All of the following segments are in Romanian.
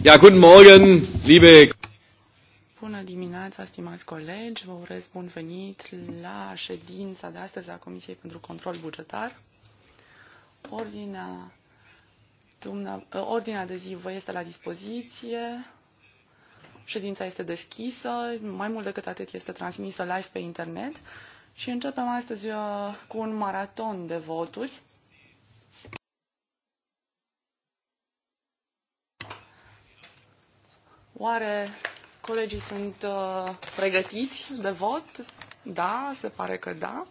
Ja, guten Morgen, liebe Bună dimineața, stimați colegi! Vă urez bun venit la ședința de astăzi a Comisiei pentru Control Bugetar. Ordinea, dumna, ordinea de zi vă este la dispoziție. Ședința este deschisă, mai mult decât atât este transmisă live pe internet și începem astăzi uh, cu un maraton de voturi. Oare colegii sunt uh, pregătiți de vot? Da, se pare că da.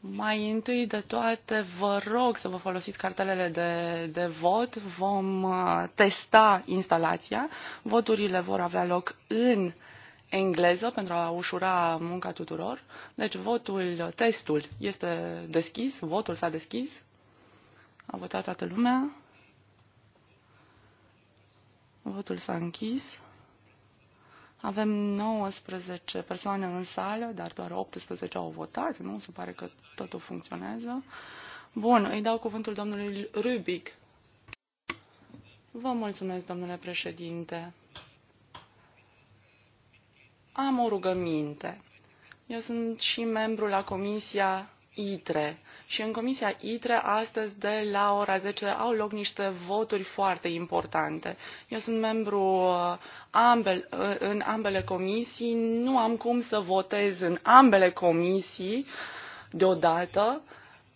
Mai întâi de toate, vă rog să vă folosiți cartelele de, de vot. Vom uh, testa instalația. Voturile vor avea loc în engleză pentru a ușura munca tuturor. Deci votul, testul este deschis, votul s-a deschis. A votat toată lumea. Votul s-a închis. Avem 19 persoane în sală, dar doar 18 au votat. Nu se pare că totul funcționează. Bun, îi dau cuvântul domnului Rubic. Vă mulțumesc, domnule președinte. Am o rugăminte. Eu sunt și membru la Comisia ITRE. Și în Comisia ITRE astăzi de la ora 10 au loc niște voturi foarte importante. Eu sunt membru uh, ambel, uh, în ambele comisii, nu am cum să votez în ambele comisii deodată,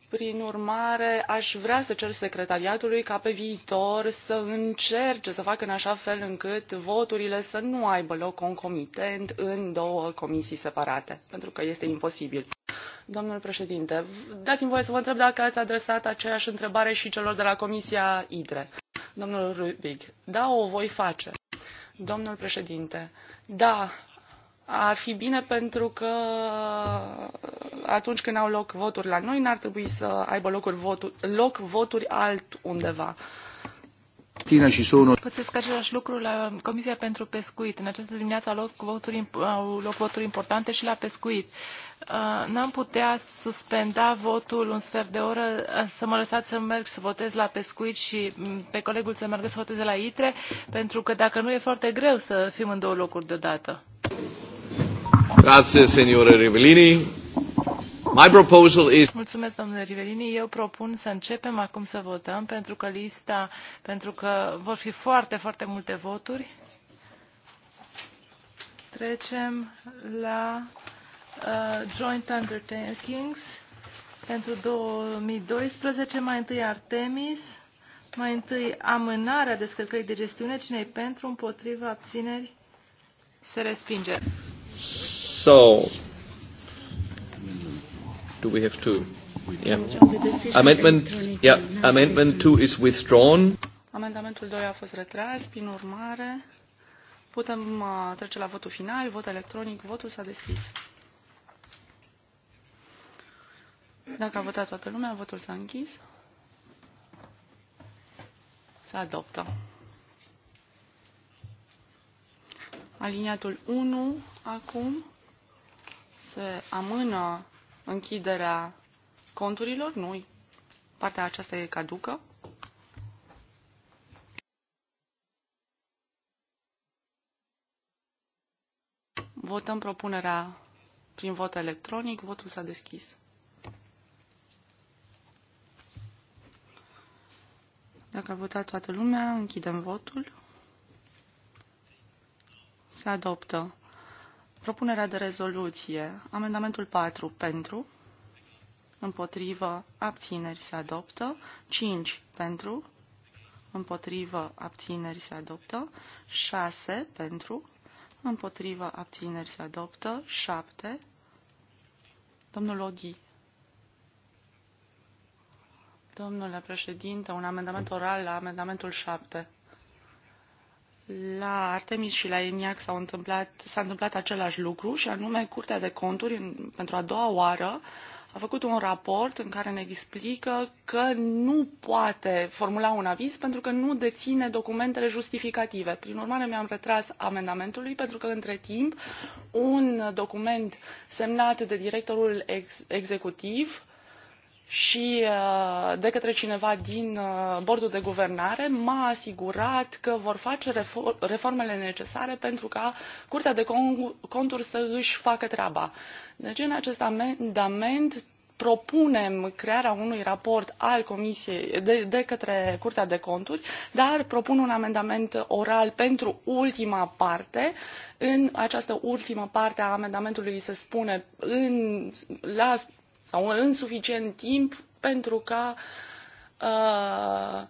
prin urmare, aș vrea să cer secretariatului ca pe viitor să încerce să facă în așa fel încât voturile să nu aibă loc concomitent în două comisii separate, pentru că este imposibil. Domnule președinte, dați-mi voie să vă întreb dacă ați adresat aceeași întrebare și celor de la Comisia IDRE. Domnul rbig da, o voi face. Domnule președinte, da, ar fi bine pentru că atunci când au loc voturi la noi, n-ar trebui să aibă voturi, loc voturi altundeva. undeva și Pățesc același lucru la Comisia pentru Pescuit. În această dimineață au loc voturi, au loc voturi importante și la pescuit. Uh, n-am putea suspenda votul un sfert de oră, uh, să mă lăsați să merg să votez la pescuit și mm, pe colegul să meargă să voteze la ITRE, pentru că dacă nu e foarte greu să fim în două locuri deodată. Grazie, signore Rivellini. My proposal is... Mulțumesc, domnule Rivelini. Eu propun să începem acum să votăm, pentru că lista, pentru că vor fi foarte, foarte multe voturi. Trecem la uh, Joint Undertakings pentru 2012, mai întâi Artemis, mai întâi amânarea descărcării de gestiune, cine pentru, împotriva, abțineri, se respinge. So, do we have to? Yeah. Amendment, yeah, amendment 2 is withdrawn. Amendamentul 2 a fost retras, prin urmare putem uh, trece la votul final, vot electronic, votul s-a deschis. Dacă a votat toată lumea, votul s-a închis. Se adoptă. Aliniatul 1 acum se amână închiderea conturilor, nu, partea aceasta e caducă. Votăm propunerea prin vot electronic. Votul s-a deschis. Dacă a votat toată lumea, închidem votul. Se adoptă. Propunerea de rezoluție. Amendamentul 4 pentru. Împotrivă. Abțineri se adoptă. 5 pentru. Împotrivă. Abțineri se adoptă. 6 pentru. Împotrivă. Abțineri se adoptă. 7. Domnul Oghi. Domnule președinte, un amendament oral la amendamentul 7. La Artemis și la ENIAC s-a întâmplat, s-a întâmplat același lucru și anume Curtea de Conturi, pentru a doua oară, a făcut un raport în care ne explică că nu poate formula un aviz pentru că nu deține documentele justificative. Prin urmare, mi-am retras amendamentului pentru că, între timp, un document semnat de directorul ex- executiv și uh, de către cineva din uh, bordul de guvernare m-a asigurat că vor face reformele necesare pentru ca Curtea de Conturi să își facă treaba. Deci în acest amendament propunem crearea unui raport al Comisiei de, de către Curtea de Conturi, dar propun un amendament oral pentru ultima parte. În această ultimă parte a amendamentului se spune în, la sau în suficient timp pentru ca uh,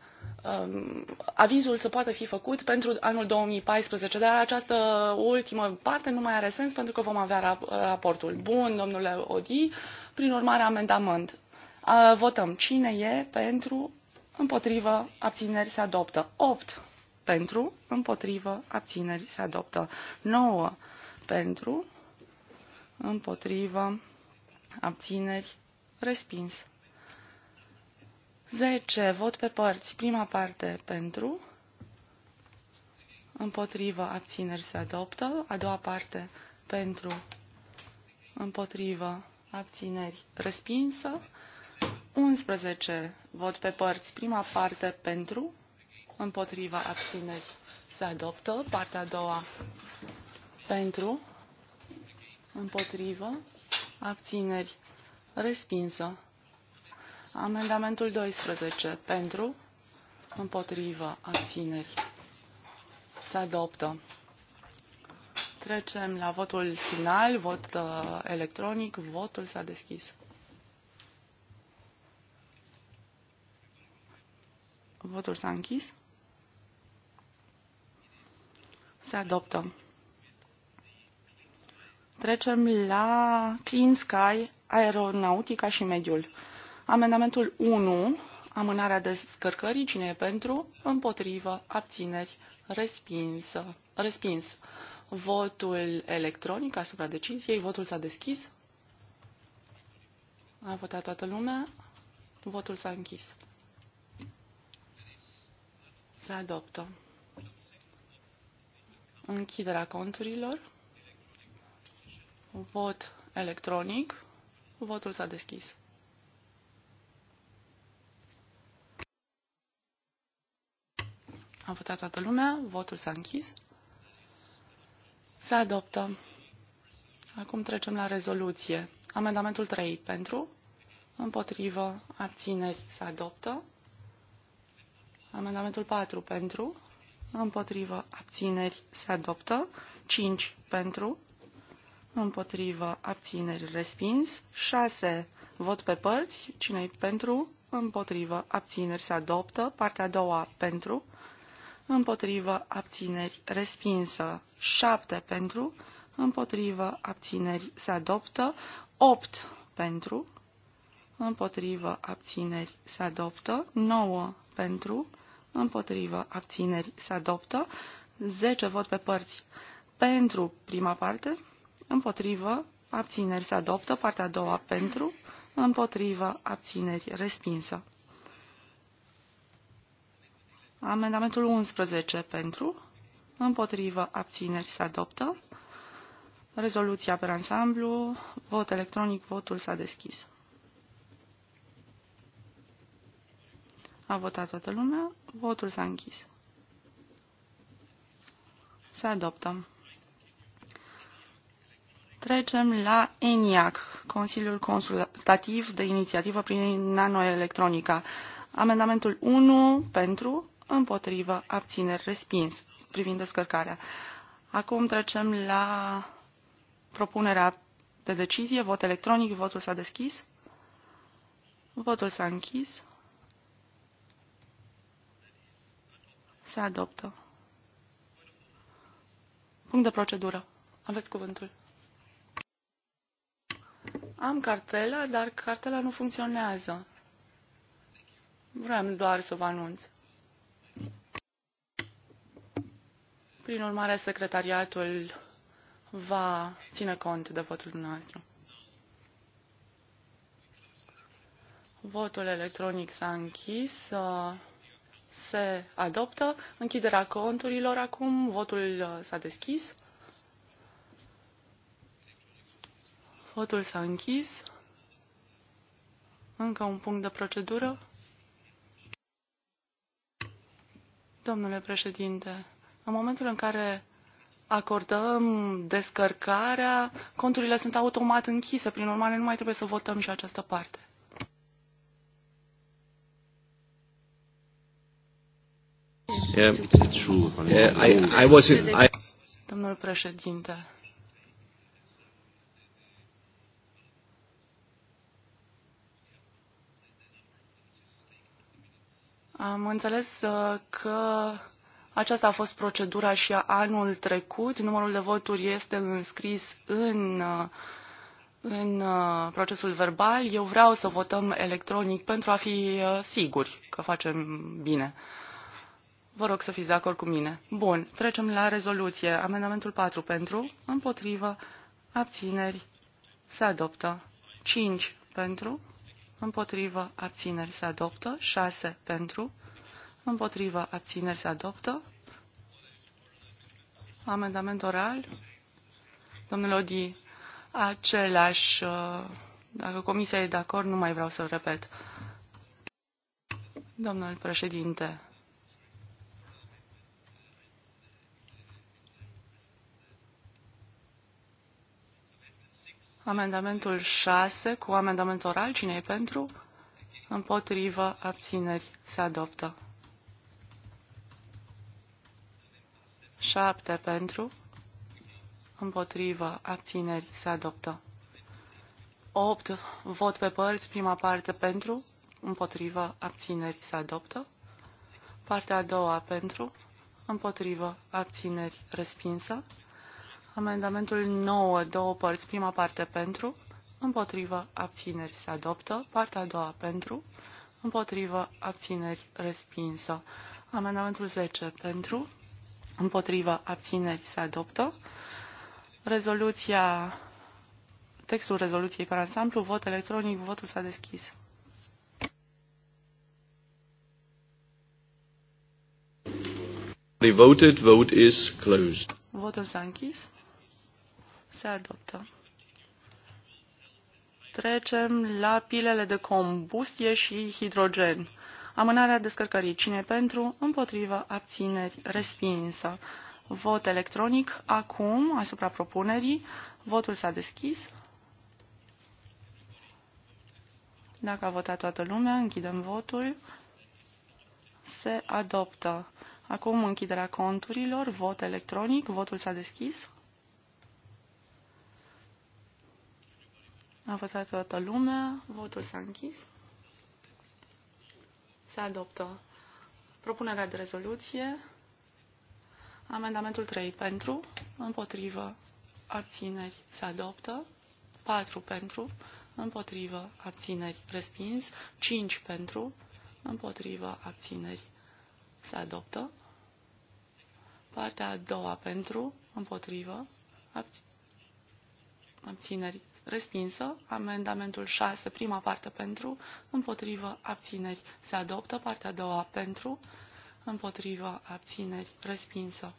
um, avizul să poată fi făcut pentru anul 2014, dar această ultimă parte nu mai are sens pentru că vom avea raportul. Bun, domnule Odi, prin urmare amendament. Uh, votăm cine e pentru, împotrivă, abțineri se adoptă. 8 pentru, împotrivă, abțineri se adoptă. 9 pentru, împotrivă, abțineri, respins. 10. Vot pe părți. Prima parte pentru, împotrivă, abțineri se adoptă. A doua parte pentru, împotrivă, abțineri, respinsă. 11. Vot pe părți. Prima parte pentru, împotriva abțineri se adoptă. Partea a doua pentru, împotrivă, abțineri, respinsă. Amendamentul 12 pentru, împotrivă, abțineri, se adoptă. Trecem la votul final, vot uh, electronic, votul s-a deschis. Votul s-a închis. Se adoptă. Trecem la Clean Sky, aeronautica și mediul. Amendamentul 1, amânarea descărcării, cine e pentru? Împotrivă, abțineri, respinsă, respins. Votul electronic asupra deciziei, votul s-a deschis. A votat toată lumea, votul s-a închis. Se adoptă. Închiderea conturilor. Vot electronic. Votul s-a deschis. A votat toată lumea, votul s-a închis. Se adoptă. Acum trecem la rezoluție. Amendamentul 3 pentru, împotrivă, abțineri se adoptă. Amendamentul 4 pentru, împotrivă, abțineri se adoptă. 5 pentru, împotrivă, abțineri, respins. 6. Vot pe părți, cine pentru, împotrivă, abțineri, se adoptă. Partea a doua, pentru, împotrivă, abțineri, respinsă. 7. Pentru, împotrivă, abțineri, se adoptă. 8. Pentru, împotrivă, abțineri, se adoptă. 9. Pentru, împotrivă, abțineri, se adoptă. 10 vot pe părți pentru prima parte, împotrivă, abțineri se adoptă, partea a doua pentru, împotrivă, abțineri respinsă. Amendamentul 11 pentru, împotrivă, abțineri se adoptă, rezoluția pe ansamblu, vot electronic, votul s-a deschis. A votat toată lumea, votul s-a închis. Se adoptă. Trecem la ENIAC, Consiliul Consultativ de Inițiativă prin Nanoelectronica. Amendamentul 1 pentru, împotrivă, abțineri, respins, privind descărcarea. Acum trecem la propunerea de decizie, vot electronic, votul s-a deschis, votul s-a închis, se adoptă. Punct de procedură. Aveți cuvântul. Am cartela, dar cartela nu funcționează. Vreau doar să vă anunț. Prin urmare, secretariatul va ține cont de votul dumneavoastră. Votul electronic s-a închis, uh, se adoptă. Închiderea conturilor acum, votul uh, s-a deschis. Votul s-a închis. Încă un punct de procedură. Domnule președinte, în momentul în care acordăm descărcarea, conturile sunt automat închise, prin urmare nu mai trebuie să votăm și această parte. Yeah, it's true. Yeah, I, I was in, I... Domnul președinte, Am înțeles uh, că aceasta a fost procedura și a anul trecut. Numărul de voturi este înscris în, uh, în uh, procesul verbal. Eu vreau să votăm electronic pentru a fi siguri că facem bine. Vă rog să fiți de acord cu mine. Bun, trecem la rezoluție. Amendamentul 4 pentru, împotrivă, abțineri, se adoptă. 5 pentru, împotrivă, abțineri se adoptă, 6 pentru, împotrivă, abțineri se adoptă, amendament oral, domnul Odi, același, uh, dacă comisia e de acord, nu mai vreau să-l repet. Domnul președinte, Amendamentul 6 cu amendament oral. Cine e pentru? Împotrivă. Abțineri. Se adoptă. 7 pentru. Împotrivă. Abțineri. Se adoptă. 8. Vot pe părți. Prima parte pentru. Împotrivă. Abțineri. Se adoptă. Partea a doua pentru. Împotrivă. Abțineri. Respinsă. Amendamentul 9, două părți. Prima parte pentru, împotrivă, abțineri se adoptă. Partea a doua pentru, împotrivă, abțineri respinsă. Amendamentul 10 pentru, împotrivă, abțineri se adoptă. Rezoluția, textul rezoluției pe ansamblu, vot electronic, votul s-a deschis. Voted, vote is closed. Votul s-a închis. Se adoptă. Trecem la pilele de combustie și hidrogen. Amânarea descărcării. Cine pentru? Împotriva. Abțineri. Respinsă. Vot electronic. Acum, asupra propunerii, votul s-a deschis. Dacă a votat toată lumea, închidem votul. Se adoptă. Acum închiderea conturilor, vot electronic, votul s-a deschis. A votat toată lumea, votul s-a închis. Se adoptă propunerea de rezoluție, amendamentul 3 pentru, împotrivă, abțineri, se adoptă, 4 pentru, împotrivă, abțineri, respins, 5 pentru, împotrivă, abțineri, se adoptă, partea a doua pentru, împotrivă, abțineri, respinsă. Amendamentul 6, prima parte pentru, împotrivă, abțineri, se adoptă. Partea a doua pentru, împotrivă, abțineri, respinsă.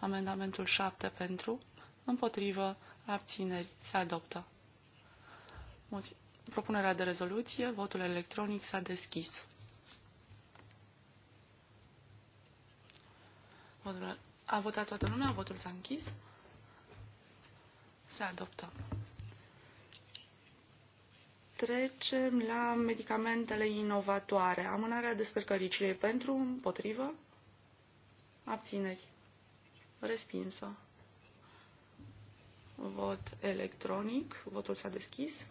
Amendamentul 7 pentru, împotrivă, abțineri, se adoptă. Propunerea de rezoluție, votul electronic s-a deschis. a votat toată lumea, votul s-a închis. Se adoptă trecem la medicamentele inovatoare. Amânarea descărcării cine e pentru, împotrivă, abțineri, respinsă. Vot electronic, votul s-a deschis.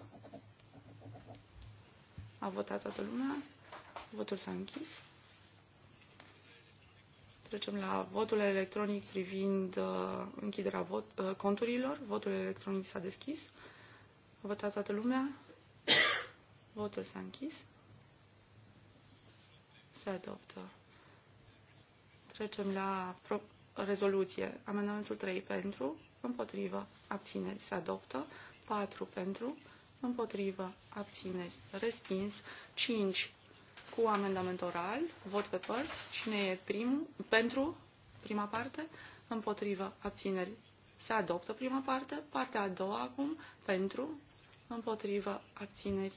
A votat toată lumea, votul s-a închis. Trecem la votul electronic privind uh, închiderea vot, uh, conturilor. Votul electronic s-a deschis. A votat toată lumea, Votul s-a închis. Se adoptă. Trecem la pro- rezoluție. Amendamentul 3 pentru, împotrivă, abțineri. Se adoptă. 4 pentru, împotrivă, abțineri. Respins. 5 cu amendament oral. Vot pe părți. Cine e primul? Pentru? Prima parte. Împotrivă, abțineri. Se adoptă prima parte. Partea a doua acum. Pentru? Împotrivă, abțineri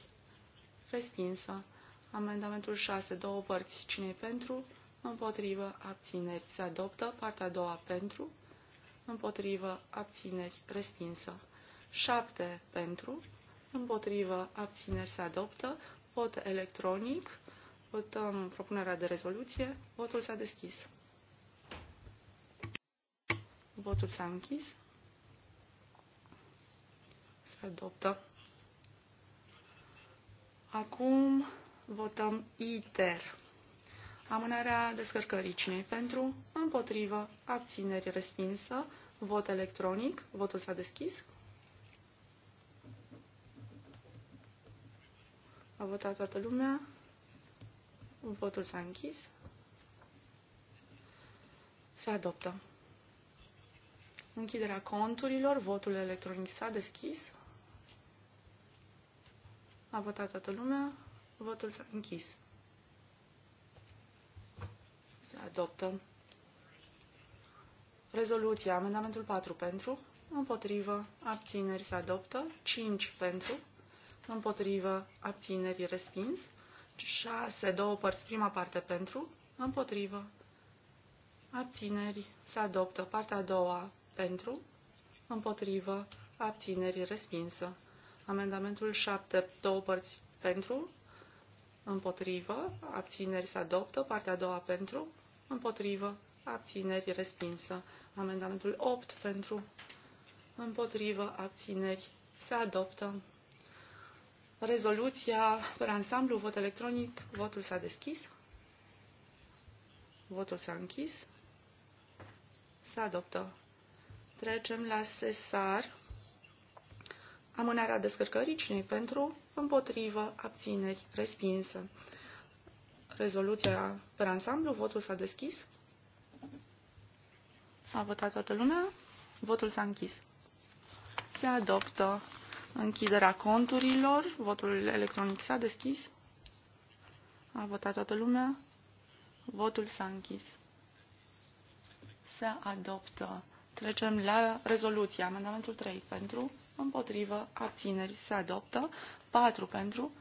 respinsă. Amendamentul 6, două părți, cine pentru, împotrivă, abțineri, se adoptă. Partea a doua, pentru, împotrivă, abțineri, respinsă. 7 pentru, împotrivă, abțineri, se adoptă. Vot electronic, votăm propunerea de rezoluție, votul s-a deschis. Votul s-a închis. Se adoptă. Acum votăm ITER. Amânarea descărcării cinei pentru, împotrivă, abțineri respinsă, vot electronic, votul s-a deschis. A votat toată lumea, votul s-a închis, se adoptă. Închiderea conturilor, votul electronic s-a deschis. A votat toată lumea. Votul s-a închis. Se adoptă. Rezoluția. Amendamentul 4 pentru. Împotrivă. Abțineri se adoptă. 5 pentru. Împotrivă. Abțineri respins. 6. Două părți. Prima parte pentru. Împotrivă. Abțineri se adoptă. Partea a doua pentru. Împotrivă. Abțineri respinsă. Amendamentul 7, două părți pentru, împotrivă, abțineri se adoptă, partea a doua pentru, împotrivă, abțineri respinsă. Amendamentul 8 pentru, împotrivă, abțineri se adoptă. Rezoluția pe ansamblu, vot electronic, votul s-a deschis, votul s-a închis, se adoptă. Trecem la SESAR amânarea descărcării, cine pentru, împotrivă, abțineri, respinsă. Rezoluția per ansamblu, votul s-a deschis. A votat toată lumea, votul s-a închis. Se adoptă închiderea conturilor, votul electronic s-a deschis. A votat toată lumea, votul s-a închis. Se adoptă Trecem la rezoluție. Amendamentul 3 pentru, împotrivă, abțineri se adoptă. 4 pentru,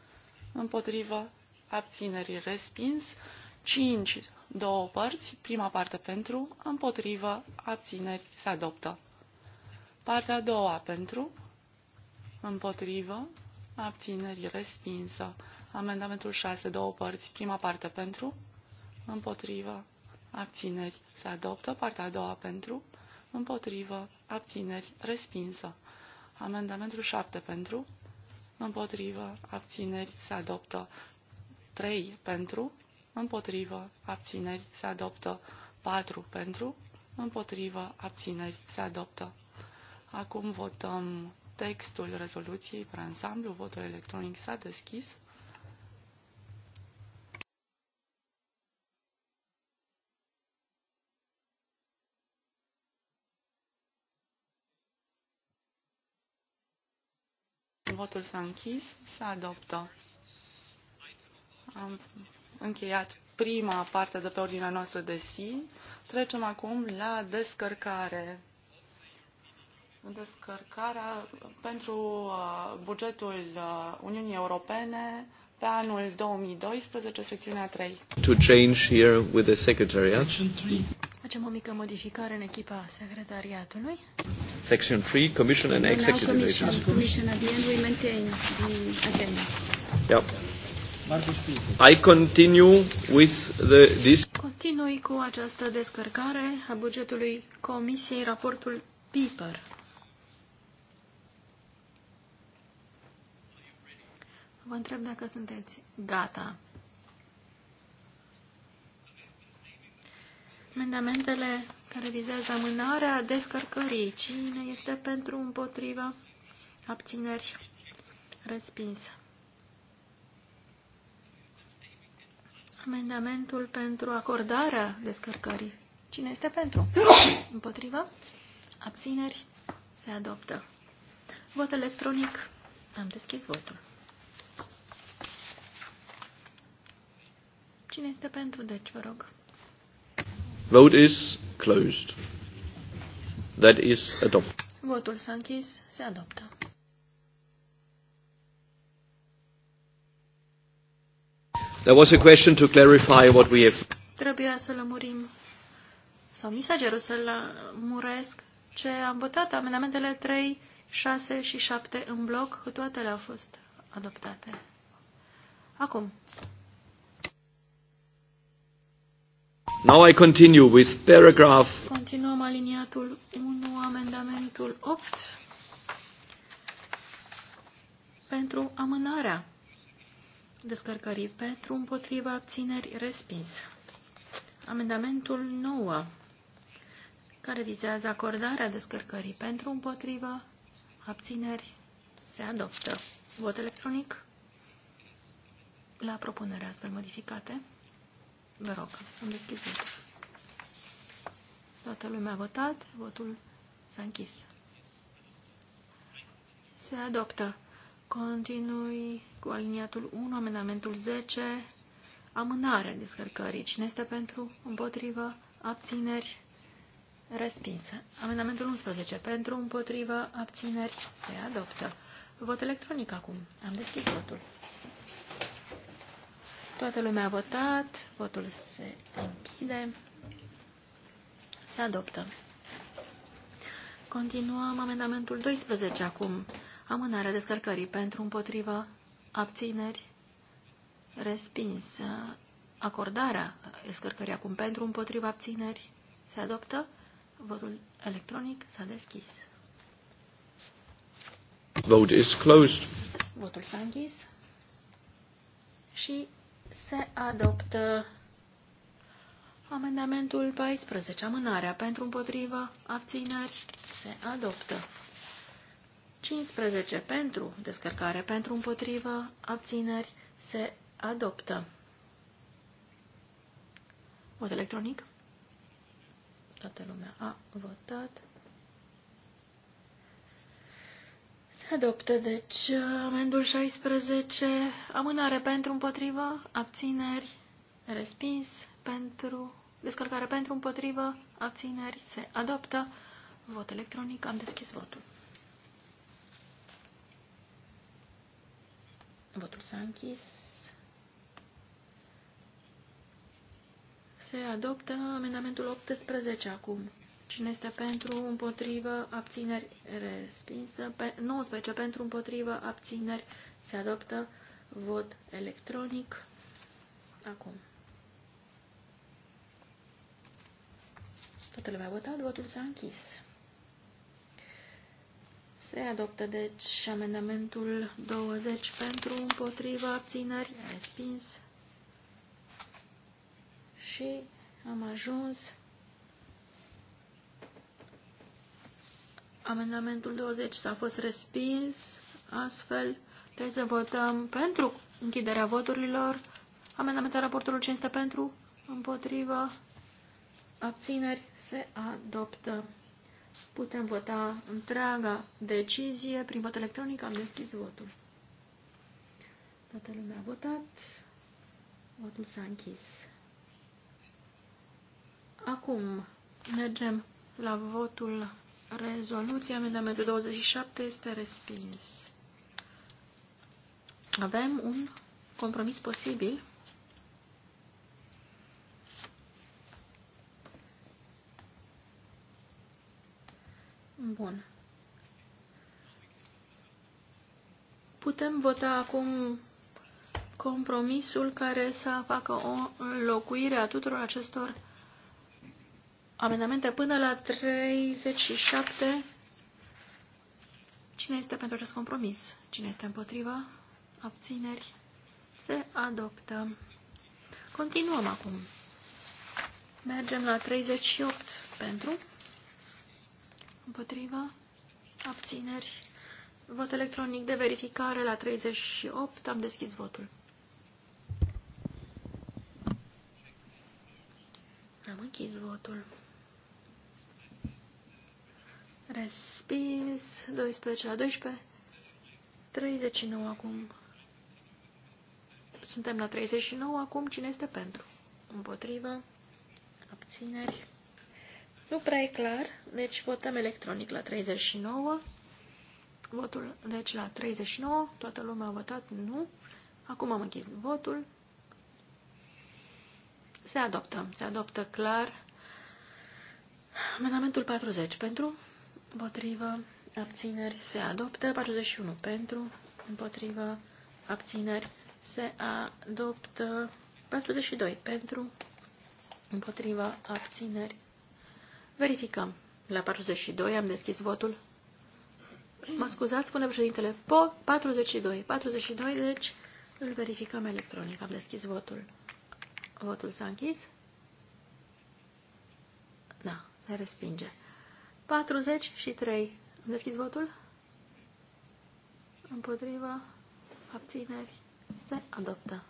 împotrivă, abțineri respins. 5, două părți, prima parte pentru, împotrivă, abțineri se adoptă. Partea a doua pentru, împotrivă, abțineri respinsă. Amendamentul 6, două părți, prima parte pentru, împotrivă, abțineri se adoptă. Partea a doua pentru, împotrivă, abțineri, respinsă. Amendamentul 7 pentru, împotrivă, abțineri, se adoptă. 3 pentru, împotrivă, abțineri, se adoptă. 4 pentru, împotrivă, abțineri, se adoptă. Acum votăm textul rezoluției pe ansamblu, votul electronic s-a deschis. Votul s-a închis. Se adoptă. Am încheiat prima parte de pe ordinea noastră de zi. Trecem acum la descărcare. Descărcarea pentru uh, bugetul uh, Uniunii Europene pe anul 2012, secțiunea 3. To change here with the secretariat. Facem o mică modificare în echipa secretariatului. Section 3, Commission and Executive commission, Agency. Commission at the end we maintain the agenda. Yep. I continue with the, this. Continui cu această descărcare a bugetului Comisiei, raportul Piper. Vă întreb dacă sunteți gata. Amendamentele care vizează amânarea descărcării. Cine este pentru, împotriva, abțineri, respinsă. Amendamentul pentru acordarea descărcării. Cine este pentru? Împotriva? Abțineri? Se adoptă. Vot electronic. Am deschis votul. Cine este pentru, deci, vă rog? Vote is closed. That is adopted. Votul s-a închis. Se adoptă. There was a question to clarify what we have. Trebuia să lămurim, sau mi s-a cerut să lămuresc ce am votat, amendamentele 3, 6 și 7 în bloc, toate le-au fost adoptate. Acum, Now I continue with paragraph. Continuăm aliniatul 1, amendamentul 8 pentru amânarea descărcării pentru împotriva abțineri respins. Amendamentul 9 care vizează acordarea descărcării pentru împotriva abțineri se adoptă. Vot electronic la propunerea astfel modificate. Vă rog, am deschis votul. Toată lumea a votat, votul s-a închis. Se adoptă. Continui cu aliniatul 1, amendamentul 10, amânarea descărcării. Cine este pentru, împotrivă, abțineri, respinsă. Amendamentul 11, pentru, împotrivă, abțineri, se adoptă. Vot electronic acum. Am deschis votul. Toată lumea a votat, votul se închide, se adoptă. Continuăm amendamentul 12 acum. Amânarea descărcării pentru împotriva abțineri respins. Acordarea descărcării acum pentru împotriva abțineri se adoptă. Votul electronic s-a deschis. Vote is closed. Votul s-a închis și se adoptă amendamentul 14. Amânarea pentru împotrivă abțineri se adoptă. 15. Pentru descărcare pentru împotrivă abțineri se adoptă. Vot electronic. Toată lumea a votat. Se adoptă, deci, amendul 16, amânare pentru împotrivă, abțineri, respins, pentru, descărcare pentru împotrivă, abțineri, se adoptă, vot electronic, am deschis votul. Votul s-a închis. Se adoptă amendamentul 18 acum. Cine este pentru, împotrivă, abțineri, respinsă. 19 pentru, împotrivă, abțineri, se adoptă vot electronic. Acum. Toată lumea a votat, votul s-a închis. Se adoptă, deci, amendamentul 20 pentru, împotrivă, abțineri, respins. Și am ajuns Amendamentul 20 s-a fost respins, astfel trebuie să votăm pentru închiderea voturilor. Amendamentul raportului 500 pentru, împotrivă, abțineri se adoptă. Putem vota întreaga decizie prin vot electronic. Am deschis votul. Toată lumea a votat. Votul s-a închis. Acum mergem la votul Rezoluția, amendamentul 27, este respins. Avem un compromis posibil. Bun. Putem vota acum compromisul care să facă o înlocuire a tuturor acestor amendamente până la 37. Cine este pentru acest compromis? Cine este împotriva? Abțineri. Se adoptă. Continuăm acum. Mergem la 38 pentru. Împotriva. Abțineri. Vot electronic de verificare la 38. Am deschis votul. Am închis votul. Respins. 12 la 12. 39 acum. Suntem la 39 acum. Cine este pentru? Împotrivă. Abțineri. Nu prea e clar, deci votăm electronic la 39. Votul, deci la 39, toată lumea a votat nu. Acum am închis votul. Se adoptă, se adoptă clar. Amendamentul 40 pentru, împotrivă, abțineri, se adoptă. 41 pentru, împotrivă, abțineri, se adoptă. 42 pentru, Împotrivă. abțineri. Verificăm. La 42 am deschis votul. Mă scuzați, spune președintele. Po 42. 42, deci îl verificăm electronic. Am deschis votul. Votul s-a închis. Da, se respinge. 43. Am deschis votul? Împotriva. Abțineri. Se adoptă.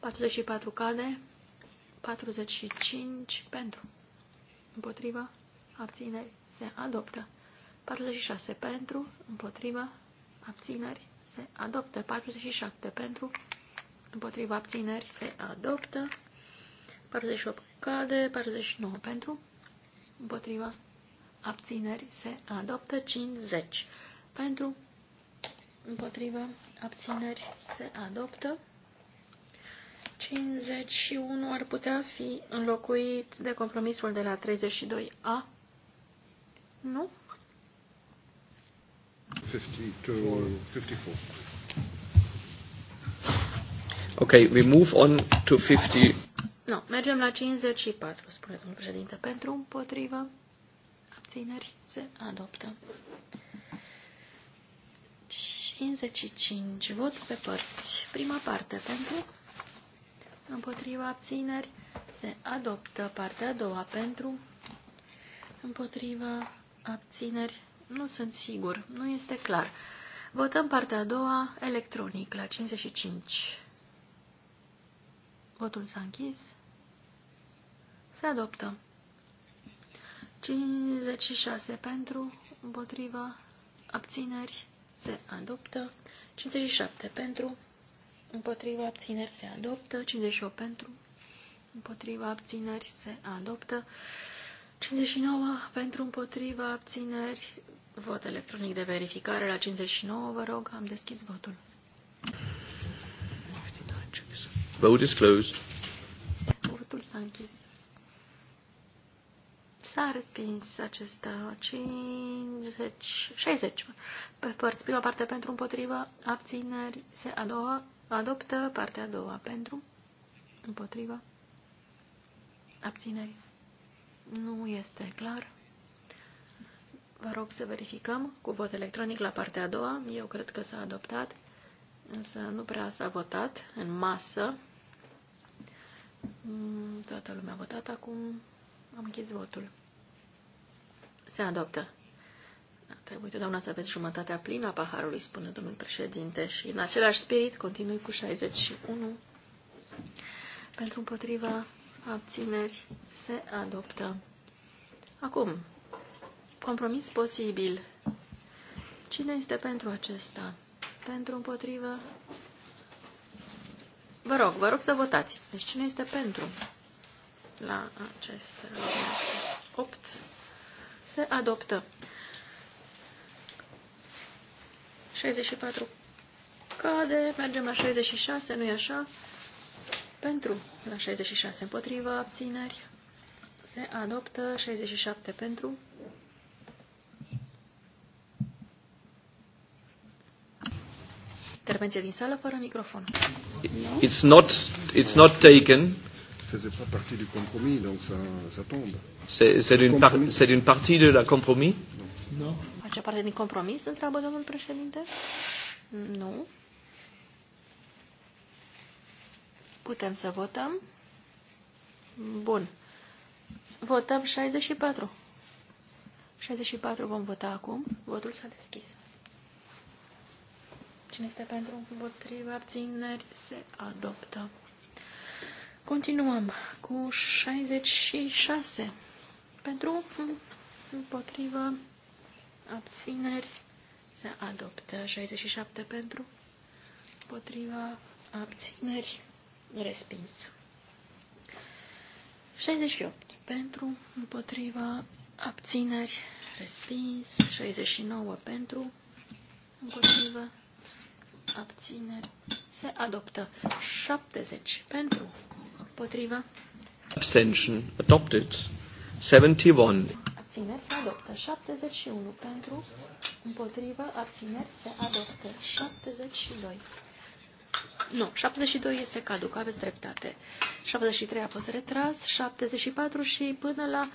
44 cade. 45 pentru. Împotriva. Abțineri. Se adoptă. 46 pentru. Împotriva. Abțineri. Se adoptă. 47 pentru. Împotriva abțineri se adoptă. 48 cade, 49 pentru împotriva abținerii se adoptă 50. Pentru împotriva abținerii se adoptă 51 ar putea fi înlocuit de compromisul de la 32A. Nu? 52 54. Okay, we move on to 50. Nu, mergem la 54, spune domnul președinte. Pentru, împotrivă, abțineri, se adoptă. 55, vot pe părți. Prima parte, pentru, împotriva, abțineri, se adoptă. Partea a doua, pentru, împotriva, abțineri, nu sunt sigur, nu este clar. Votăm partea a doua electronic la 55. Votul s-a închis. Se adoptă. 56 pentru, împotriva, abțineri, se adoptă. 57 pentru, împotriva, abțineri, se adoptă. 58 pentru, împotriva, abțineri, se adoptă. 59 pentru, împotriva, abțineri, vot electronic de verificare la 59, vă rog, am deschis votul. 59. Vote is closed. Votul s-a închis. S-a respins acesta 50, 60 pe părți. Prima parte pentru împotrivă, abțineri, se a doua, adoptă partea a doua pentru împotrivă, abțineri. Nu este clar. Vă rog să verificăm cu vot electronic la partea a doua. Eu cred că s-a adoptat, însă nu prea s-a votat în masă. Mm, toată lumea a votat acum. Am închis votul. Se adoptă. Da, trebuie doamna să aveți jumătatea plină a paharului, spune domnul președinte, și în același spirit continui cu 61. Pentru împotriva abțineri se adoptă. Acum, compromis posibil. Cine este pentru acesta? Pentru împotriva Vă rog, vă rog să votați. Deci cine este pentru la acest 8 se adoptă. 64 cade, mergem la 66, nu-i așa? Pentru la 66 împotriva abțineri se adoptă 67 pentru. Intervenție din sală fără microfon it's not it's not taken. faisait pas partie du compromis, donc ça, ça tombe. C'est une, par, partie de la compromis Nu. No. Face parte din compromis, întreabă domnul președinte? Nu. Putem să votăm? Bun. Votăm 64. 64 vom vota acum. Votul s-a deschis. Cine este pentru? Împotriva abțineri se adoptă. Continuăm cu 66. Pentru? Împotriva abțineri se adoptă. 67 pentru? Împotriva abțineri respins. 68 pentru, împotriva, abțineri, respins, 69 pentru, împotriva, abțineri, se adoptă. 70 pentru, Potriva. Abstention, adopted. 71. Abțineri se adoptă. 71 pentru, împotrivă, abțineri se adoptă. 72. Nu, 72 este caduc, aveți dreptate. 73 a fost retras, 74 și până la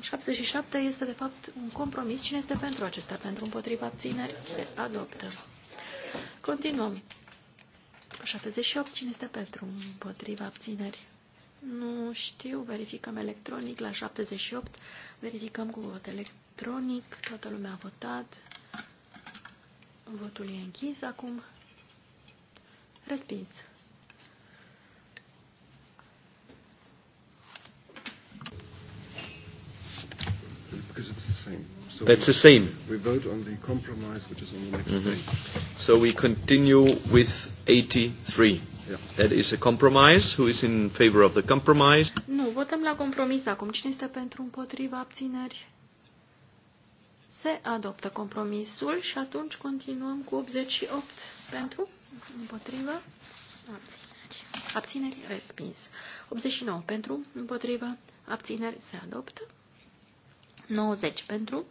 77 mm, este de fapt un compromis. Cine este pentru acesta? Pentru împotriva abțineri se adoptă. Continuăm. 78. Cine este pentru? Împotriva abțineri. Nu știu. Verificăm electronic la 78. Verificăm cu vot electronic. Toată lumea a votat. Votul e închis acum. Respins. Because it's the same. So That's the same. We vote on the compromise, which is on the next mm-hmm. page. So we continue with 83. Yeah. That is a compromise. Who is in favor of the compromise? Nu, votăm la compromis acum. Cine este pentru împotriva abțineri? Se adoptă compromisul și atunci continuăm cu 88 pentru împotriva abțineri. Abțineri respins. 89 pentru împotriva abțineri se adoptă. 90 pentru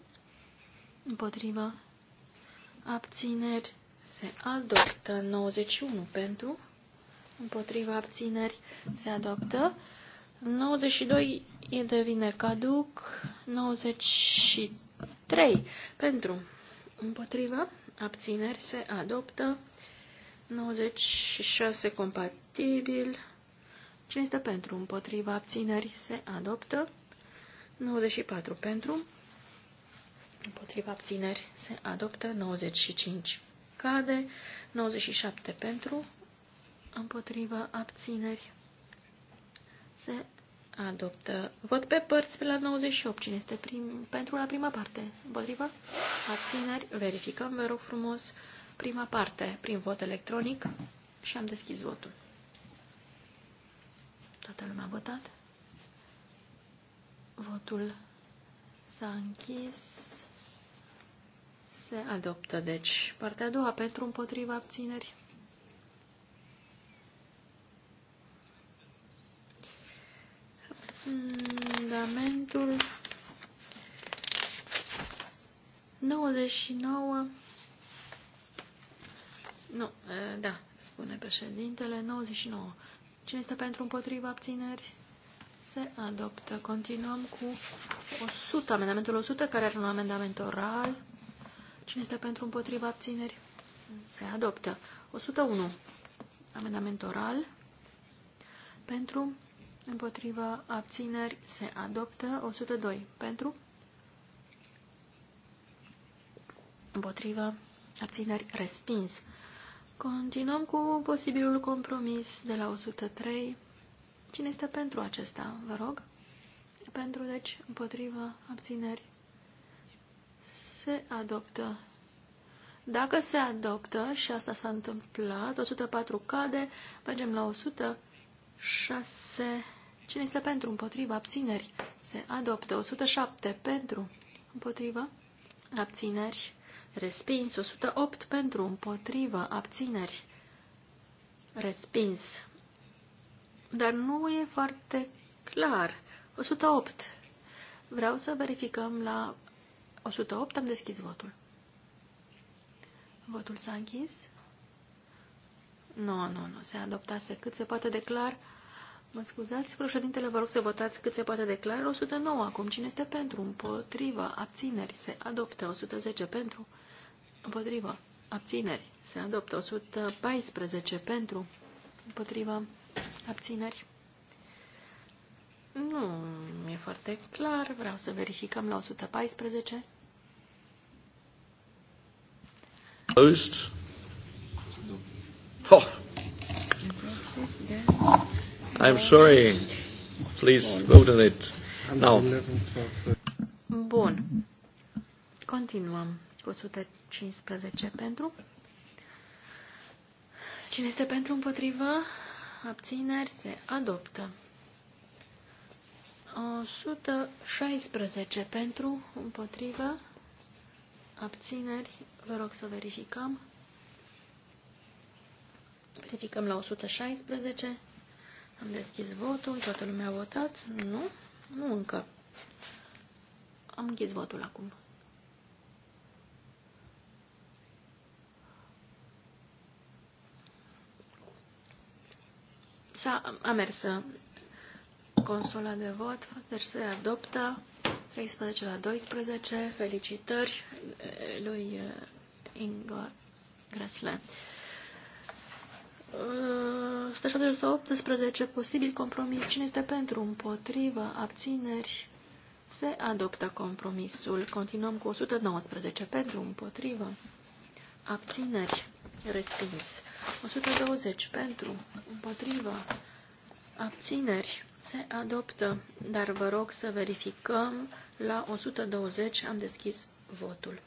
împotriva, abțineri, se adoptă 91 pentru, împotriva abțineri se adoptă, 92 e devine caduc, 93 pentru, împotriva abțineri se adoptă, 96 compatibil, 500 pentru, împotriva abțineri se adoptă, 94 pentru, împotriva abțineri se adoptă 95 cade, 97 pentru, împotriva abțineri se adoptă. Vot pe părți pe la 98, cine este prim, pentru la prima parte, împotriva abțineri, verificăm, vă rog frumos, prima parte prin vot electronic și am deschis votul. Toată lumea a votat. Votul s-a închis se adoptă, deci, partea a doua pentru împotriva abțineri. Amendamentul 99. Nu, da, spune președintele, 99. Cine este pentru împotriva abțineri? Se adoptă. Continuăm cu 100, amendamentul 100, care are un amendament oral. Cine este pentru împotriva abțineri? Se adoptă. 101. Amendament oral. Pentru împotriva abțineri se adoptă. 102. Pentru împotriva abțineri respins. Continuăm cu posibilul compromis de la 103. Cine este pentru acesta, vă rog? Pentru, deci, împotriva abțineri se adoptă. Dacă se adoptă, și asta s-a întâmplat, 104 cade, mergem la 106. Cine este pentru? Împotriva. Abțineri. Se adoptă. 107 pentru. Împotriva. Abțineri. Respins. 108 pentru. Împotriva. Abțineri. Respins. Dar nu e foarte clar. 108. Vreau să verificăm la 108 am deschis votul. Votul s-a închis. Nu, nu, nu, se adoptase cât se poate declar. Mă scuzați, președintele, vă rog să votați cât se poate declar. 109 acum. Cine este pentru? Împotriva. Abțineri. Se adoptă. 110 pentru. Împotriva. Abțineri. Se adoptă. 114 pentru. Împotriva. Abțineri. Nu, e foarte clar. Vreau să verificăm la 114. Closed. Oh. I'm sorry. Please vote on it. Now. Bun. Continuăm cu 115 pentru. Cine este pentru împotrivă? Abțineri se adoptă. 116 pentru, împotrivă, abțineri, vă rog să verificăm. Verificăm la 116. Am deschis votul, toată lumea a votat. Nu, nu încă. Am închis votul acum. S-a, mers Consola de vot, deci se adoptă 13 la 12. Felicitări eh, lui eh, Ingo Gresle. 118, eh, posibil compromis. Cine este pentru, împotrivă, abțineri? Se adoptă compromisul. Continuăm cu 119, pentru, împotrivă, abțineri, respins. 120, pentru, împotrivă, abțineri, se adoptă, dar vă rog să verificăm. La 120 am deschis votul.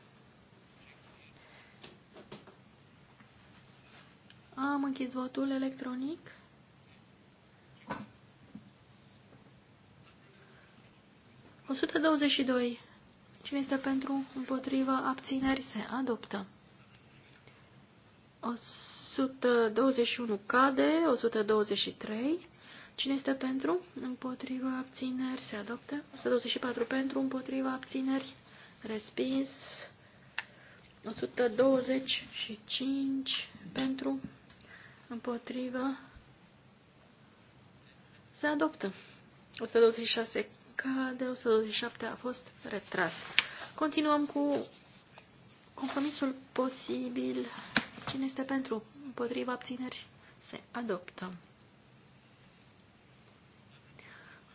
Am închis votul electronic. doi. Cine este pentru, împotrivă, abțineri, se adoptă. 121 cade, 123. Cine este pentru? Împotriva abțineri. Se adoptă. 124 pentru, împotriva abțineri. Respins. 125 pentru, împotriva. Se adoptă. 126 cade, 127 a fost retras. Continuăm cu compromisul posibil. Cine este pentru? Împotriva abțineri. Se adoptă.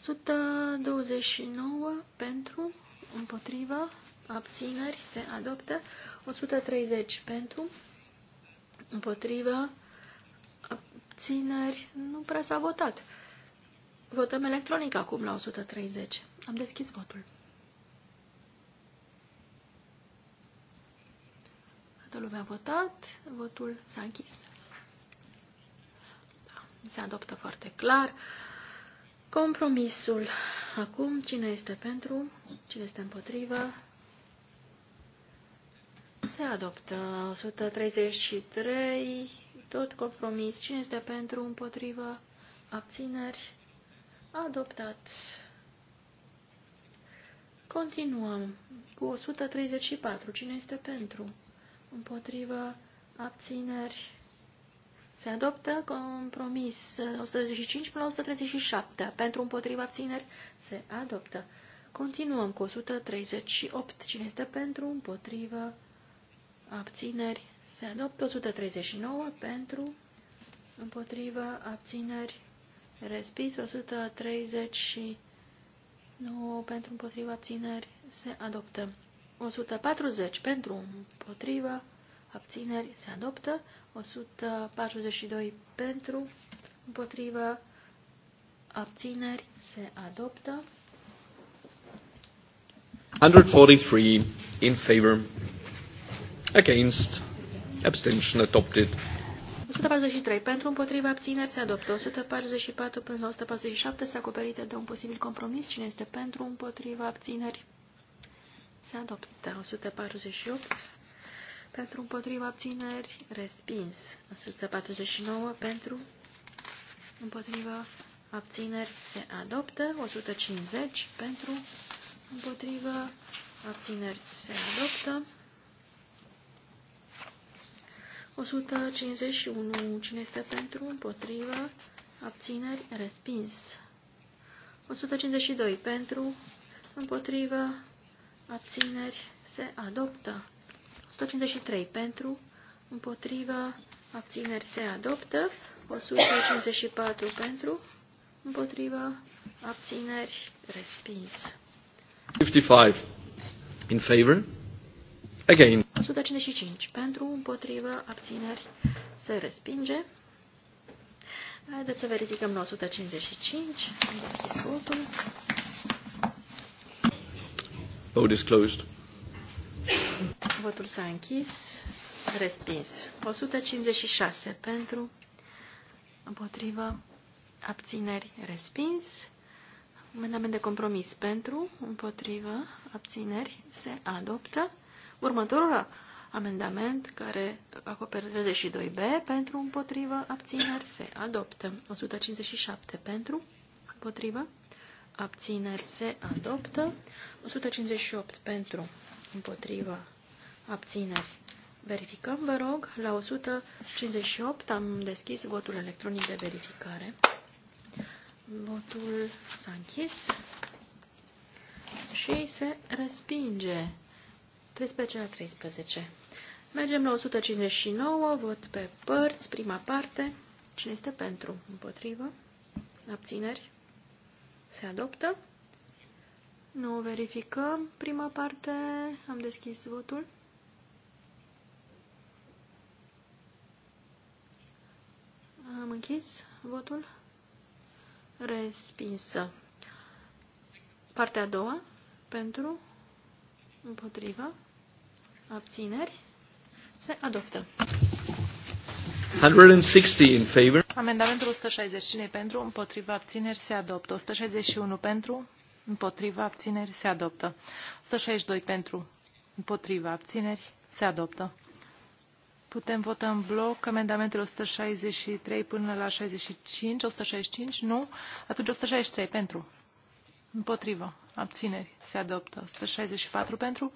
129 pentru, împotriva, abțineri, se adoptă. 130 pentru, împotriva, abțineri, nu prea s-a votat. Votăm electronic acum la 130. Am deschis votul. Toată lumea a votat, votul s-a închis. Da, se adoptă foarte clar. Compromisul. Acum, cine este pentru, cine este împotrivă, se adoptă 133, tot compromis. Cine este pentru, împotrivă, abțineri, adoptat. Continuăm cu 134. Cine este pentru, împotrivă, abțineri, se adoptă compromis 135 până la 137. Pentru împotriva abțineri se adoptă. Continuăm cu 138. Cine este pentru împotriva abțineri se adoptă. 139 pentru împotriva abțineri respins. 139 pentru împotriva abțineri se adoptă. 140 pentru împotriva abțineri abțineri, se adoptă. 142 pentru, împotrivă, abțineri, se adoptă. 143 in favor, against, abstention adopted. 143 pentru, împotriva, abțineri, se adoptă. 144 până la 147 se acoperite de un posibil compromis. Cine este pentru, împotriva, abțineri, se adoptă. 148 pentru împotriva abțineri, respins. 149 pentru împotriva abțineri se adoptă. 150 pentru împotriva abțineri se adoptă. 151. Cine este pentru, împotriva, abțineri, respins. 152. Pentru, împotriva, abțineri, se adoptă. 153 pentru, împotriva, abțineri se adoptă. 154 pentru, împotriva, abțineri, respins. 55 in favor. Again. 155 pentru, împotriva, abțineri, se respinge. Haideți să verificăm 955. Am deschis votul. Vote is closed. Votul s-a închis. Respins. 156 pentru, împotrivă, abțineri, respins. Amendament de compromis pentru, împotrivă, abțineri, se adoptă. Următorul amendament care acoperă 32B pentru, împotrivă, abțineri, se adoptă. 157 pentru, împotrivă, abțineri, se adoptă. 158 pentru, împotrivă, abțineri. Verificăm, vă rog, la 158 am deschis votul electronic de verificare. Votul s-a închis și se respinge. 13 la 13. Mergem la 159, vot pe părți, prima parte. Cine este pentru? Împotrivă? Abțineri? Se adoptă? Nu verificăm prima parte. Am deschis votul. Am închis votul. Respinsă. Partea a doua. Pentru. Împotrivă. Abțineri. Se adoptă. 160 in favor. Amendamentul 160. Cine pentru? Împotriva abțineri se adoptă. 161 pentru? Împotriva abțineri se adoptă. 162 pentru? Împotriva abțineri se adoptă. Putem vota în bloc amendamentele 163 până la 65, 165, nu? Atunci 163 pentru. Împotrivă. Abțineri. Se adoptă. 164 pentru.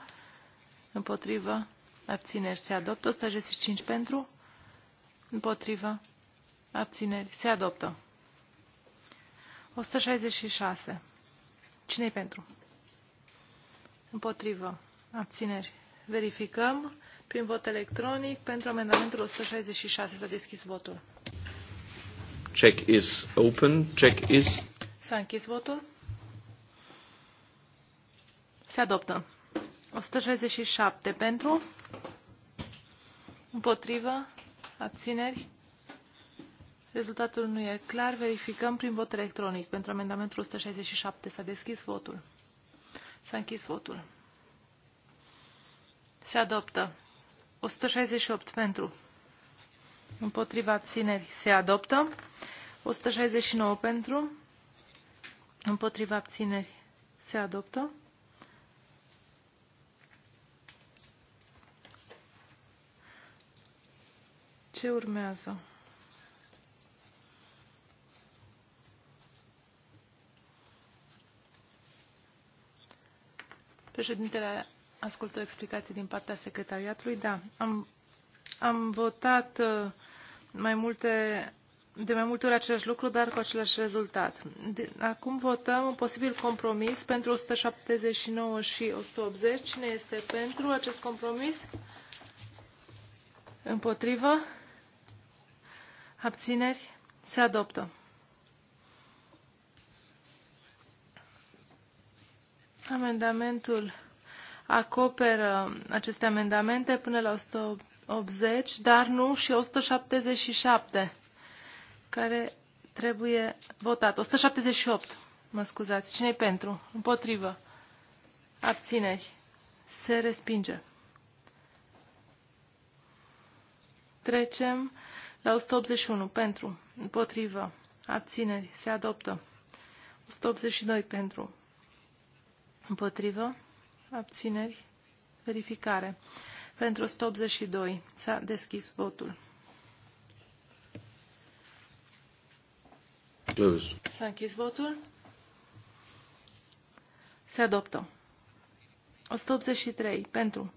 Împotrivă. Abțineri. Se adoptă. 165 pentru. Împotrivă. Abțineri. Se adoptă. 166. Cine-i pentru? Împotrivă. Abțineri. Verificăm prin vot electronic pentru amendamentul 166. S-a deschis votul. Check is open. Check is... S-a închis votul. Se adoptă. 167 pentru, împotrivă, abțineri. Rezultatul nu e clar. Verificăm prin vot electronic. Pentru amendamentul 167 s-a deschis votul. S-a închis votul. Se adoptă. 168 pentru. Împotriva abțineri se adoptă. 169 pentru. Împotriva abțineri se adoptă. Ce urmează? Președintele ascult o explicație din partea secretariatului. Da, am, am votat uh, mai multe, de mai multe ori același lucru, dar cu același rezultat. De, acum votăm un posibil compromis pentru 179 și 180. Cine este pentru acest compromis? Împotrivă? Abțineri? Se adoptă. Amendamentul acoperă aceste amendamente până la 180, dar nu și 177, care trebuie votat. 178, mă scuzați. cine pentru? Împotrivă. Abțineri. Se respinge. Trecem la 181. Pentru. Împotrivă. Abțineri. Se adoptă. 182 pentru. Împotrivă. Abțineri. Verificare. Pentru 182 s-a deschis votul. S-a închis votul. Se adoptă. 183 pentru.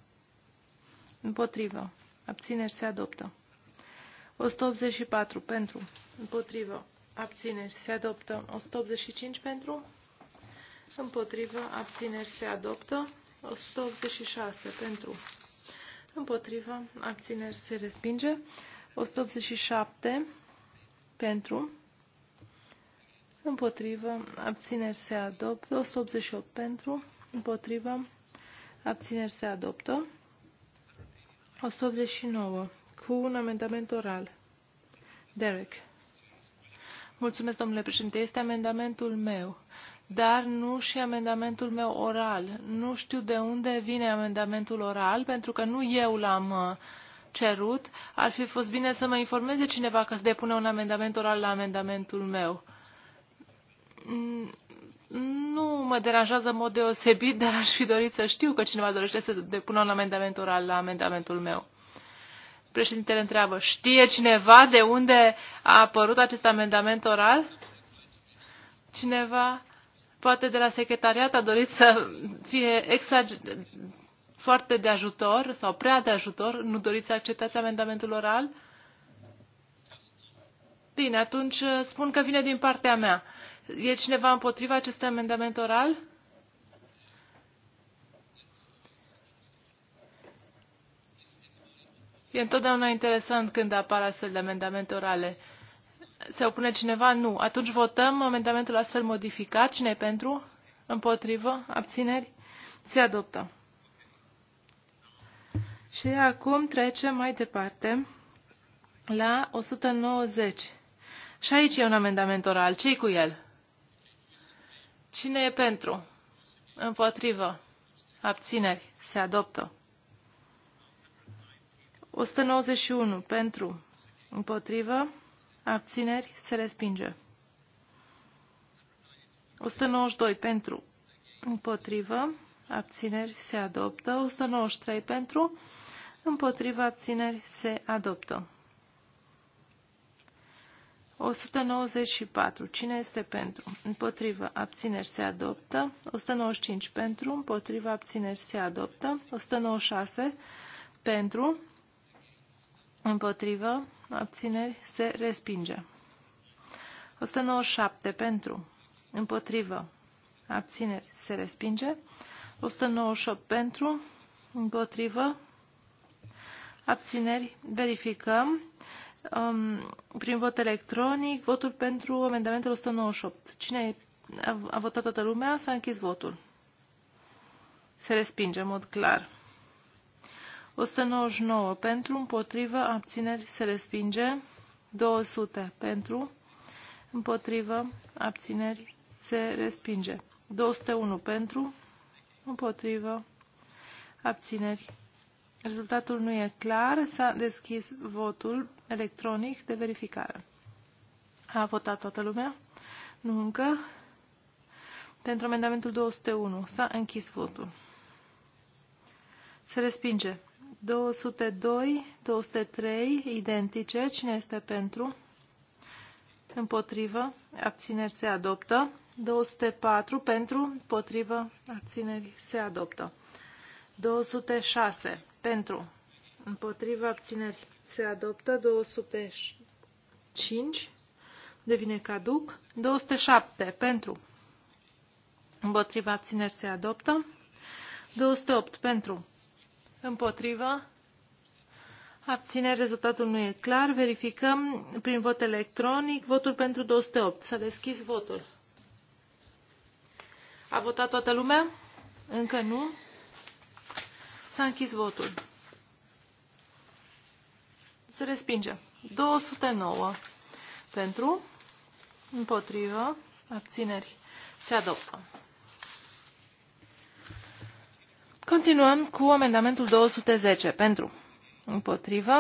Împotrivă. Abțineri se adoptă. 184 pentru. Împotrivă. Abțineri se adoptă. 185 pentru. Împotrivă. Abțineri se adoptă. 186 pentru împotriva abțineri se respinge. 187 pentru împotriva abțineri se adoptă. 188 pentru împotriva abțineri se adoptă. 189 cu un amendament oral. Derek. Mulțumesc, domnule președinte. Este amendamentul meu dar nu și amendamentul meu oral. Nu știu de unde vine amendamentul oral, pentru că nu eu l-am uh, cerut. Ar fi fost bine să mă informeze cineva că se depune un amendament oral la amendamentul meu. Mm, nu mă deranjează în mod deosebit, dar aș fi dorit să știu că cineva dorește să depună un amendament oral la amendamentul meu. Președintele întreabă, știe cineva de unde a apărut acest amendament oral? Cineva poate de la secretariat a dorit să fie exager foarte de ajutor sau prea de ajutor. Nu doriți să acceptați amendamentul oral? Bine, atunci uh, spun că vine din partea mea. E cineva împotriva acestui amendament oral? E întotdeauna interesant când apar astfel de amendamente orale. Se opune cineva? Nu. Atunci votăm amendamentul astfel modificat. cine pentru? Împotrivă? Abțineri? Se adoptă. Și acum trecem mai departe la 190. Și aici e un amendament oral. ce cu el? Cine e pentru? Împotrivă. Abțineri. Se adoptă. 191. Pentru. Împotrivă abțineri, se respinge. 192 pentru, împotrivă, abțineri, se adoptă. 193 pentru, împotrivă, abțineri, se adoptă. 194. Cine este pentru? Împotrivă. Abțineri se adoptă. 195. Pentru. Împotrivă. Abțineri se adoptă. 196. Pentru. Împotrivă abțineri, se respinge. 197 pentru, împotrivă, abțineri, se respinge. 198 pentru, împotrivă, abțineri, verificăm. Um, prin vot electronic, votul pentru amendamentul 198. Cine a, votat toată lumea? S-a închis votul. Se respinge în mod clar. 199 pentru, împotrivă, abțineri, se respinge. 200 pentru, împotrivă, abțineri, se respinge. 201 pentru, împotrivă, abțineri. Rezultatul nu e clar, s-a deschis votul electronic de verificare. A votat toată lumea? Nu încă. Pentru amendamentul 201 s-a închis votul. Se respinge. 202, 203, identice. Cine este pentru? Împotrivă. Abțineri se adoptă. 204 pentru, împotrivă, abțineri se adoptă. 206 pentru, împotrivă, abțineri se adoptă. 205 devine caduc. 207 pentru, împotrivă, abțineri se adoptă. 208 pentru, Împotrivă. Abține, rezultatul nu e clar. Verificăm prin vot electronic. Votul pentru 208. S-a deschis votul. A votat toată lumea? Încă nu. S-a închis votul. Se respinge. 209 pentru, împotrivă, abțineri. Se adoptă. Continuăm cu amendamentul 210. Pentru. Împotrivă.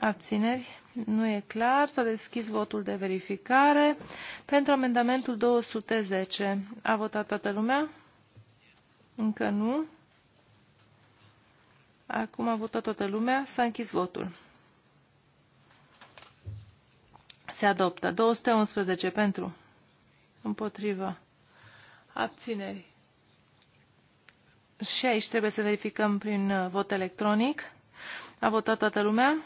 Abțineri. Nu e clar. S-a deschis votul de verificare. Pentru amendamentul 210. A votat toată lumea? Încă nu. Acum a votat toată lumea. S-a închis votul. Se adoptă. 211 pentru. Împotrivă. Abțineri. Și aici trebuie să verificăm prin uh, vot electronic. A votat toată lumea?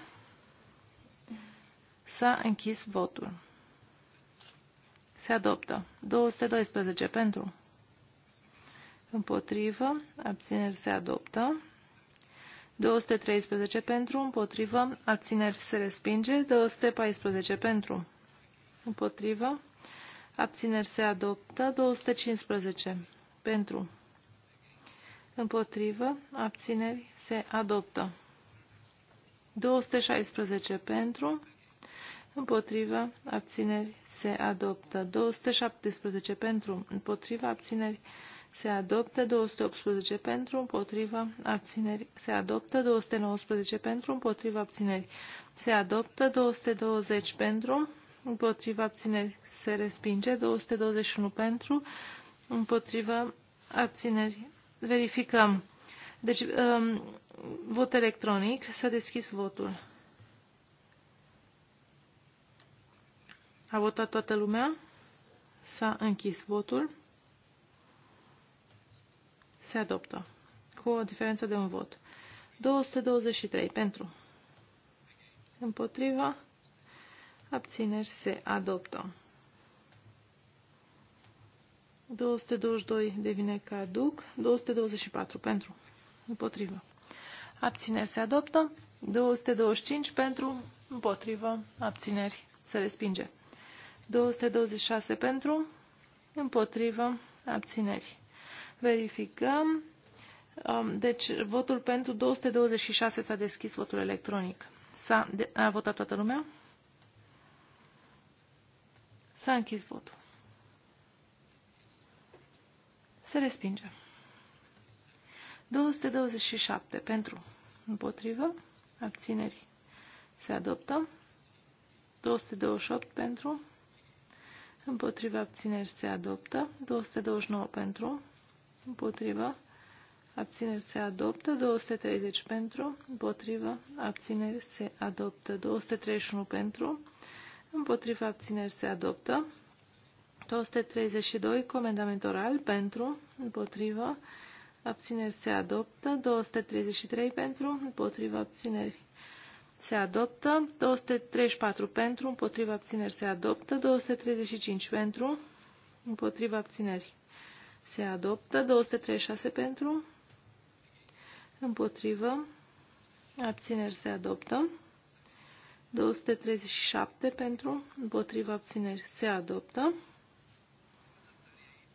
S-a închis votul. Se adoptă. 212 pentru. Împotrivă. Abțineri se adoptă. 213 pentru. Împotrivă. Abțineri se respinge. 214 pentru. Împotrivă. Abțineri se adoptă. 215 pentru. Împotrivă. Abțineri. Se adoptă. 216 pentru. Împotrivă. Abțineri. Se adoptă. 217 pentru. Împotrivă. Abțineri. Se adoptă 218 pentru, împotrivă, abțineri. Se adoptă 219 pentru, împotrivă, abțineri. Se adoptă 220 pentru, împotrivă, abțineri. Se respinge 221 pentru, împotrivă, abțineri. Verificăm. Deci, um, vot electronic. S-a deschis votul. A votat toată lumea. S-a închis votul. Se adoptă. Cu o diferență de un vot. 223 pentru. Împotriva. Abțineri se adoptă. 222 devine caduc. 224 pentru. Împotrivă. Abțineri se adoptă. 225 pentru. Împotrivă. Abțineri se respinge. 226 pentru. Împotrivă. Abțineri. Verificăm. Um, deci, votul pentru 226 s-a deschis votul electronic. S-a, a votat toată lumea? S-a închis votul. Se respinge. 227 pentru, împotrivă, abțineri. Se adoptă. 228 pentru, împotrivă, abțineri. Se adoptă. 229 pentru, împotrivă, abțineri. Se adoptă. 230 pentru, împotrivă, abțineri. Se adoptă. 231 pentru, împotrivă, abțineri. Se adoptă. 232 comandament oral pentru, împotrivă, abțineri se adoptă. 233 pentru, împotrivă, abțineri se adoptă. 234 pentru, împotrivă, abțineri se adoptă. 235 pentru, împotrivă, abțineri se adoptă. 236 pentru, împotrivă, abțineri se adoptă. 237 pentru, împotriva abțineri se adoptă.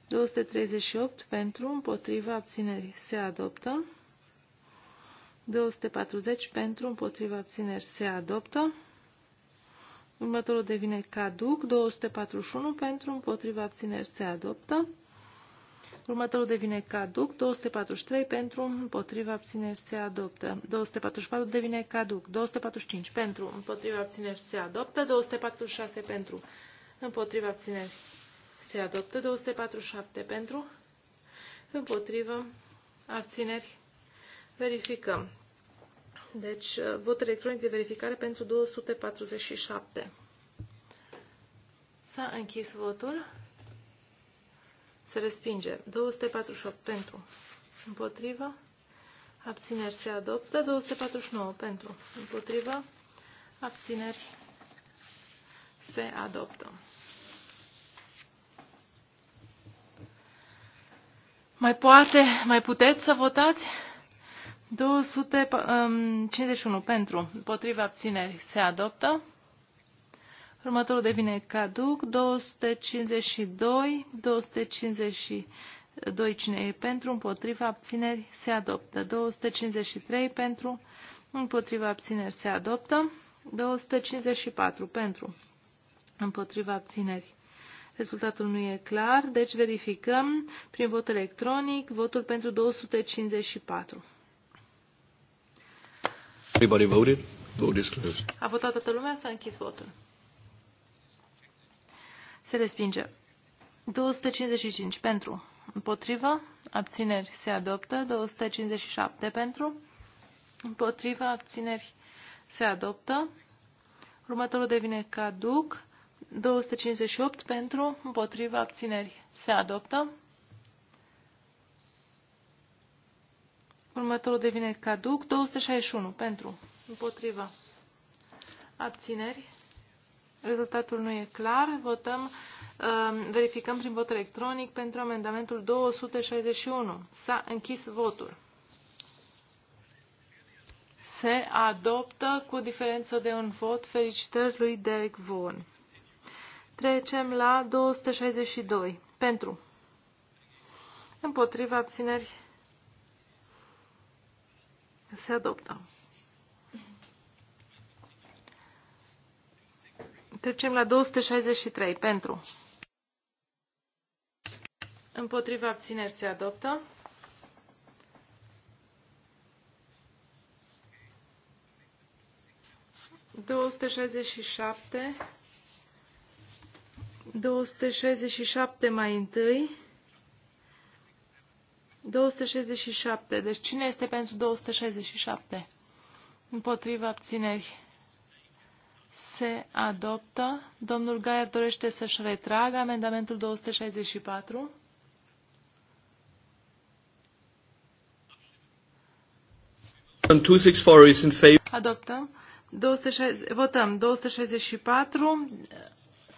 238 pentru, împotriva abțineri se adoptă. 240 pentru, împotriva abțineri se adoptă. Următorul devine caduc. 241 pentru, împotriva abțineri se adoptă. Următorul devine caduc. 243 pentru, împotriva abțineri se adoptă. 244 devine caduc. 245 pentru, împotriva abțineri se adoptă. 246 pentru, împotriva abțineri se adoptă. 247 pentru, împotrivă, abțineri, verificăm. Deci, uh, vot electronic de verificare pentru 247. S-a închis votul. Se respinge. 248 pentru. Împotrivă. Abțineri se adoptă. 249 pentru. Împotrivă. Abțineri se adoptă. Mai poate, mai puteți să votați? 251 um, pentru, împotriva abțineri se adoptă. Următorul devine caduc, 252, 252 cine e pentru, împotriva abțineri se adoptă, 253 pentru, împotriva abțineri se adoptă, 254 pentru, împotriva abțineri Rezultatul nu e clar, deci verificăm prin vot electronic votul pentru 254. Everybody voted? Vote is closed. A votat toată lumea, s-a închis votul. Se respinge. 255 pentru, împotrivă, abțineri se adoptă, 257 pentru, împotrivă, abțineri se adoptă. Următorul devine caduc. 258 pentru, împotriva abțineri se adoptă. Următorul devine caduc. 261 pentru, împotriva abțineri. Rezultatul nu e clar. Votăm, um, verificăm prin vot electronic pentru amendamentul 261. S-a închis votul. Se adoptă cu diferență de un vot. Felicitări lui Derek Vaughan. Trecem la 262. Pentru. Împotriva abțineri se adoptă. Trecem la 263. Pentru. Împotriva abțineri se adoptă. Două sute șaizeci și șapte. 267 mai întâi. 267. Deci cine este pentru 267? Împotriva abțineri. Se adoptă. Domnul Gaier dorește să-și retragă amendamentul 264. Adoptăm. 26. votăm 264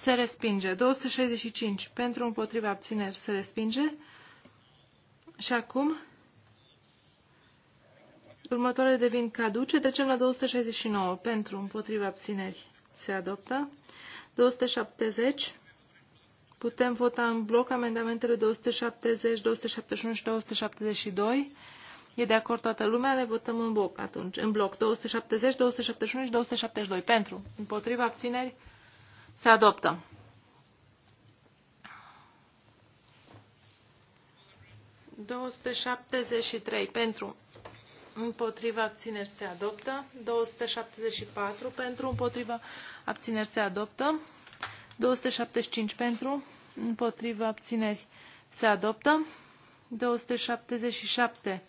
se respinge. 265 pentru împotriva abțineri se respinge. Și acum următoarele devin caduce. Trecem la 269 pentru împotriva abțineri se adoptă. 270 putem vota în bloc amendamentele 270, 271 și 272. E de acord toată lumea, le votăm în bloc atunci. În bloc 270, 271 și 272. Pentru, împotriva abțineri, se adoptă. trei pentru împotriva abțineri se adoptă. 274 pentru împotriva abțineri se adoptă. 275 pentru împotriva abțineri se adoptă. 277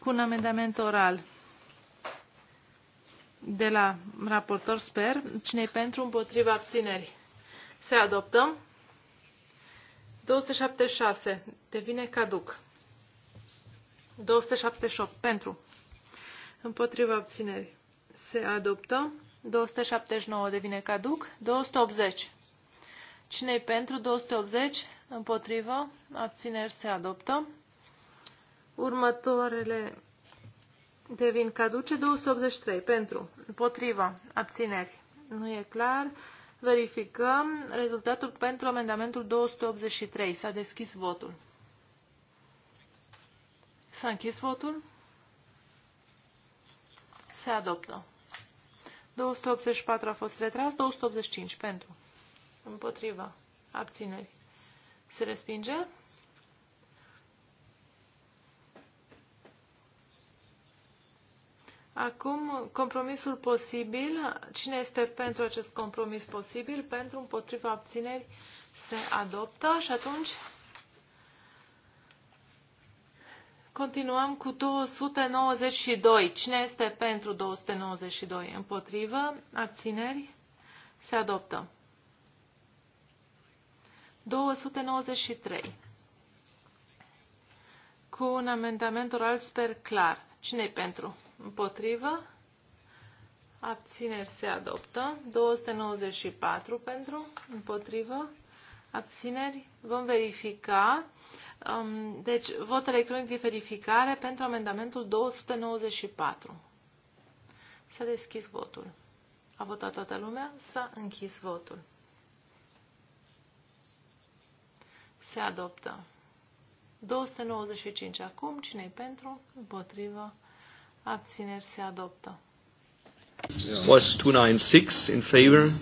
cu un amendament oral de la raportor, sper. cine pentru, împotriva, abținerii. Se adoptă. 276. Devine caduc. 278. Pentru. Împotriva abținerii. Se adoptă. 279 devine caduc. 280. cine pentru? 280. împotriva Abțineri se adoptă. Următoarele devin caduce 283 pentru, împotriva, abțineri. Nu e clar. Verificăm rezultatul pentru amendamentul 283. S-a deschis votul. S-a închis votul. Se adoptă. 284 a fost retras, 285 pentru. Împotriva. Abțineri. Se respinge. Acum, compromisul posibil. Cine este pentru acest compromis posibil? Pentru, împotriva, abțineri se adoptă și atunci continuăm cu 292. Cine este pentru 292? Împotrivă, abțineri se adoptă. 293. Cu un amendament oral sper clar. Cine-i pentru? Împotrivă. Abțineri se adoptă. 294 pentru. Împotrivă. Abțineri. Vom verifica. Um, deci, vot electronic de verificare pentru amendamentul 294. S-a deschis votul. A votat toată lumea? S-a închis votul. Se adoptă. 295 acum. cine pentru? Împotrivă abțineri se adoptă. Was 296 in favor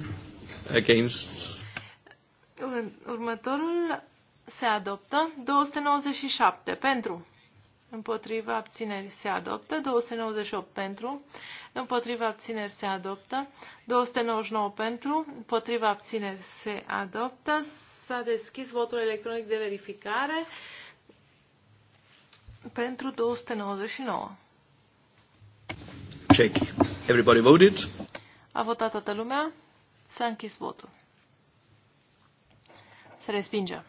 against? Următorul se adoptă 297 pentru. Împotriva abțineri se adoptă. 298 pentru. Împotriva abțineri se adoptă. 299 pentru. Împotriva abțineri se adoptă. S-a deschis votul electronic de verificare pentru 299. Check. Everybody voted. A votat toată lumea. S-a închis votul. Se respinge.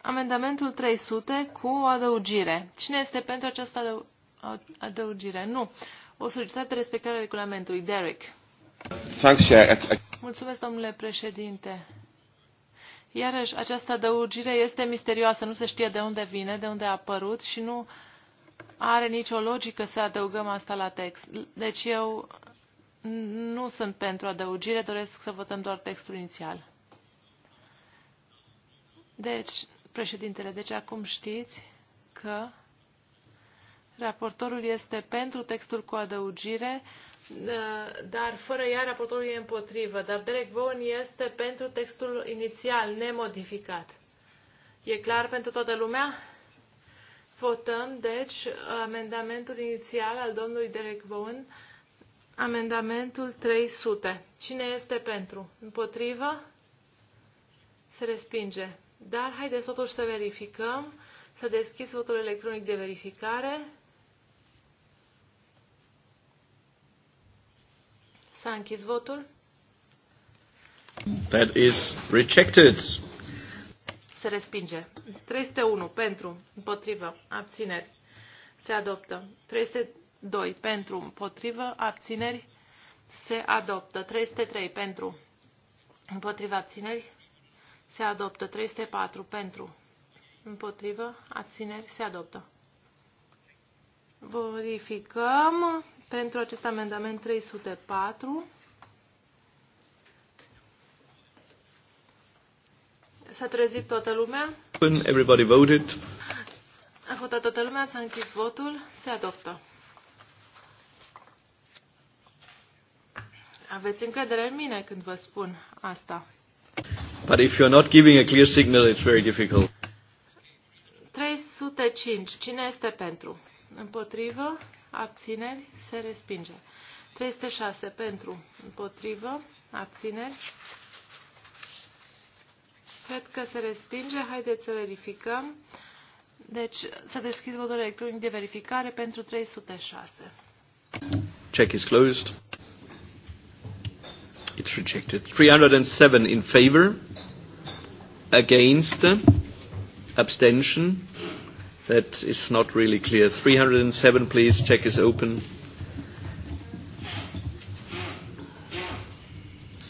Amendamentul 300 cu o adăugire. Cine este pentru această adăugire? Nu. O solicitare de respectare a regulamentului. Derek. Thanks, Mulțumesc, domnule președinte. Iarăși, această adăugire este misterioasă, nu se știe de unde vine, de unde a apărut și nu are nicio logică să adăugăm asta la text. Deci eu nu sunt pentru adăugire, doresc să votăm doar textul inițial. Deci, președintele, deci acum știți că raportorul este pentru textul cu adăugire, Eh, dar fără ea raportorul e împotrivă, dar Derek Vaughan este pentru textul inițial, nemodificat. E clar pentru toată lumea? Votăm, deci, amendamentul inițial al domnului Derek Vaughan, amendamentul 300. Cine este pentru? Împotrivă? Se respinge. Dar haideți totuși să verificăm. Să deschis votul electronic de verificare. S-a închis votul. That is rejected. Se respinge. 301 pentru, împotrivă, abțineri. Se adoptă. 302 pentru, împotrivă, abțineri. Se adoptă. 303 pentru, împotrivă, abțineri. Se adoptă. 304 pentru, împotrivă, abțineri. Se adoptă. Verificăm pentru acest amendament 304. S-a trezit toată lumea. Everybody voted. A votat toată lumea, s-a închis votul, se adoptă. Aveți încredere în mine când vă spun asta. But if you're not giving a clear signal, it's very difficult. 305. Cine este pentru? Împotrivă? abțineri, se respinge. 306 pentru, împotrivă, abțineri. Cred că se respinge. Haideți să verificăm. Deci, să deschid votul electronic de verificare pentru 306. Check is closed. It's rejected. 307 in favor. Against. Abstention That is not really clear. 307, please. Check is open.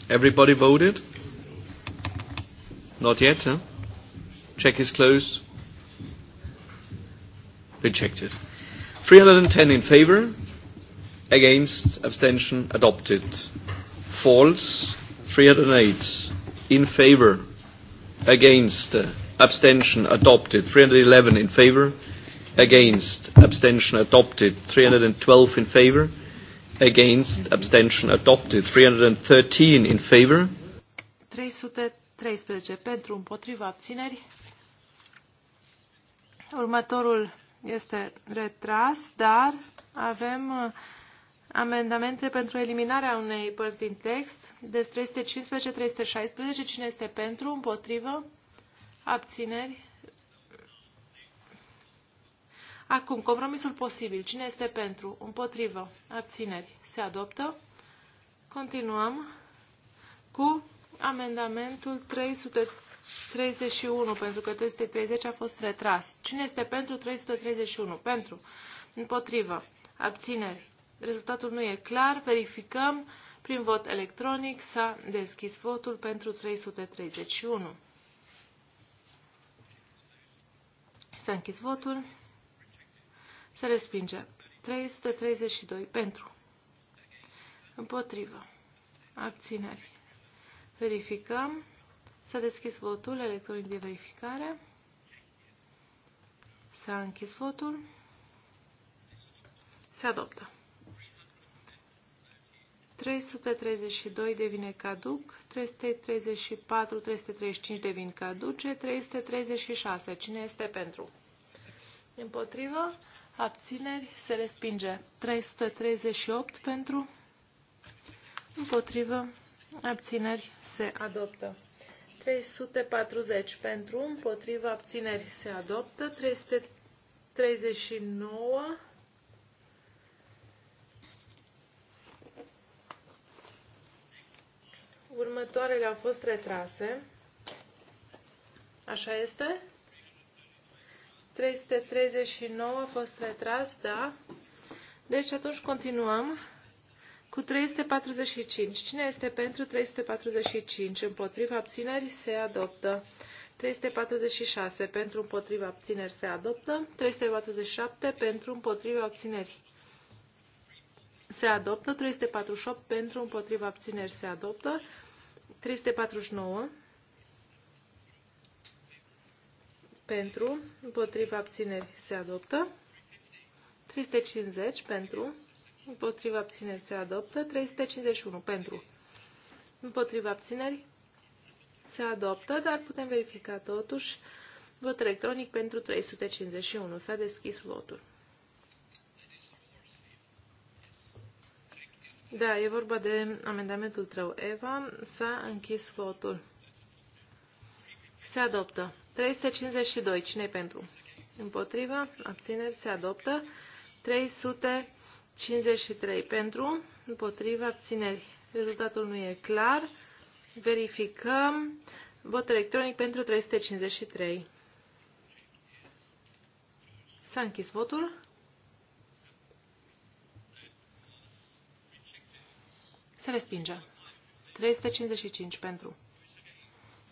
Everybody voted? Not yet, huh? Check is closed. Rejected. 310 in favor. Against. Abstention. Adopted. False. 308. In favor. Against. Uh, abstention adopted 311 in favor against abstention adopted 312 in favor against abstention adopted 313 in favor 313 pentru împotriva abțineri următorul este retras dar avem uh, amendamente pentru eliminarea unei părți din text de 315 316 cine este pentru împotrivă Abțineri. Acum, compromisul posibil. Cine este pentru? Împotrivă. Abțineri. Se adoptă. Continuăm cu amendamentul 331, pentru că 330 a fost retras. Cine este pentru 331? Pentru. Împotrivă. Abțineri. Rezultatul nu e clar. Verificăm. Prin vot electronic s-a deschis votul pentru 331. S-a închis votul. Se respinge. 332 pentru. Împotrivă. Abțineri. Verificăm. S-a deschis votul electronic de verificare. S-a închis votul. Se adoptă. 332 devine caduc, 334, 335 devin caduce, 336. Cine este pentru? Împotrivă, abțineri, se respinge. 338 pentru, împotrivă, abțineri, se adoptă. 340 pentru, împotrivă, abțineri, se adoptă. 339 Următoarele au fost retrase. Așa este? 339 a fost retras, da. Deci atunci continuăm cu 345. Cine este pentru 345? Împotriva abțineri se adoptă. 346 pentru împotriva abțineri se adoptă. 347 pentru împotriva abțineri se adoptă. 348 pentru împotriva abțineri se adoptă. 349 pentru, împotriva abțineri se adoptă. 350 pentru, împotriva abțineri se adoptă. 351 pentru, împotriva abțineri se adoptă, dar putem verifica totuși vot electronic pentru 351. S-a deschis votul. Da, e vorba de amendamentul tău, Eva. S-a închis votul. Se adoptă. 352. cine pentru? Împotrivă. Abțineri. Se adoptă. 353. Pentru. Împotrivă. Abțineri. Rezultatul nu e clar. Verificăm. Vot electronic pentru 353. S-a închis votul. Se respinge. 355 pentru.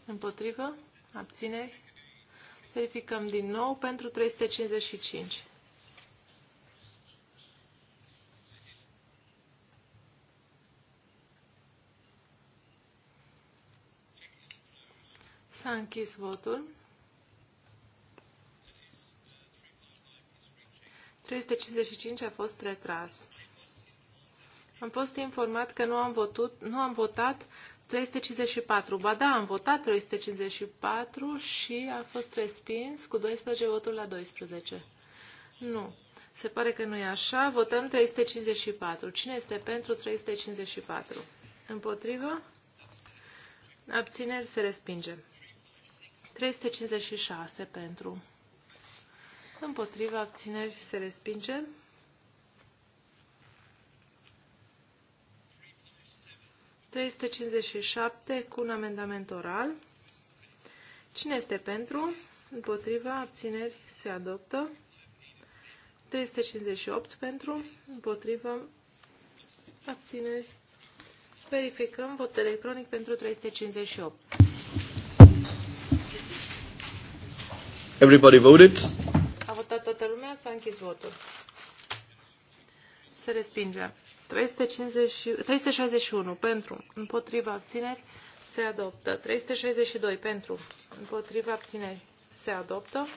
Împotrivă. Abțineri. Verificăm din nou pentru 355. S-a închis votul. 355 a fost retras. Am fost informat că nu am, votut, nu am votat 354. Ba da, am votat 354 și a fost respins cu 12 voturi la 12. Nu. Se pare că nu e așa. Votăm 354. Cine este pentru 354? Împotrivă? Abțineri se respinge. 356 pentru. Împotrivă abțineri se respinge. 357 cu un amendament oral. Cine este pentru? Împotriva, abțineri, se adoptă. 358 pentru, împotriva, abțineri. Verificăm vot electronic pentru 358. Everybody voted? A votat toată lumea, s-a închis votul. Se respinge. 350, 361 pentru, împotriva abțineri, se adoptă. 362 pentru, împotriva abțineri, se adoptă.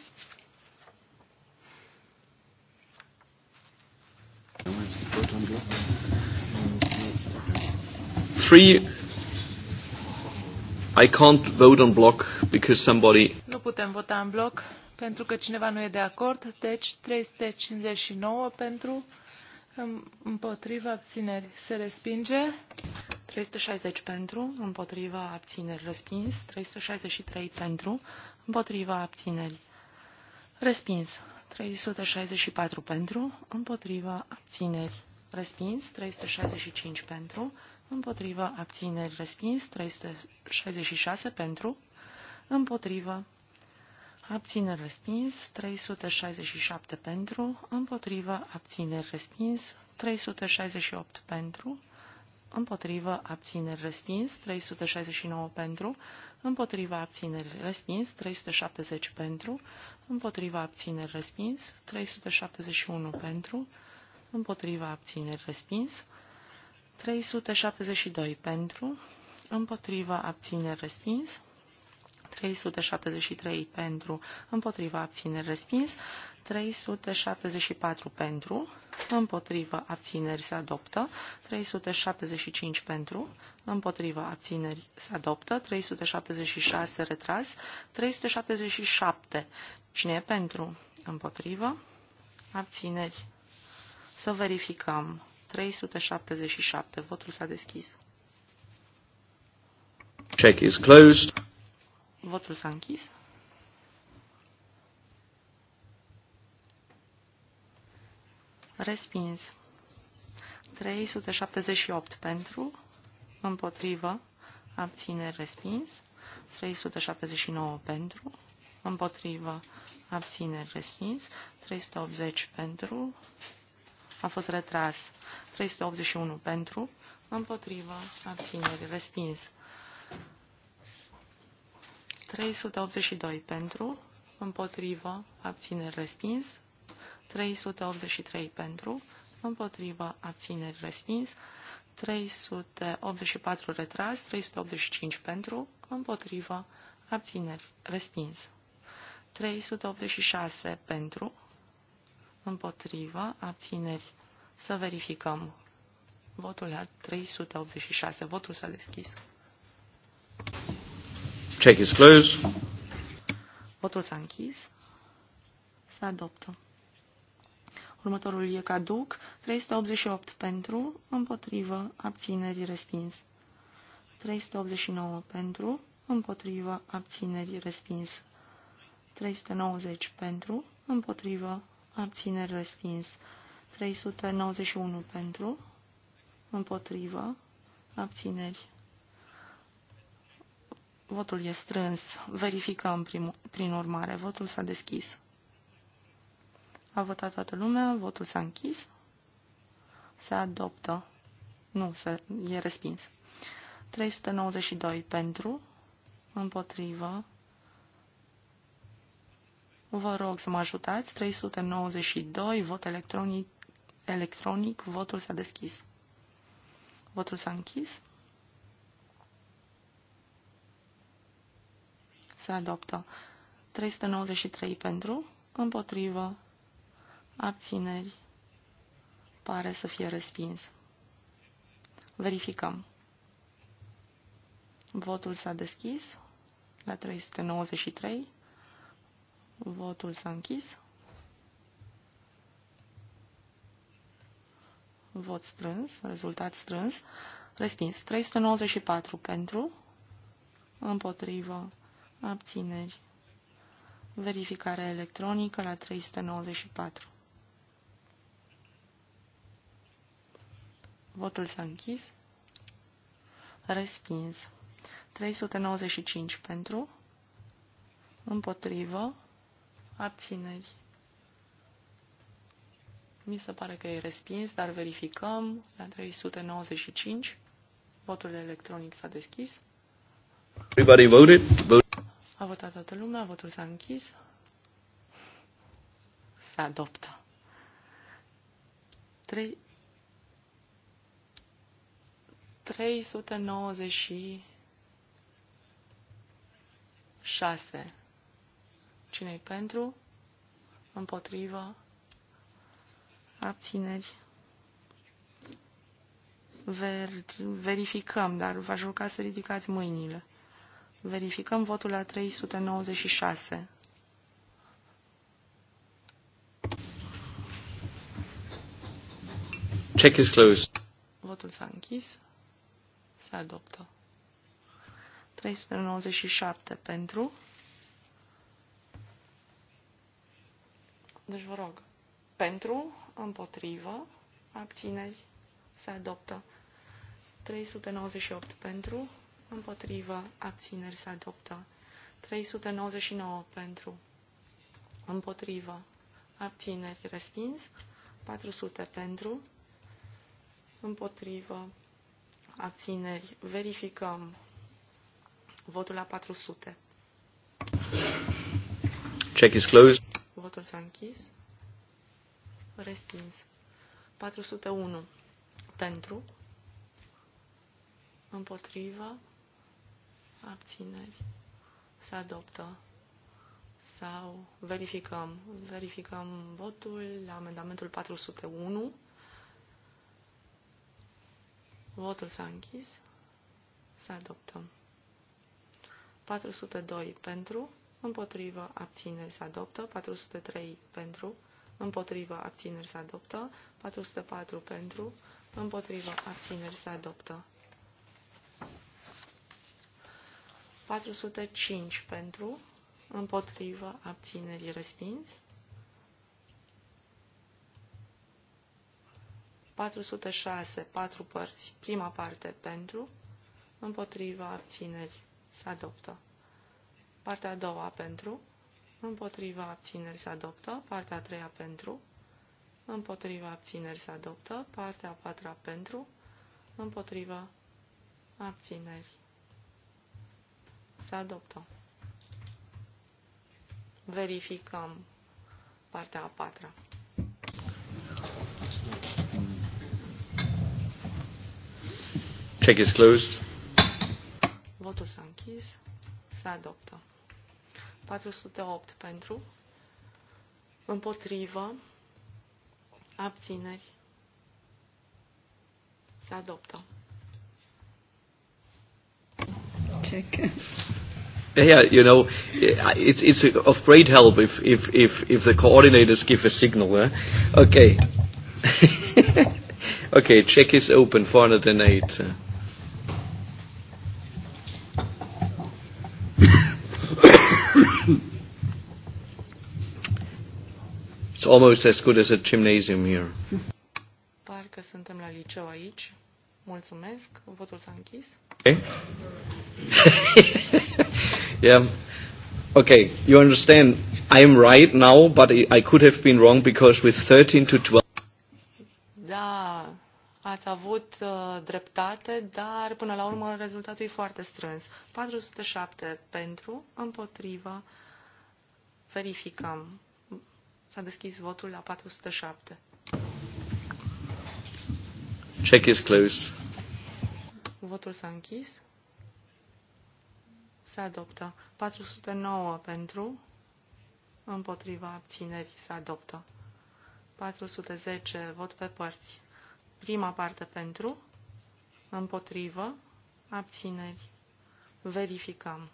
Three. I can't vote on block because somebody. Nu putem vota în bloc pentru că cineva nu e de acord, deci 359 pentru Împotriva abțineri se respinge. 360 pentru, împotriva abțineri respins. 363 pentru, împotriva abțineri respins. 364 pentru, împotriva abțineri respins. 365 pentru, împotriva abțineri respins. 366 pentru, împotriva Abțineri respins, 367 pentru, împotrivă, abțineri respins, 368 pentru, împotrivă, abțineri respins, 369 pentru, împotrivă, abțineri respins, 370 pentru, împotrivă, abțineri respins, 371 pentru, împotrivă, abțineri respins, 372 pentru, împotrivă, abțineri respins, 373 pentru, împotriva abțineri respins, 374 pentru, împotriva abțineri se adoptă, 375 pentru, împotriva abțineri se adoptă, 376 retras, 377 cine e pentru, împotriva, abțineri. Să verificăm. 377. Votul s-a deschis. Check is closed. Votul s-a închis. Respins. 378 pentru, împotrivă, abțineri respins. 379 pentru, împotrivă, abțineri respins. 380 pentru, a fost retras. 381 pentru, împotrivă, abțineri respins. 382 pentru, împotrivă, abțineri respins. 383 pentru, împotrivă, abțineri respins. 384 retras, 385 pentru, împotrivă, abțineri respins. 386 pentru, împotrivă, abțineri. Să verificăm. Votul la 386. Votul s-a deschis. Check is closed. Votul s-a închis. Se adoptă. Următorul e caduc. 388 pentru, împotrivă, abțineri, respins. 389 pentru, împotrivă, abțineri, respins. 390 pentru, împotrivă, abțineri, respins. 391 pentru, împotrivă, abțineri, Votul e strâns. Verificăm prim, prin urmare. Votul s-a deschis. A votat toată lumea, votul s-a închis. Se adoptă. Nu, se, e respins. 392 pentru, împotrivă. Vă rog să mă ajutați. 392, vot electronic, electronic votul s-a deschis. Votul s-a închis. se adoptă. 393 pentru, împotrivă, abțineri, pare să fie respins. Verificăm. Votul s-a deschis la 393. Votul s-a închis. Vot strâns, rezultat strâns. Respins. 394 pentru, împotrivă, abțineri, verificare electronică la 394. Votul s-a închis. Respins. 395 pentru. Împotrivă. Abțineri. Mi se pare că e respins, dar verificăm. La 395. Votul electronic s-a deschis. Everybody voted. Vote. A votat toată lumea, votul s-a închis. Se adoptă. 3... 396. Cine-i pentru? Împotrivă? Abțineri? Ver... Verificăm, dar v-aș ruga să ridicați mâinile. Verificăm votul la 396. Check is closed. Votul s-a închis. Se adoptă. 397 pentru. Deci vă rog, pentru, împotrivă, abțineri, se adoptă. 398 pentru, împotrivă, abțineri se adoptă. 399 pentru, împotrivă, abțineri respins. 400 pentru, împotrivă, abțineri. Verificăm votul la 400. Check is closed. Votul s-a închis. Respins. 401 pentru, împotrivă, abțineri, se adoptă. Sau verificăm, verificăm votul la amendamentul 401. Votul s-a închis, se adoptă. 402 pentru, împotrivă, abțineri se adoptă, 403 pentru, împotrivă, abțineri se adoptă, 404 pentru, împotrivă, abțineri se adoptă. 405 pentru, împotrivă, abținerii respins. 406, 4 părți, prima parte pentru, împotrivă, abțineri se adoptă. Partea a doua pentru, împotrivă, abțineri se adoptă. Partea a treia pentru, împotrivă, abțineri se adoptă. Partea a patra pentru, împotrivă, abțineri se adoptă. Verificăm partea a patra. Check is closed. Votul s-a închis. Se adoptă. 408 pentru. Împotrivă. Abțineri. Se adoptă. check. Yeah, you know, eh, it's, it's of great help if, if, if, if the coordinators give a signal. Eh? Okay. okay, check is open, 408. Eh. It's almost as good as a gymnasium here. Parcă suntem la liceu aici. Mulțumesc. Votul s-a închis. Okay. yeah. Okay, you understand. I am right now, but I could have been wrong because with 13 to 12. Da, ați avut uh, dreptate, dar până la urmă rezultatul e foarte strâns. 407 pentru, împotriva, verificăm. S-a deschis votul la 407. Check is closed. Votul s-a închis se adoptă. 409 pentru, împotriva abținerii se adoptă. 410 vot pe părți. Prima parte pentru, împotrivă, abțineri. Verificăm.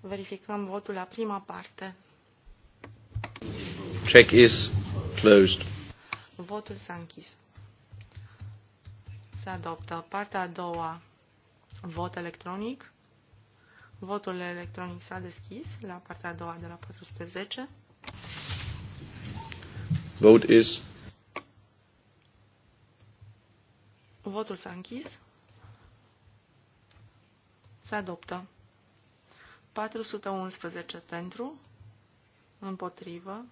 Verificăm votul la prima parte. Check is closed. Votul s-a închis. Se adoptă. Partea a doua, vot electronic. Votul electronic s-a deschis la partea a doua de la 410. Vote is. Votul s-a închis. Se adoptă. 411 pentru, împotrivă,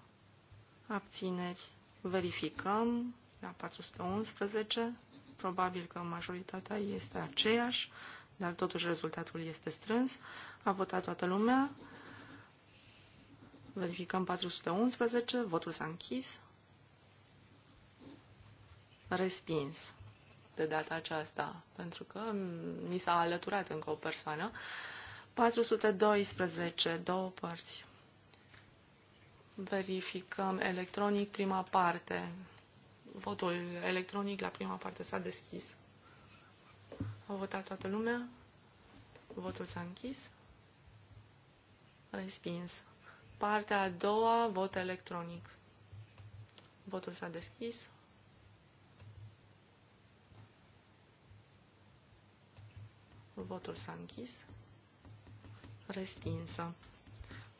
abțineri. Verificăm la 411. Probabil că majoritatea este aceeași dar totuși rezultatul este strâns. A votat toată lumea. Verificăm 411, votul s-a închis. Respins de data aceasta, pentru că ni s-a alăturat încă o persoană. 412, două părți. Verificăm electronic prima parte. Votul electronic la prima parte s-a deschis. A votat toată lumea. Votul s-a închis. Respins. Partea a doua, vot electronic. Votul s-a deschis. Votul s-a închis. Respinsă.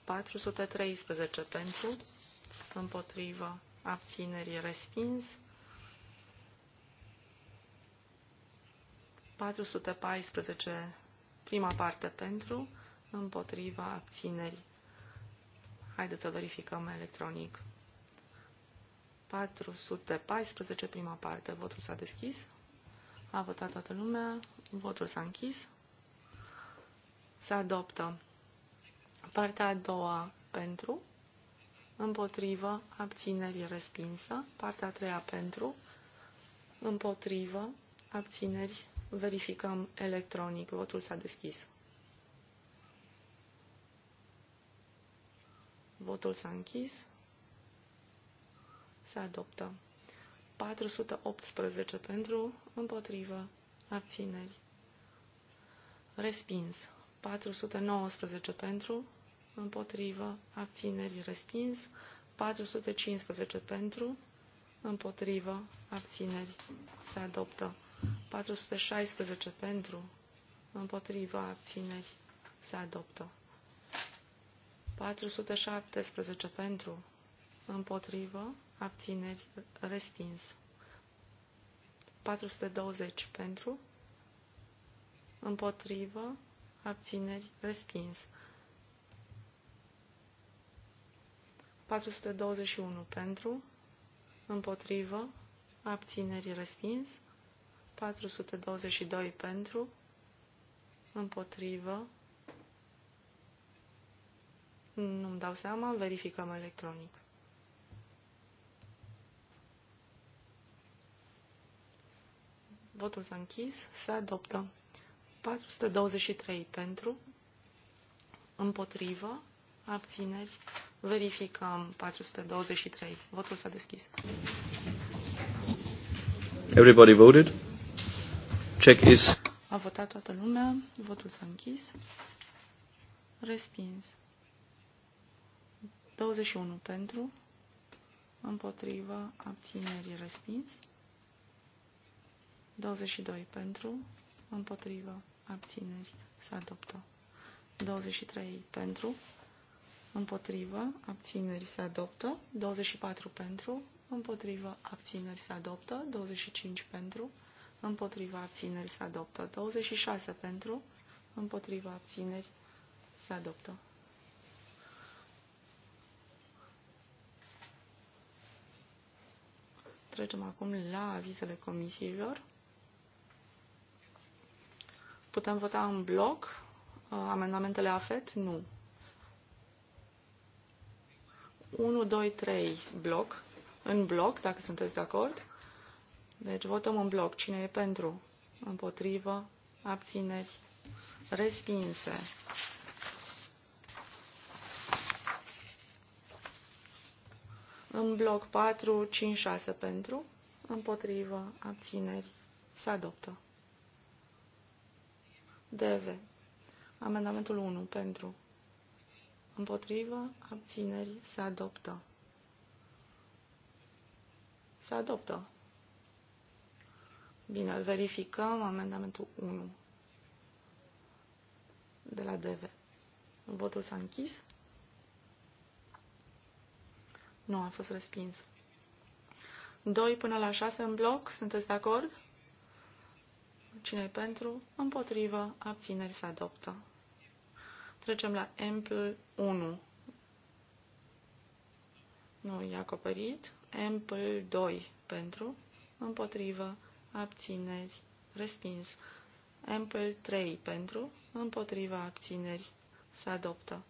413 pentru, împotrivă, abținerii respins. 414, prima parte pentru, împotriva abținerii. Haideți să verificăm electronic. 414, prima parte. Votul s-a deschis. A votat toată lumea. Votul s-a închis. Se adoptă. Partea a doua pentru, împotrivă, abținerii respinsă. Partea a treia pentru, împotrivă, abțineri Verificăm electronic. Votul s-a deschis. Votul s-a închis. Se adoptă. 418 pentru, împotrivă, abțineri. Respins. 419 pentru, împotrivă, abțineri, respins. 415 pentru, împotrivă, abțineri, se adoptă. 416 pentru, împotriva abțineri se adoptă. 417 pentru, împotrivă, abțineri, respins. 420 pentru, împotrivă, abțineri, respins. 421 pentru, împotrivă, abțineri, respins. 422 pentru, împotrivă, nu-mi dau seama, verificăm electronic. Votul s-a închis, se adoptă. 423 pentru, împotrivă, abțineri, verificăm 423. Votul s-a deschis. Everybody voted? Check is... A votat toată lumea, votul s-a închis. Respins. 21 pentru, împotriva, abținerii, respins. 22 pentru, împotriva, s se adoptă. 23 pentru, împotriva, abținerii, se adoptă. 24 pentru, împotriva, abținerii, se adoptă. 25 pentru, împotriva abțineri se adoptă. 26 pentru, împotriva abțineri se adoptă. Trecem acum la avizele comisiilor. Putem vota în bloc uh, amendamentele AFET? Nu. 1, 2, 3 bloc, în bloc, dacă sunteți de acord. Deci votăm în bloc. Cine e pentru? Împotrivă? Abțineri? Respinse. În bloc 4, 5, 6 pentru, împotrivă, abțineri, se adoptă. DV. Amendamentul 1 pentru, împotrivă, abțineri, se adoptă. Se adoptă. Bine, îl verificăm amendamentul 1 de la DV. Votul s-a închis. Nu, a fost respins. 2 până la 6 în bloc, sunteți de acord? cine e pentru? Împotrivă, abțineri se adoptă. Trecem la ampl 1. Nu e acoperit. Ampl 2 pentru, împotrivă, abțineri, respins. Ample 3 pentru, împotriva abțineri, se adoptă.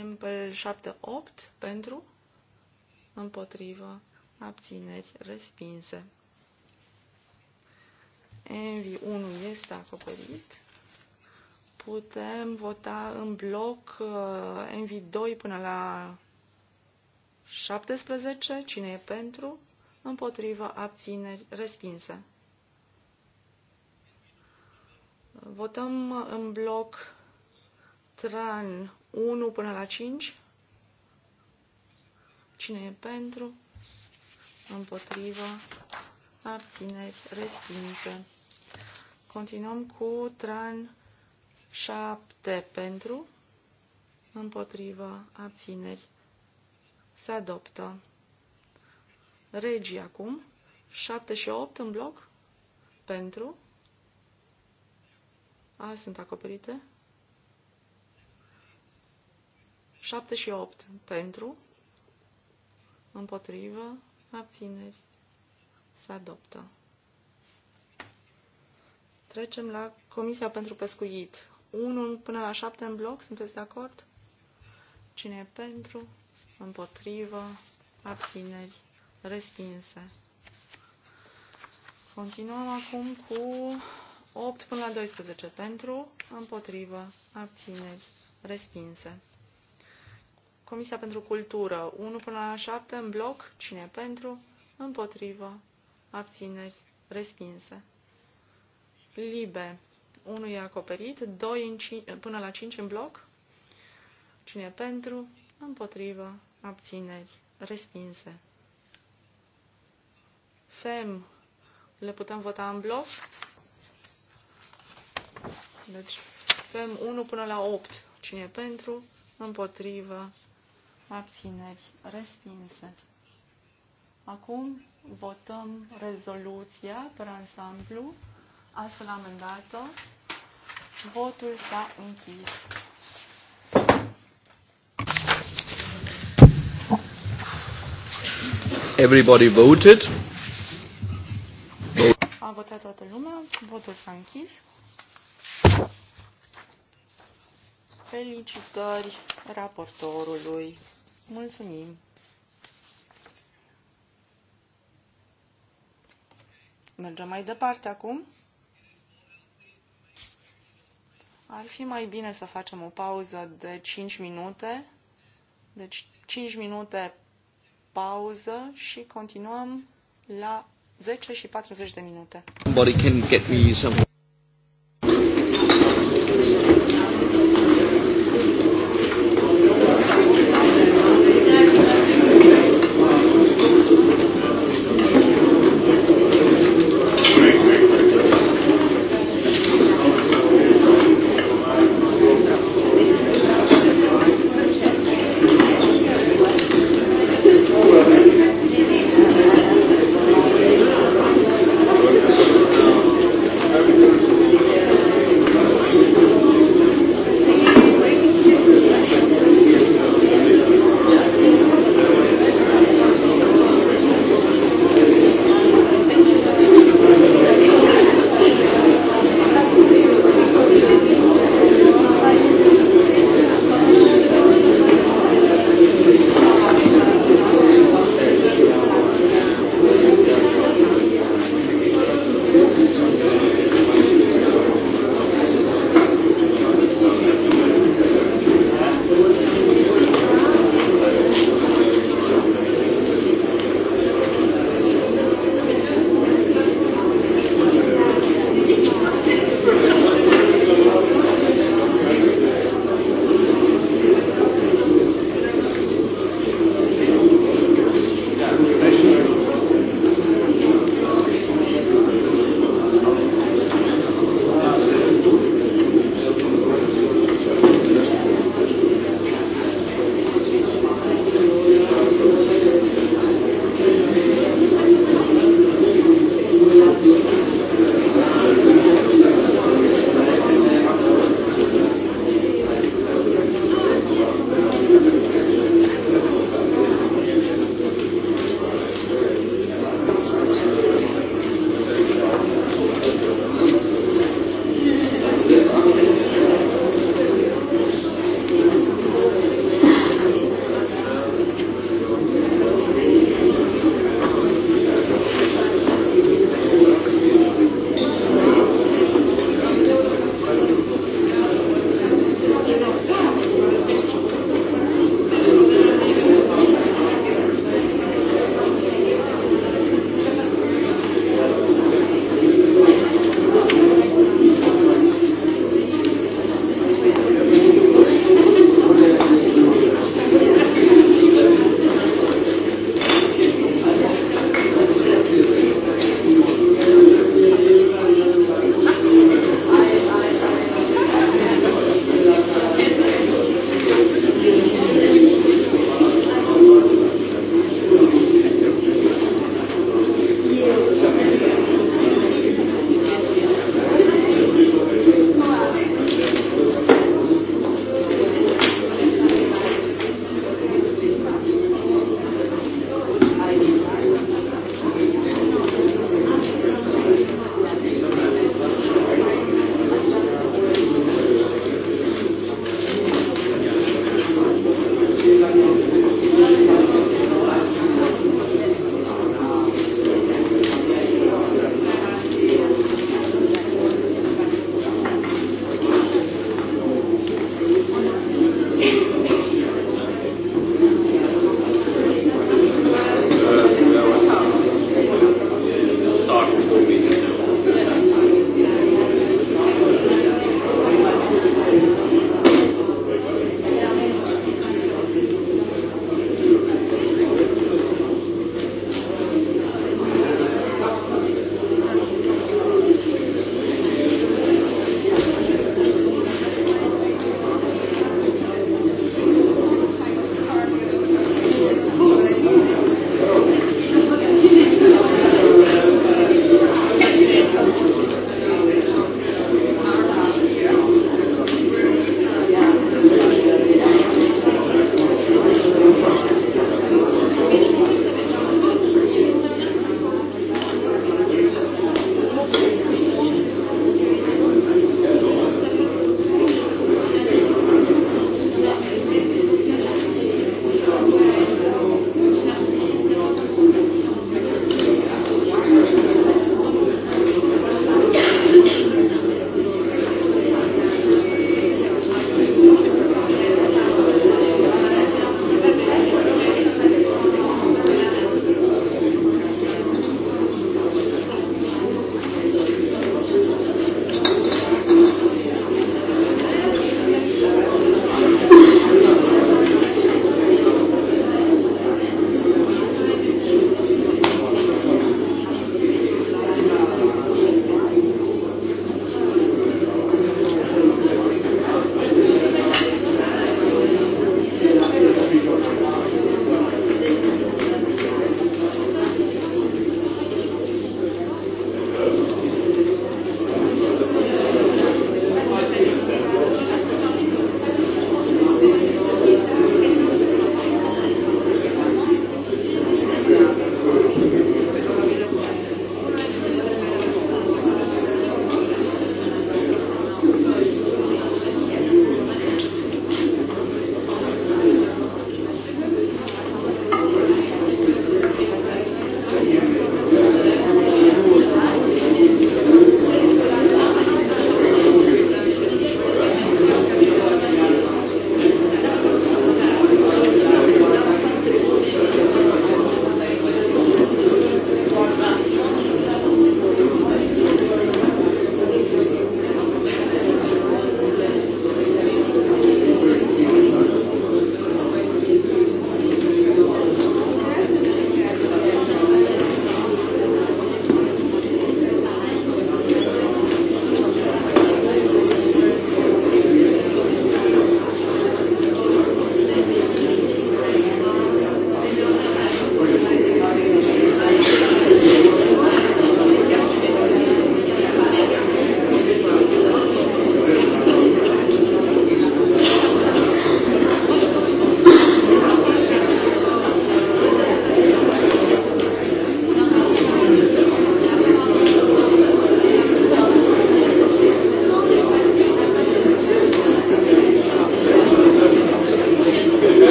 Ample 7, 8 pentru, împotriva abțineri, respinse. Envy 1 este acoperit. Putem vota în bloc uh, Envy 2 până la 17. Cine e pentru? împotrivă, abțineri, respinse. Votăm în bloc tran 1 până la 5. Cine e pentru? Împotrivă Abțineri. Respinse. Continuăm cu tran 7 pentru. Împotrivă Abțineri. Se adoptă. Regii acum. 7 și 8 în bloc. Pentru. A, sunt acoperite. 7 și 8 pentru. Împotrivă. Abțineri. Se adoptă. Trecem la Comisia pentru Pescuit. 1 până la 7 în bloc, sunteți de acord? Cine e pentru? Împotrivă? Abțineri? Respinse. Continuăm acum cu 8 până la 12 pentru, împotrivă, abțineri, respinse. Comisia pentru Cultură, 1 până la 7 în bloc, cine pentru, împotrivă, abțineri, respinse. Libe, 1 e acoperit, 2 în 5, până la 5 în bloc, cine pentru, împotrivă, abțineri, respinse. FEM le putem vota în bloc. Deci FEM 1 până la 8. Cine e pentru? Împotrivă. Abțineri. Respinse. Acum votăm rezoluția pe ansamblu, astfel amendată. Votul s-a închis. Everybody voted votat toată lumea, votul s-a închis. Felicitări raportorului. Mulțumim. Mergem mai departe acum. Ar fi mai bine să facem o pauză de 5 minute. Deci 5 minute pauză și continuăm la 10 și 40 de minute.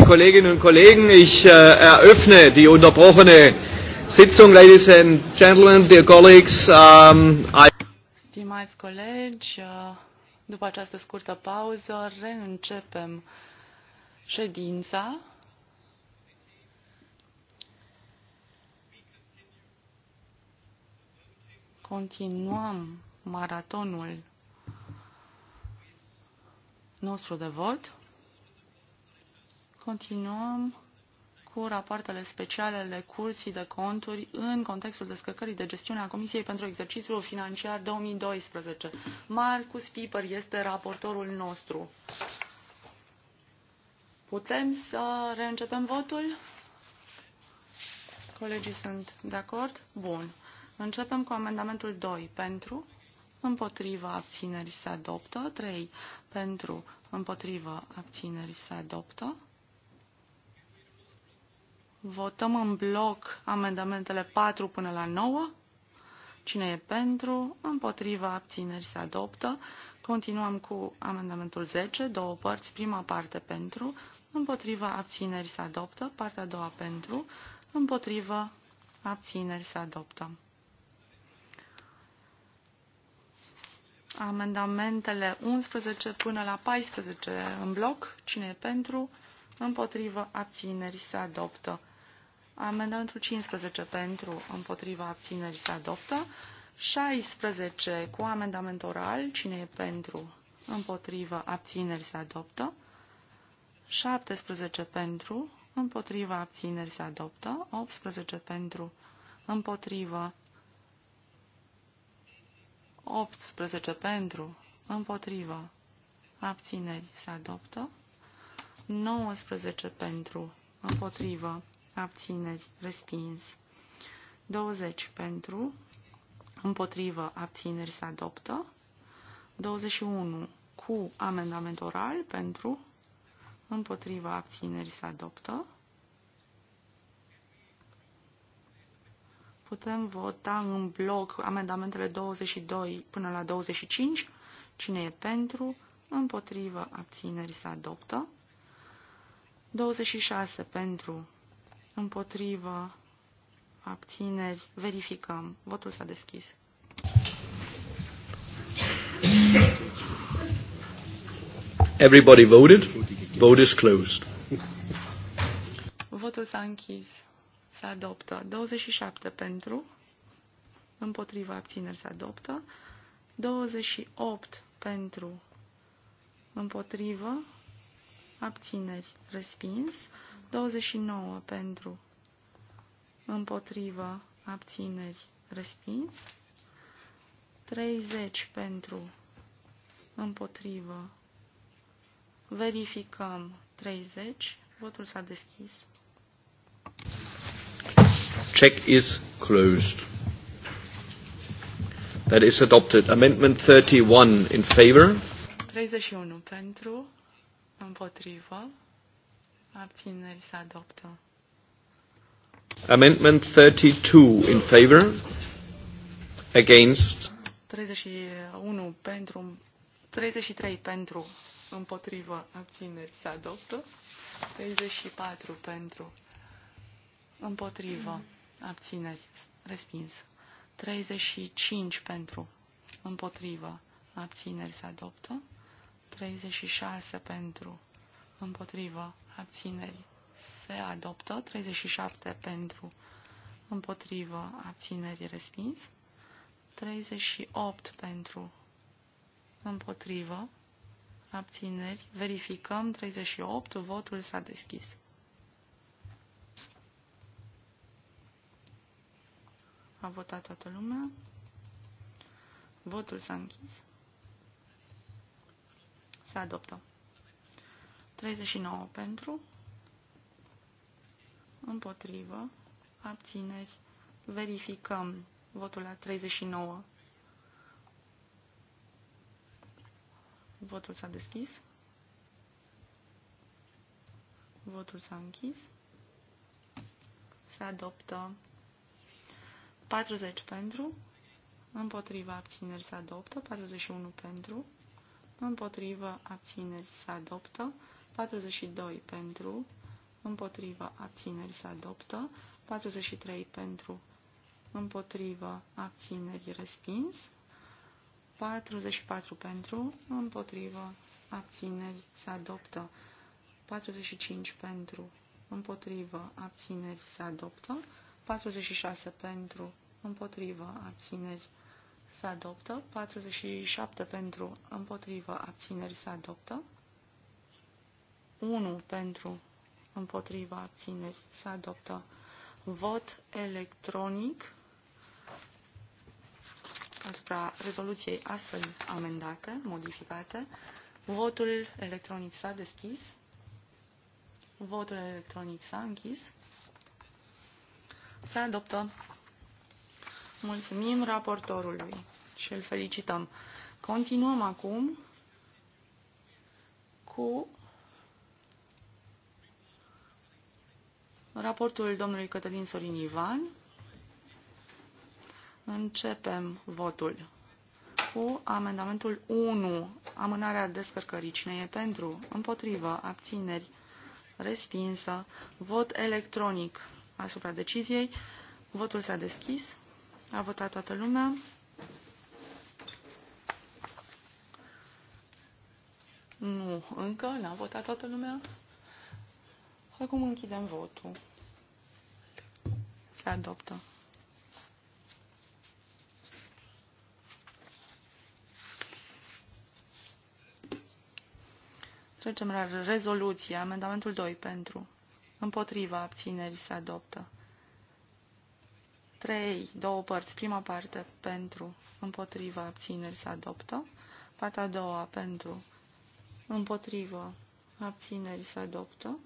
Kolleginnen und Kollegen, ich äh, eröffne die unterbrochene Sitzung, ladies and gentlemen, dear colleagues. Um, I Stimați colegi, uh, după această scurtă pauză reîncepem ședința. Continuăm maratonul nostru de vot. Continuăm cu rapoartele speciale ale Curții de Conturi în contextul descărcării de gestiune a Comisiei pentru exercițiul financiar 2012. Marcus Piper este raportorul nostru. Putem să reîncepem votul? Colegii sunt de acord? Bun. Începem cu amendamentul 2. Pentru, împotriva abținerii se adoptă. 3. Pentru, împotriva abținerii se adoptă. Votăm în bloc amendamentele 4 până la 9. Cine e pentru? Împotriva abțineri se adoptă. Continuăm cu amendamentul 10, două părți. Prima parte pentru, împotriva abțineri se adoptă. Partea a doua pentru, împotriva abțineri se adoptă. Amendamentele 11 până la 14 în bloc. Cine e pentru? împotriva abțineri se adoptă. Amendamentul 15 pentru, împotriva abținerii se adoptă. 16 cu amendament oral, cine e pentru, împotriva abțineri se adoptă. 17 pentru, împotriva abțineri se adoptă. 18 pentru, împotriva 18 pentru, împotriva abțineri se adoptă. 19 pentru, împotriva abțineri, respins. 20 pentru, împotrivă, abțineri, se adoptă. 21 cu amendament oral pentru, împotriva abțineri se adoptă. Putem vota în bloc amendamentele 22 până la 25. Cine e pentru? Împotrivă abțineri se adoptă. 26 pentru împotrivă, abțineri, verificăm. Votul s-a deschis. Everybody voted. Vote is closed. Votul s-a închis. Se adoptă 27 pentru, împotriva abțineri se adoptă, 28 pentru, împotrivă, abțineri respins, 29 pentru împotriva abțineri respins, 30 pentru împotrivă. Verificăm 30. Votul s-a deschis. Check is closed. That is adopted. Amendment 31 in favor. 31 pentru, împotrivă, Abțineri se adoptă. Amendment 32 in favor. Against. 31 pentru. 33 pentru. Împotrivă. Abțineri se adoptă. 34 pentru. Împotrivă. Abțineri. Respins. 35 pentru. Împotrivă. Abțineri se adoptă. 36 pentru împotriva abținerii. se adoptă. 37 pentru, împotriva abținerii respins. 38 pentru, împotriva abțineri, verificăm 38, votul s-a deschis. A votat toată lumea. Votul s-a închis. Se adoptă. 39 pentru, împotrivă, abțineri, verificăm votul la 39. Votul s-a deschis. Votul s-a închis. Se adoptă 40 pentru, împotriva abțineri se adoptă, 41 pentru, împotriva abțineri se adoptă, 42 pentru, împotriva abțineri se adoptă, 43 pentru, împotriva abțineri respins, 44 pentru, împotriva abțineri se adoptă, 45 pentru, împotriva abțineri se adoptă, 46 pentru, împotriva abțineri se adoptă, 47 pentru, împotriva abțineri se adoptă, 1 pentru împotriva abțineri se adoptă. Vot electronic asupra rezoluției astfel amendate, modificate. Votul electronic s-a deschis. Votul electronic s-a închis. Se adoptă. Mulțumim raportorului și îl felicităm. Continuăm acum cu Raportul domnului Cătălin Sorin Ivan. Începem votul cu amendamentul 1, amânarea descărcării. Cine e pentru? Împotrivă? Abțineri? Respinsă. Vot electronic asupra deciziei. Votul s-a deschis. A votat toată lumea. Nu, încă n-a votat toată lumea. Acum închidem votul. Se adoptă. Trecem la rezoluție. Amendamentul 2 pentru. Împotriva abținerii se adoptă. 3. Două părți. Prima parte pentru. Împotriva abținerii se adoptă. Partea a doua pentru. Împotriva abținerii se adoptă.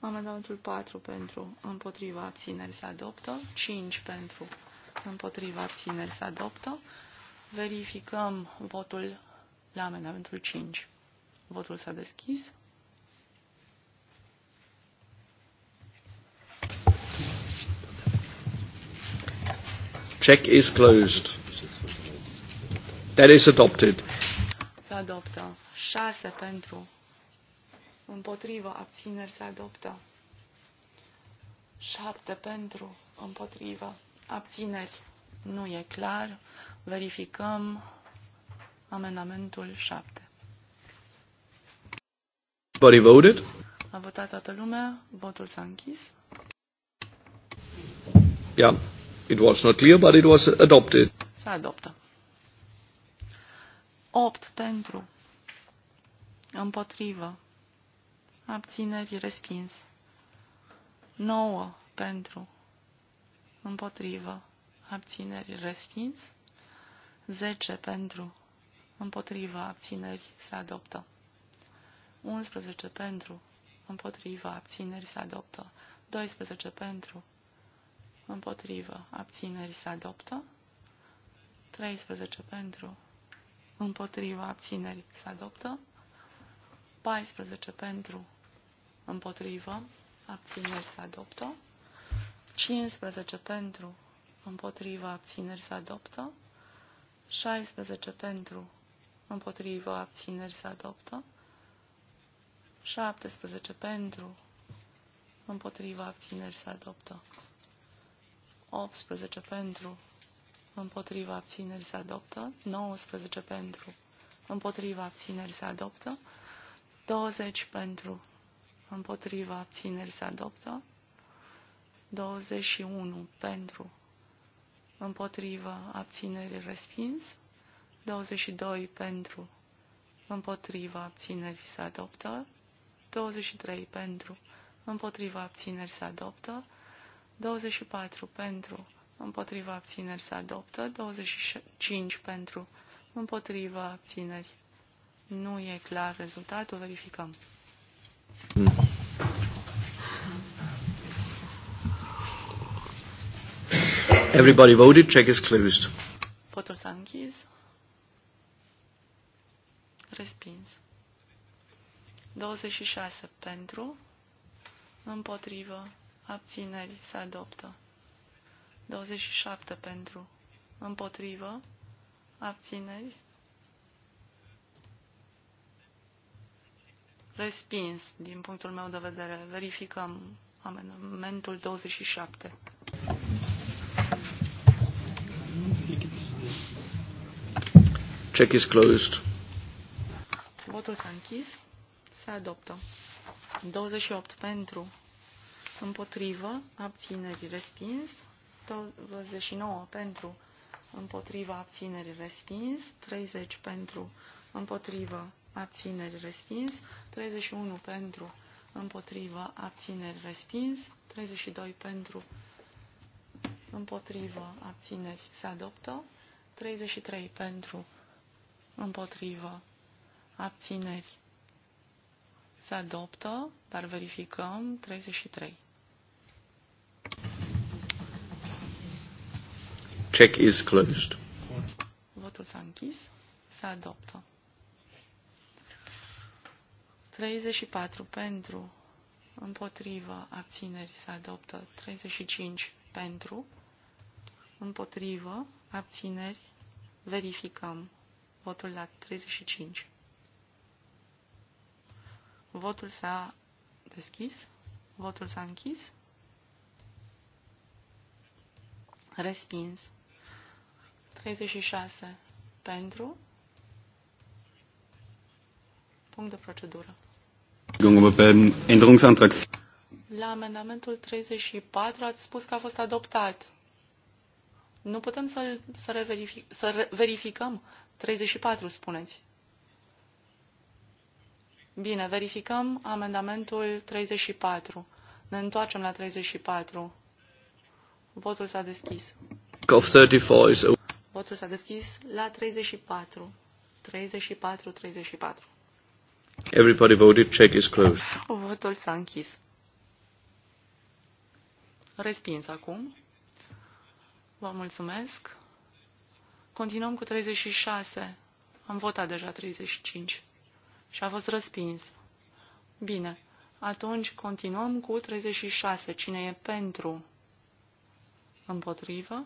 Amendamentul 4 pentru împotriva abțineri se adoptă. 5 pentru împotriva abțineri se adoptă. Verificăm votul la amendamentul 5. Votul s-a deschis. Check is closed. That is adopted. Se adoptă. 6 pentru împotrivă, abțineri se adoptă. 7 pentru, împotrivă, abțineri nu e clar. Verificăm amendamentul 7. Body voted? A votat toată lumea, votul s-a închis. Yeah, it was not clear, but it was adopted. A adoptă. 8 pentru, împotrivă, abțineri, respins. 9 pentru, împotrivă, abțineri, respins. 10 pentru, Împotrivă. abțineri se adoptă. 11 pentru, Împotrivă. abțineri se adoptă. 12 pentru, Împotrivă. abțineri se adoptă. 13 pentru, Împotrivă. abțineri se adoptă. 14 pentru, împotrivă, abțineri se adoptă. 15 pentru, împotrivă, abțineri se adoptă. 16 pentru, împotrivă, abțineri se adoptă. 17 pentru, Împotrivă. abțineri se adoptă. 18 pentru, împotriva abțineri se adoptă. 19 pentru, împotriva abțineri se adoptă. 20 pentru, împotriva abținerii se adoptă, 21 pentru, împotriva abținerii respins, 22 pentru, împotriva abținerii se adoptă, 23 pentru, împotriva abținerii se adoptă, 24 pentru, împotriva abținerii se adoptă, 25 pentru, împotriva abținerii. Nu e clar rezultatul, verificăm. Everybody voted. Check is closed. Votul s-a închis. Respins. 26 pentru. Împotrivă. Abțineri. Se adoptă. 27 pentru. Împotrivă. Abțineri. Respins, din punctul meu de vedere. Verificăm amendamentul 27. Check is closed. Votul s-a închis. Se adoptă. 28 pentru, împotrivă, abțineri, respins. 29 pentru, împotriva, abțineri, respins. 30 pentru, împotrivă, abțineri respins, 31 pentru, împotrivă, abțineri respins, 32 pentru, împotrivă, abțineri se adoptă, 33 pentru, împotrivă, abțineri se adoptă, dar verificăm, 33. Check is closed. Votul s-a închis. Se adoptă. 34 pentru, împotrivă, abțineri se adoptă. 35 pentru, împotrivă, abțineri, verificăm. Votul la 35. Votul s-a deschis, votul s-a închis. Respins. 36 pentru. Punct de procedură. La amendamentul 34 ați spus că a fost adoptat. Nu putem să, să, verific, să verificăm. 34, spuneți. Bine, verificăm amendamentul 34. Ne întoarcem la 34. Votul s-a deschis. Of 34 Votul s-a deschis la 34. 34, 34. Everybody voted. Check is closed. Votul s-a închis. Respins acum. Vă mulțumesc. Continuăm cu 36. Am votat deja 35. Și a fost respins. Bine. Atunci continuăm cu 36. Cine e pentru? Împotrivă?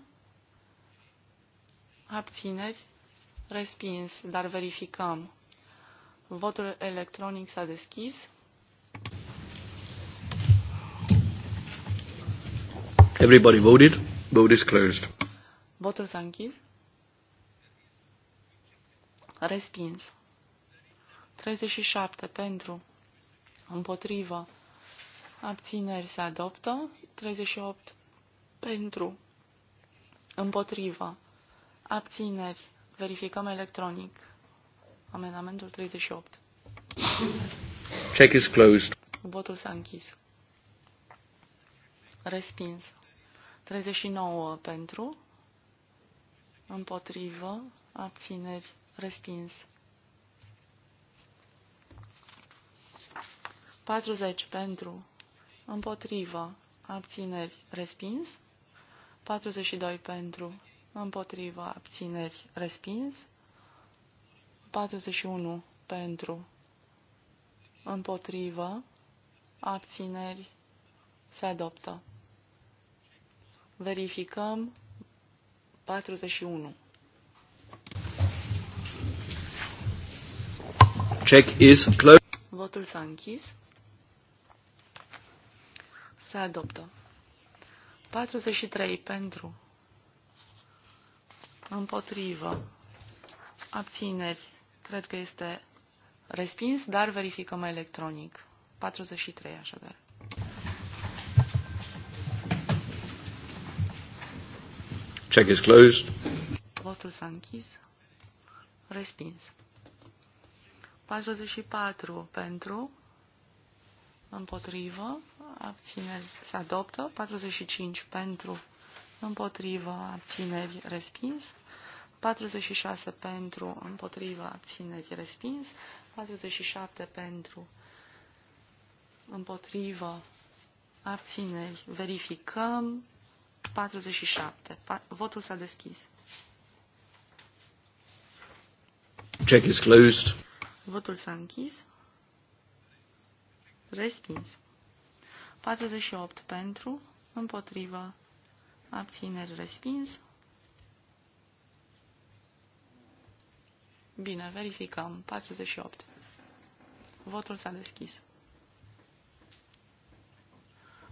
Abțineri? Respins, dar verificăm. Votul electronic s-a deschis. Everybody voted. Vote is closed. Votul s-a închis. Respins. 37 pentru. Împotrivă. Abțineri se adoptă. 38 pentru. Împotrivă. Abțineri. Verificăm electronic. Amendamentul 38. Check is closed. Votul s-a închis. Respins. 39 pentru, împotrivă, abțineri, respins. 40 pentru, împotrivă, abțineri, respins. 42 pentru, împotrivă, abțineri, respins. 41 pentru, împotrivă, abțineri, se adoptă. Verificăm 41. Check is closed. Votul s-a închis. Se adoptă. 43 pentru. Împotrivă. Abțineri. Cred că este respins, dar verificăm electronic. 43 așadar. Check is closed. Votul s-a închis. Respins. 44 pentru, împotrivă, abțineri se adoptă, 45 pentru, împotrivă, abțineri respins, 46 pentru, împotriva, abțineri, respins. 47 pentru, împotriva, abțineri, verificăm. 47. Votul s-a deschis. Check is closed. Votul s-a închis. Respins. 48 pentru, împotriva, abțineri, respins. Bine, verificăm. 48. Votul s-a deschis.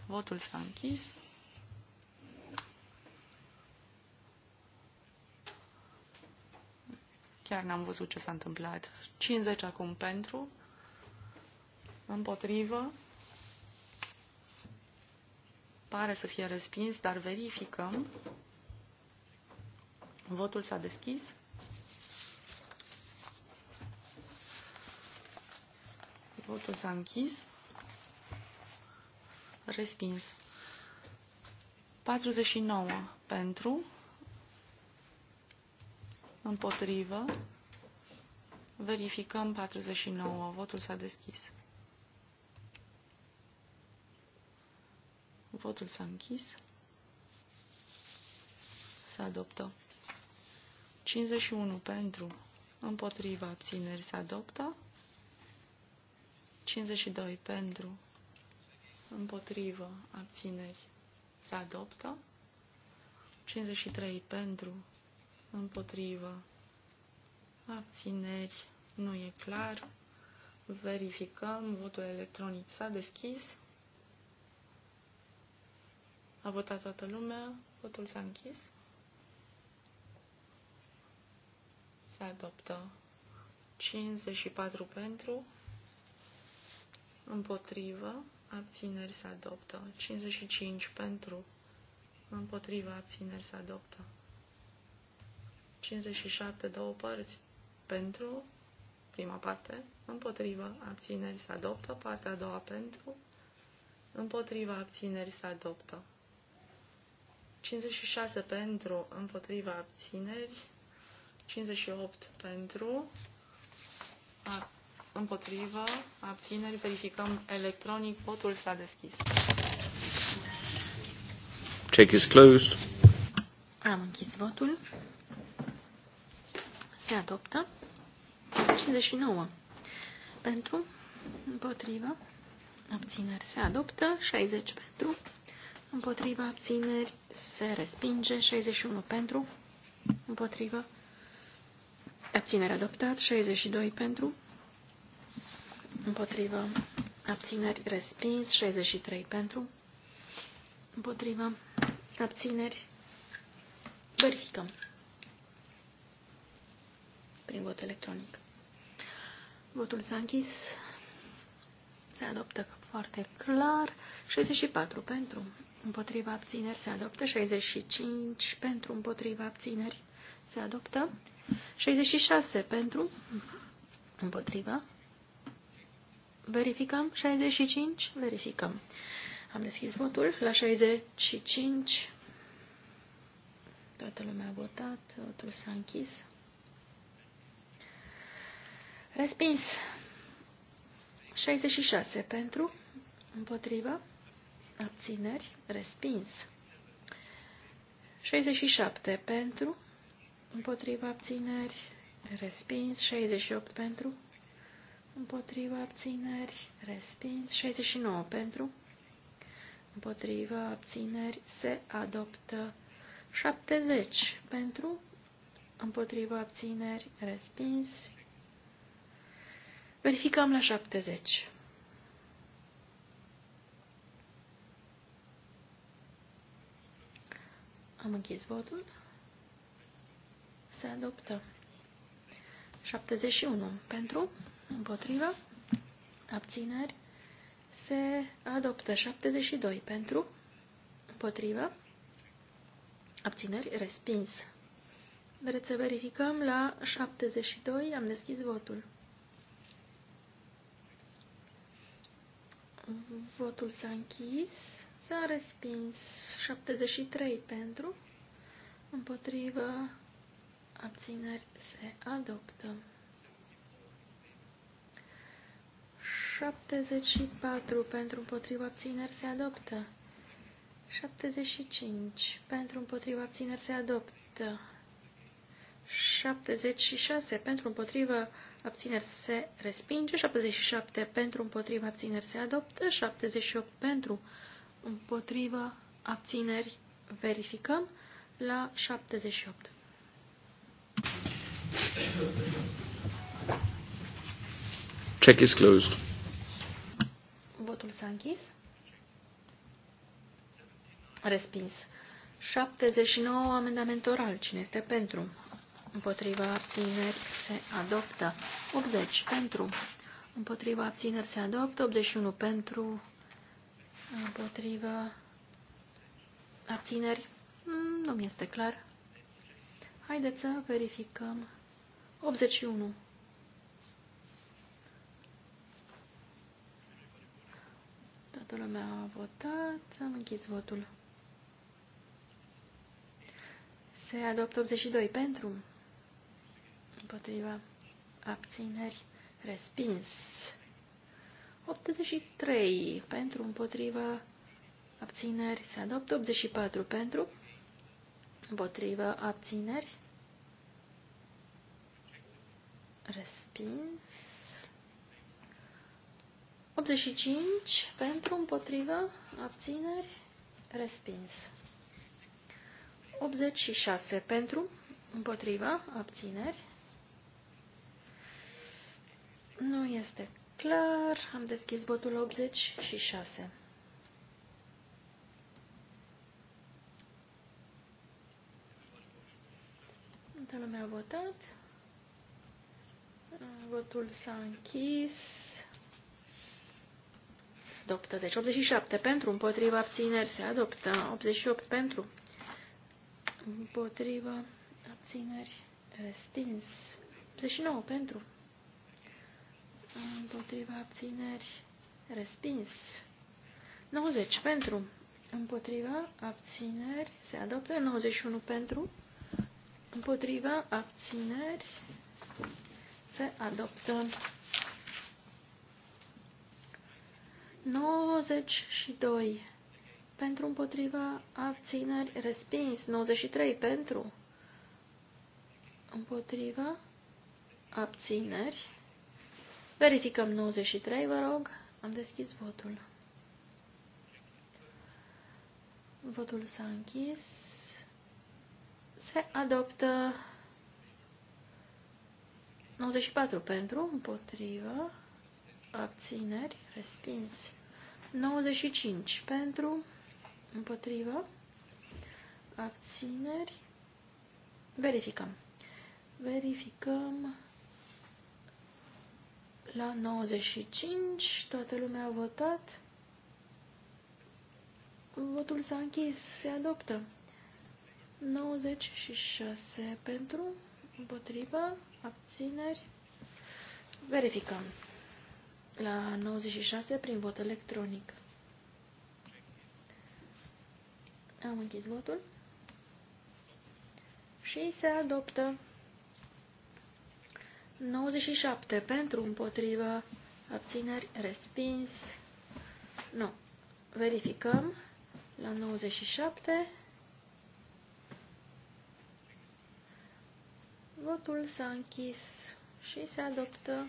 Votul s-a închis. Chiar n-am văzut ce s-a întâmplat. 50 acum pentru, împotrivă. Pare să fie respins, dar verificăm. Votul s-a deschis. Votul s-a închis. Respins. 49 pentru. Împotrivă. Verificăm 49. Votul s-a deschis. Votul s-a închis. Se adoptă. 51 pentru. Împotriva abțineri se adoptă. 52 pentru, împotrivă, abțineri, se adoptă. 53 pentru, împotrivă, abțineri, nu e clar. Verificăm, votul electronic s-a deschis. A votat toată lumea, votul s-a închis. Se adoptă 54 pentru, împotrivă, abțineri se adoptă. 55 pentru, împotrivă, abțineri se adoptă. 57, două părți, pentru, prima parte, împotrivă, abțineri se adoptă, partea a doua pentru, împotrivă, abțineri se adoptă. 56 pentru, împotriva abțineri, 58 pentru, a, împotrivă, abțineri, verificăm electronic, votul s-a deschis. Check is closed. Am închis votul. Se adoptă. 59. Pentru, împotrivă, abțineri se adoptă. 60 pentru, împotrivă, abțineri se respinge. 61 pentru, împotrivă, abțineri adoptat. 62 pentru, Împotrivă. Abțineri respins. 63 pentru. Împotrivă. Abțineri. Verificăm. Prin vot electronic. Votul s-a închis. Se adoptă foarte clar. 64 pentru. Împotriva abțineri se adoptă. 65 pentru. Împotriva abțineri se adoptă. 66 pentru. Împotriva Verificăm. 65. Verificăm. Am deschis votul la 65. Toată lumea a votat. Votul s-a închis. Respins. 66 pentru, împotriva, abțineri, respins. 67 pentru, împotriva abțineri, respins. 68 pentru, împotriva abțineri, respins. 69 pentru, împotriva abțineri, se adoptă. 70 pentru, împotriva abțineri, respins. Verificăm la 70. Am închis votul. Se adoptă. 71 pentru, Împotrivă. Abțineri. Se adoptă 72 pentru. Împotrivă. Abțineri. Respins. Vreți să verificăm la 72. Am deschis votul. Votul s-a închis. S-a respins 73 pentru. Împotrivă. Abțineri se adoptă. 74 pentru împotriva abțineri se adoptă. 75 pentru împotriva abțineri se adoptă. 76 pentru împotriva abțineri se respinge. 77 pentru împotriva abțineri se adoptă. 78 pentru împotriva abțineri verificăm la 78. Check is closed. S-a închis? Respins. 79. Amendament oral. Cine este pentru? Împotriva abțineri se adoptă. 80. Pentru. Împotriva abțineri se adoptă. 81. Pentru. Împotriva abțineri. Mm, nu mi este clar. Haideți să verificăm. 81. Toată lumea a votat. Am închis votul. Se adoptă 82 pentru. Împotriva abțineri. Respins. 83 pentru împotriva abțineri. Se adoptă 84 pentru împotriva abțineri. Respins. 85 pentru, împotrivă, abțineri, respins. 86 pentru, împotrivă, abțineri. Nu este clar, am deschis votul 86. Toată lumea a votat. Votul s-a închis adoptă. Deci 87 pentru, împotriva abțineri se adoptă. 88 pentru, împotriva abțineri respins. 89 pentru, împotriva abțineri respins. 90 pentru, împotriva abțineri se adoptă. 91 pentru, împotriva abțineri se adoptă. 92 pentru împotriva abțineri respins. 93 pentru împotriva abțineri. Verificăm 93, vă rog. Am deschis votul. Votul s-a închis. Se adoptă 94 pentru, împotriva abțineri, respins. 95 pentru, împotrivă, abțineri, verificăm. Verificăm la 95, toată lumea a votat, votul s-a închis, se adoptă. 96 pentru, împotrivă, abțineri, verificăm la 96 prin vot electronic. Am închis votul și se adoptă 97 pentru împotrivă, abțineri, respins. Nu. Verificăm la 97. Votul s-a închis și se adoptă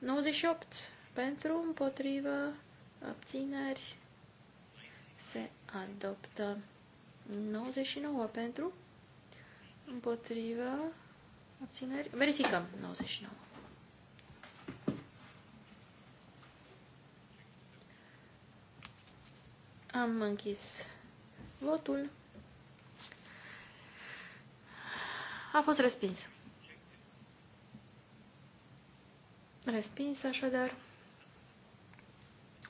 98 pentru, împotrivă, abțineri, se adoptă. 99 pentru, împotrivă, abțineri, verificăm 99. Am închis votul. A fost respins. Respins așadar.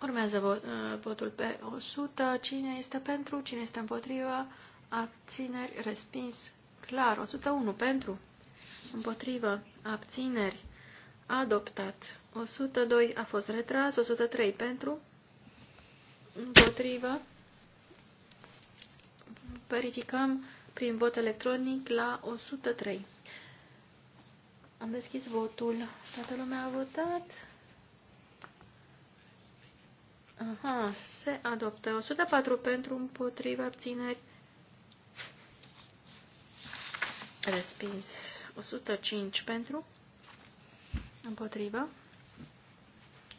Urmează vot, uh, votul pe 100. Cine este pentru? Cine este împotriva? Abțineri. Respins. Clar. 101 pentru. Împotrivă. Abțineri. Adoptat. 102 a fost retras. 103 pentru. Împotrivă. Verificăm prin vot electronic la 103. Am deschis votul. Toată lumea a votat. Aha, se adoptă. 104 pentru împotriva abțineri. Respins. 105 pentru împotriva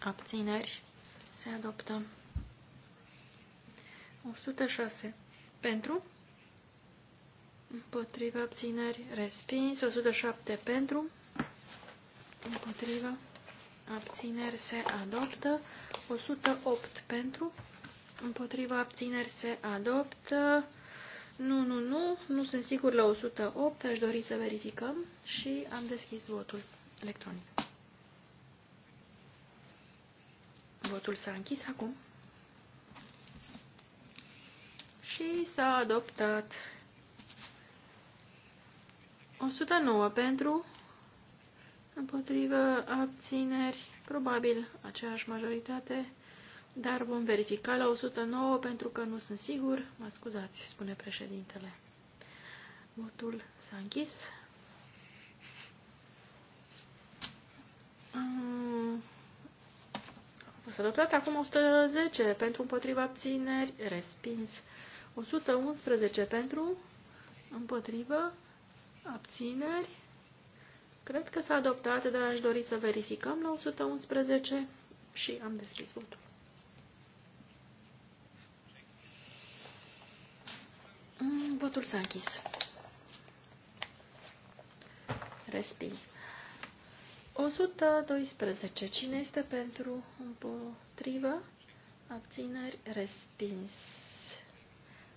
abțineri. Se adoptă. 106 pentru împotriva abțineri. Respins. 107 pentru împotriva, abțineri se adoptă, 108 pentru, împotriva, abțineri se adoptă, nu, nu, nu, nu sunt sigur la 108, aș dori să verificăm și am deschis votul electronic. Votul s-a închis acum și s-a adoptat 109 pentru, împotrivă, abțineri, probabil aceeași majoritate, dar vom verifica la 109 pentru că nu sunt sigur, mă scuzați, spune președintele. Votul s-a închis. s să adoptat acum 110 pentru împotriva abțineri, respins. 111 pentru împotrivă abțineri, Cred că s-a adoptat, dar aș dori să verificăm la 111 și am deschis votul. Mm, votul s-a închis. Respins. 112. Cine este pentru împotrivă? Abțineri. Respins.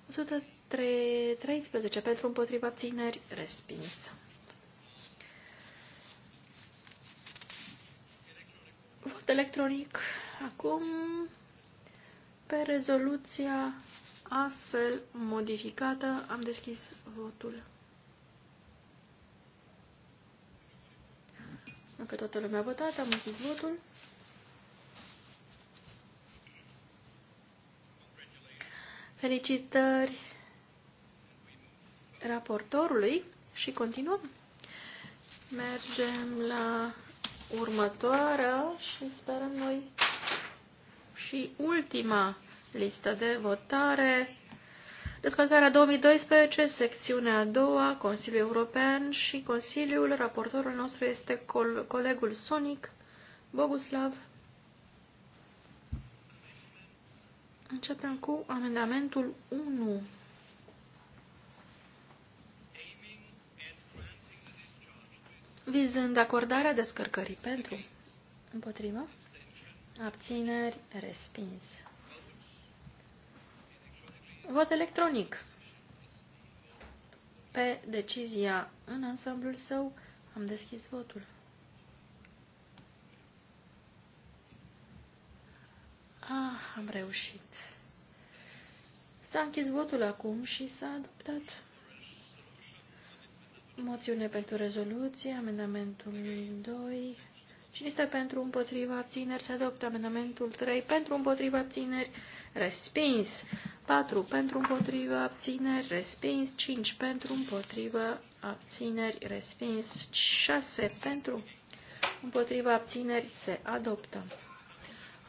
113. Pentru împotrivă abțineri. Respins. Vot electronic acum pe rezoluția astfel modificată. Am deschis votul. Dacă toată lumea a votat, am închis votul. Felicitări raportorului și continuăm. Mergem la următoarea și sperăm noi și ultima listă de votare. Descărcarea 2012, secțiunea a doua, Consiliul European și Consiliul. Raportorul nostru este col colegul Sonic Boguslav. Începem cu amendamentul 1. vizând acordarea descărcării pentru, împotrivă, abțineri, respins. Vot electronic. Pe decizia în ansamblul său am deschis votul. Ah, am reușit. S-a închis votul acum și s-a adoptat. Moțiune pentru rezoluție, amendamentul 2. Cine este pentru împotriva abțineri? Se adoptă amendamentul 3. Pentru împotriva abțineri? Respins. 4. Pentru împotriva abțineri? Respins. 5. Pentru împotriva abțineri? Respins. 6. Pentru împotriva abțineri? Se adoptă.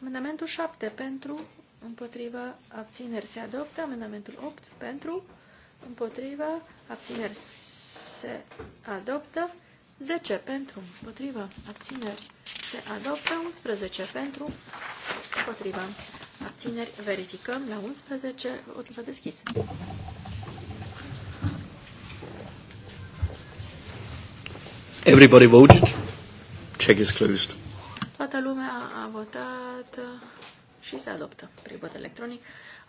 Amendamentul 7. Pentru împotriva abțineri? Se adoptă. Amendamentul 8. Pentru împotriva abțineri? se adoptă. 10 pentru, împotrivă, abțineri, se adoptă. 11 pentru, împotrivă, abțineri, verificăm la 11, votul s-a deschis. Everybody voted. Check is closed. Toată lumea a votat și se adoptă prin vot electronic.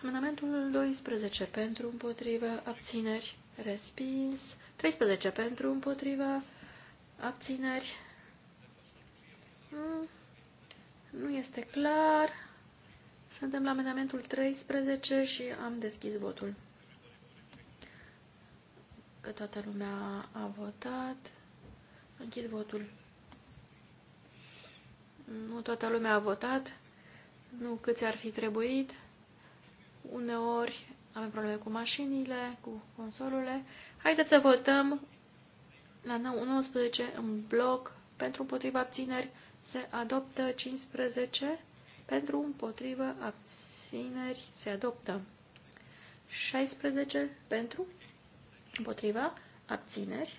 Amendamentul 12 pentru, împotrivă, abțineri, respins, 13 pentru, împotriva, abțineri, nu, hmm. nu este clar, suntem la amendamentul 13 și am deschis votul. Că toată lumea a votat. Închid votul. Nu toată lumea a votat. Nu câți ar fi trebuit. Uneori avem probleme cu mașinile, cu consolele. Haideți să votăm la 19 în bloc pentru împotriva abțineri se adoptă 15 pentru împotriva abțineri se adoptă 16 pentru împotriva abțineri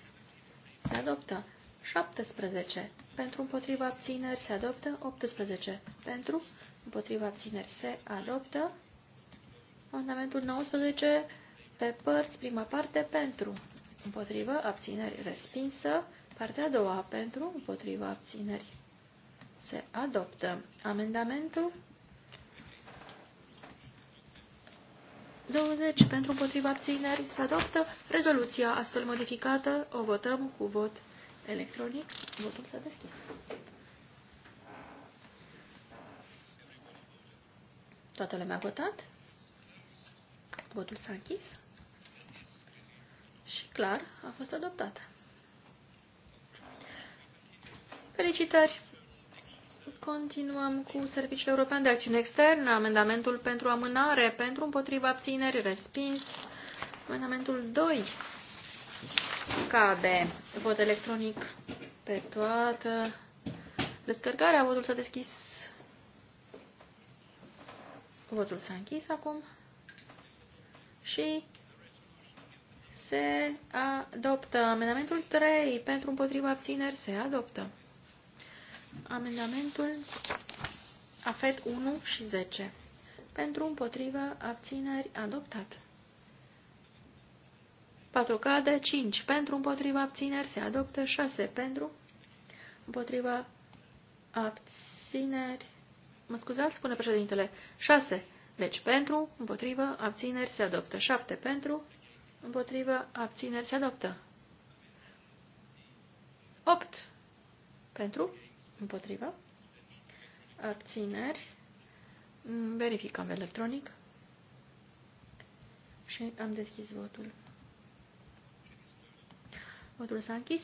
se adoptă 17 pentru împotriva abțineri se adoptă 18 pentru împotriva abțineri se adoptă Amendamentul 19 pe părți, prima parte pentru, împotrivă, abțineri respinsă, partea a doua pentru, împotrivă, abțineri se adoptă. Amendamentul 20 pentru împotriva abțineri se adoptă. Rezoluția astfel modificată o votăm cu vot electronic. Votul s-a deschis. Toată lumea a votat? Votul s-a închis. Și clar, a fost adoptată. Felicitări! Continuăm cu Serviciul European de Acțiune Externă, amendamentul pentru amânare, pentru împotriva abțineri, respins. Amendamentul 2 cade. Vot electronic pe toată descărcarea. Votul s-a deschis. Votul s-a închis acum și se adoptă. Amendamentul 3 pentru împotriva abțineri se adoptă. Amendamentul AFET 1 și 10 pentru împotriva abțineri adoptat. 4 cade, 5 pentru împotriva abțineri se adoptă, 6 pentru împotriva abțineri. Mă scuzați, spune președintele. 6 deci pentru, împotrivă, abțineri se adoptă. 7 pentru, împotrivă, abțineri se adoptă. 8 pentru, împotrivă, abțineri. Verificăm electronic. Și am deschis votul. Votul s-a închis.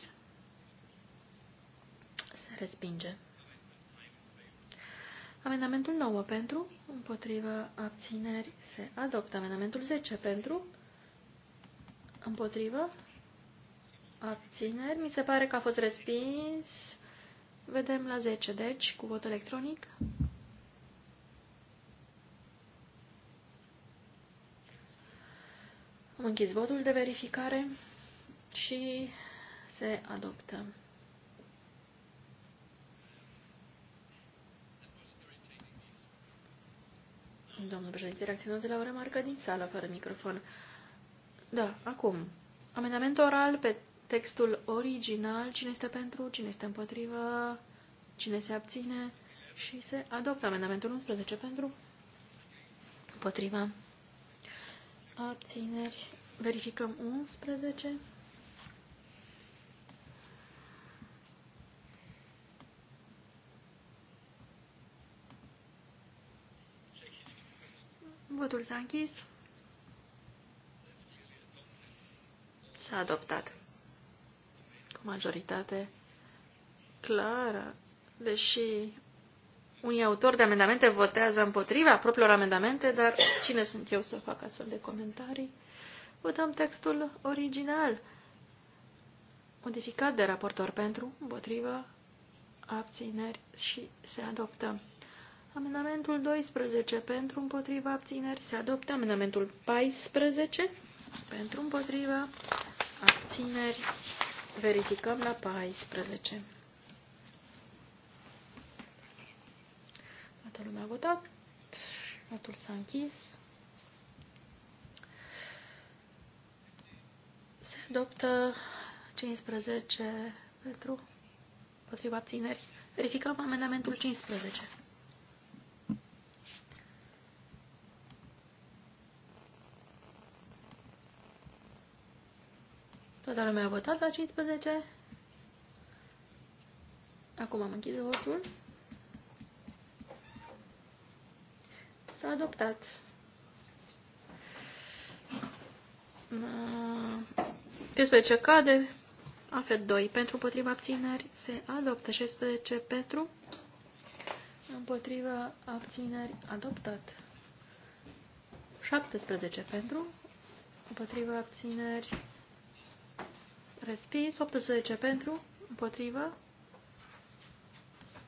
Se respinge. Amendamentul 9 pentru, împotrivă, abțineri, se adoptă. Amendamentul 10 pentru, împotrivă, abțineri. Mi se pare că a fost respins. Vedem la 10, deci, cu vot electronic. Am închis votul de verificare și se adoptă. Domnul președinte, reacționează la o remarcă din sală, fără microfon. Da, acum. Amendament oral pe textul original. Cine este pentru? Cine este împotrivă? Cine se abține? Și se adoptă amendamentul 11 pentru? Împotriva. Abțineri. Verificăm 11. Votul s-a închis. S-a adoptat. Cu majoritate clară, deși unii autori de amendamente votează împotriva propriilor amendamente, dar cine sunt eu să fac astfel de comentarii? Votăm textul original, modificat de raportor pentru, împotriva, abțineri și se adoptă. Amendamentul 12 pentru împotriva abțineri se adoptă. Amendamentul 14 pentru împotriva abțineri. Verificăm la 14. Toată lumea a votat. Votul s-a închis. Se adoptă 15 pentru împotriva abțineri. Verificăm amendamentul 15. Toată lumea a votat la 15. Acum am închis votul. S-a adoptat. Despre ce cade, afet 2 pentru potriva abțineri se adoptă, 16 pentru împotriva abțineri adoptat, 17 pentru împotriva abțineri Respins. 18 pentru. Împotrivă.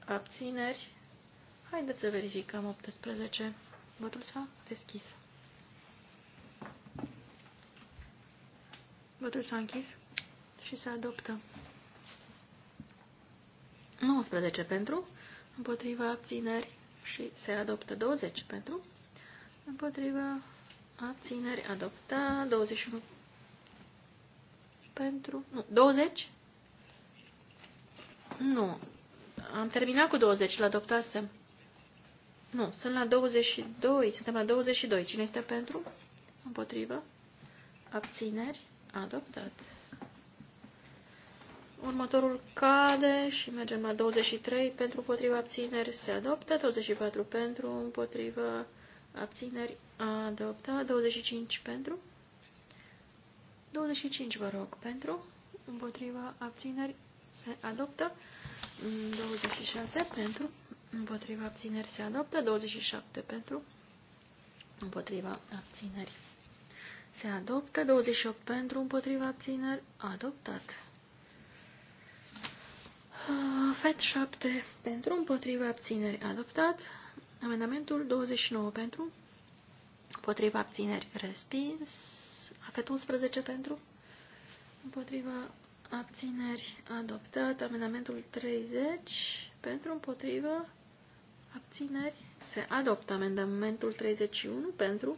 Abțineri. Haideți să verificăm 18. Votul s-a deschis. Votul s-a închis și se adoptă. 19 pentru, împotrivă abțineri și se adoptă 20 pentru, împotrivă abțineri adopta, 21 pentru... Nu, 20? Nu. Am terminat cu 20, l-adoptasem. Nu, sunt la 22, suntem la 22. Cine este pentru? Împotrivă? Abțineri? Adoptat. Următorul cade și mergem la 23 pentru împotriva abțineri se adoptă, 24 pentru împotriva abțineri adoptă, 25 pentru 25, vă rog, pentru, împotriva, abțineri, se adoptă. 26 pentru, împotriva, abțineri, se adoptă. 27 pentru, împotriva, abțineri, se adoptă. 28 pentru, împotriva, abțineri, adoptat. Ah, FET 7 pentru, împotriva, abțineri, adoptat. Amendamentul 29 pentru, împotriva, abțineri, respins. Afet 11 pentru, împotriva abțineri adoptat. Amendamentul 30 pentru, împotriva abțineri se adoptă. Amendamentul 31 pentru,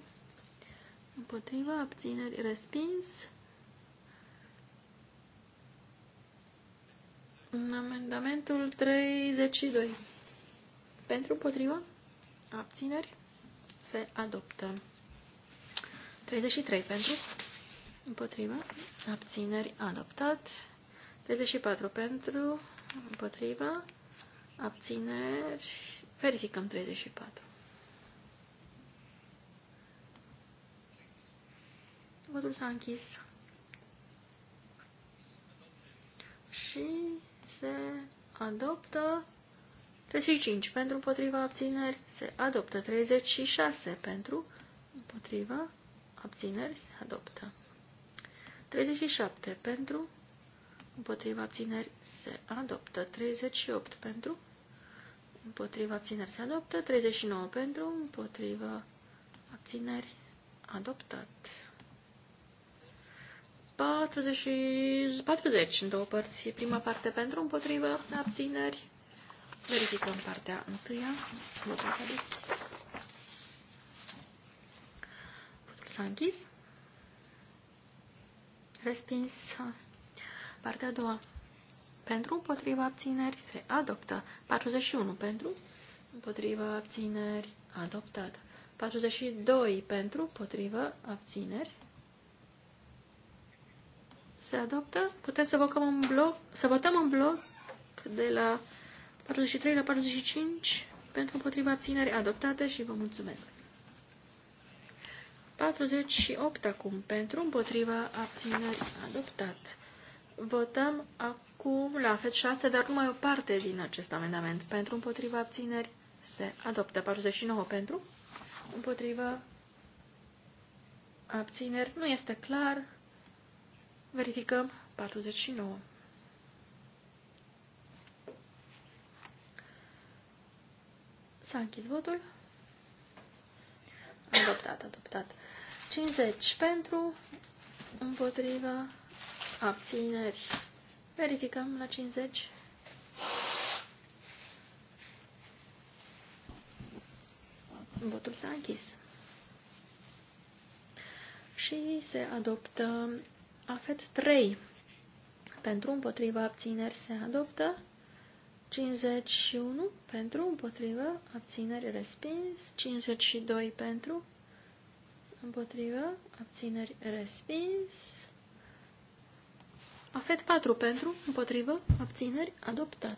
împotriva abțineri respins. Amendamentul 32. Pentru împotriva? Abțineri? Se adoptă. 33 pentru împotriva, abțineri, adoptat. 34 pentru, împotriva, abțineri, verificăm 34. Votul s-a închis. Și se adoptă 35 pentru împotriva abțineri, se adoptă 36 pentru împotriva abțineri, se adoptă. 37 pentru, împotriva abțineri se adoptă. 38 pentru, împotriva abțineri se adoptă. 39 pentru, împotriva abțineri adoptat. 40, 40 în două părți. Prima parte pentru, împotriva abțineri. Verificăm partea întâia. Votul s-a Votul s-a închis. Respins. Partea a doua. Pentru, împotriva abțineri, se adoptă. 41 pentru, împotriva abțineri, adoptat. 42 pentru, împotriva abțineri, se adoptă. Putem să, votăm un bloc, să votăm un bloc de la 43 la 45 pentru împotriva abțineri adoptate și vă mulțumesc. 48 acum. Pentru, împotriva, abțineri, adoptat. Votăm acum la FET 6, dar numai o parte din acest amendament. Pentru, împotriva, abțineri, se adoptă. 49 pentru, împotriva, abțineri, nu este clar. Verificăm 49. S-a închis votul adoptat, adoptat. 50 pentru, împotriva, abțineri. Verificăm la 50. Votul s-a închis. Și se adoptă afet 3. Pentru împotriva abțineri se adoptă 51 pentru, împotrivă, abțineri, respins. 52 pentru, împotrivă, abțineri, respins. Afet 4 pentru, împotrivă, abțineri, adoptat.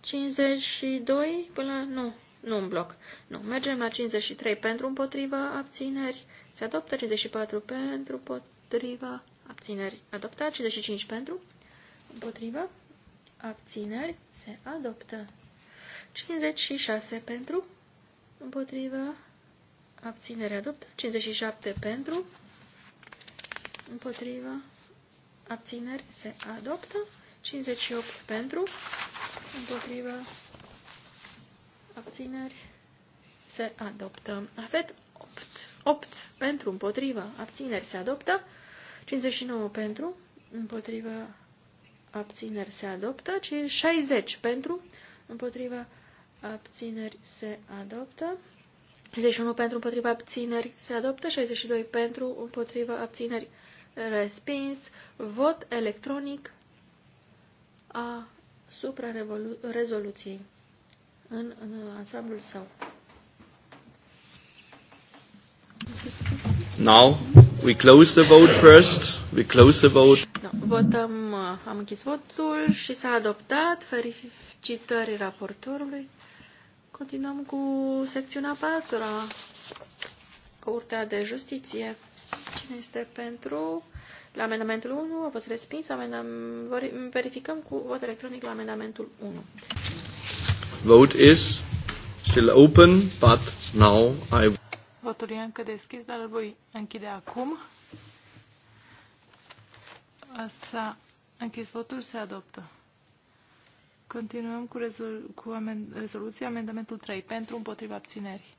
52 până la... Nu, nu în bloc. Nu, mergem la 53 pentru, împotrivă, abțineri, se adoptă. 54 pentru, împotrivă, abțineri, adoptat. 55 pentru, împotrivă, abțineri, se adoptă. 56 pentru, împotriva, abținere adoptă. 57 pentru, împotriva, abțineri, se adoptă. 58 pentru, împotriva, abțineri, se adoptă. Avem 8, 8 pentru, împotriva, abțineri, se adoptă. 59 pentru, împotriva, abțineri se adoptă, ci 60 pentru, împotriva abțineri se adoptă. 61 pentru împotriva abțineri se adoptă, 62 pentru împotriva abțineri respins, vot electronic a supra rezoluției în, în ansamblul său. Now We close the vote first. We close the vote. Da, votăm, uh, am închis votul și s-a adoptat. Felicitări raportorului. Continuăm cu secțiunea 4. Curtea de Justiție. Cine este pentru? La amendamentul 1 a fost respins. Amendam... Verificăm cu vot electronic la amendamentul 1. Vote is still open, but now I Votul e încă deschis, dar îl voi închide acum. S-a închis votul, se adoptă. Continuăm cu, rezol cu amend rezoluția amendamentul 3. Pentru, împotriva, abținerii.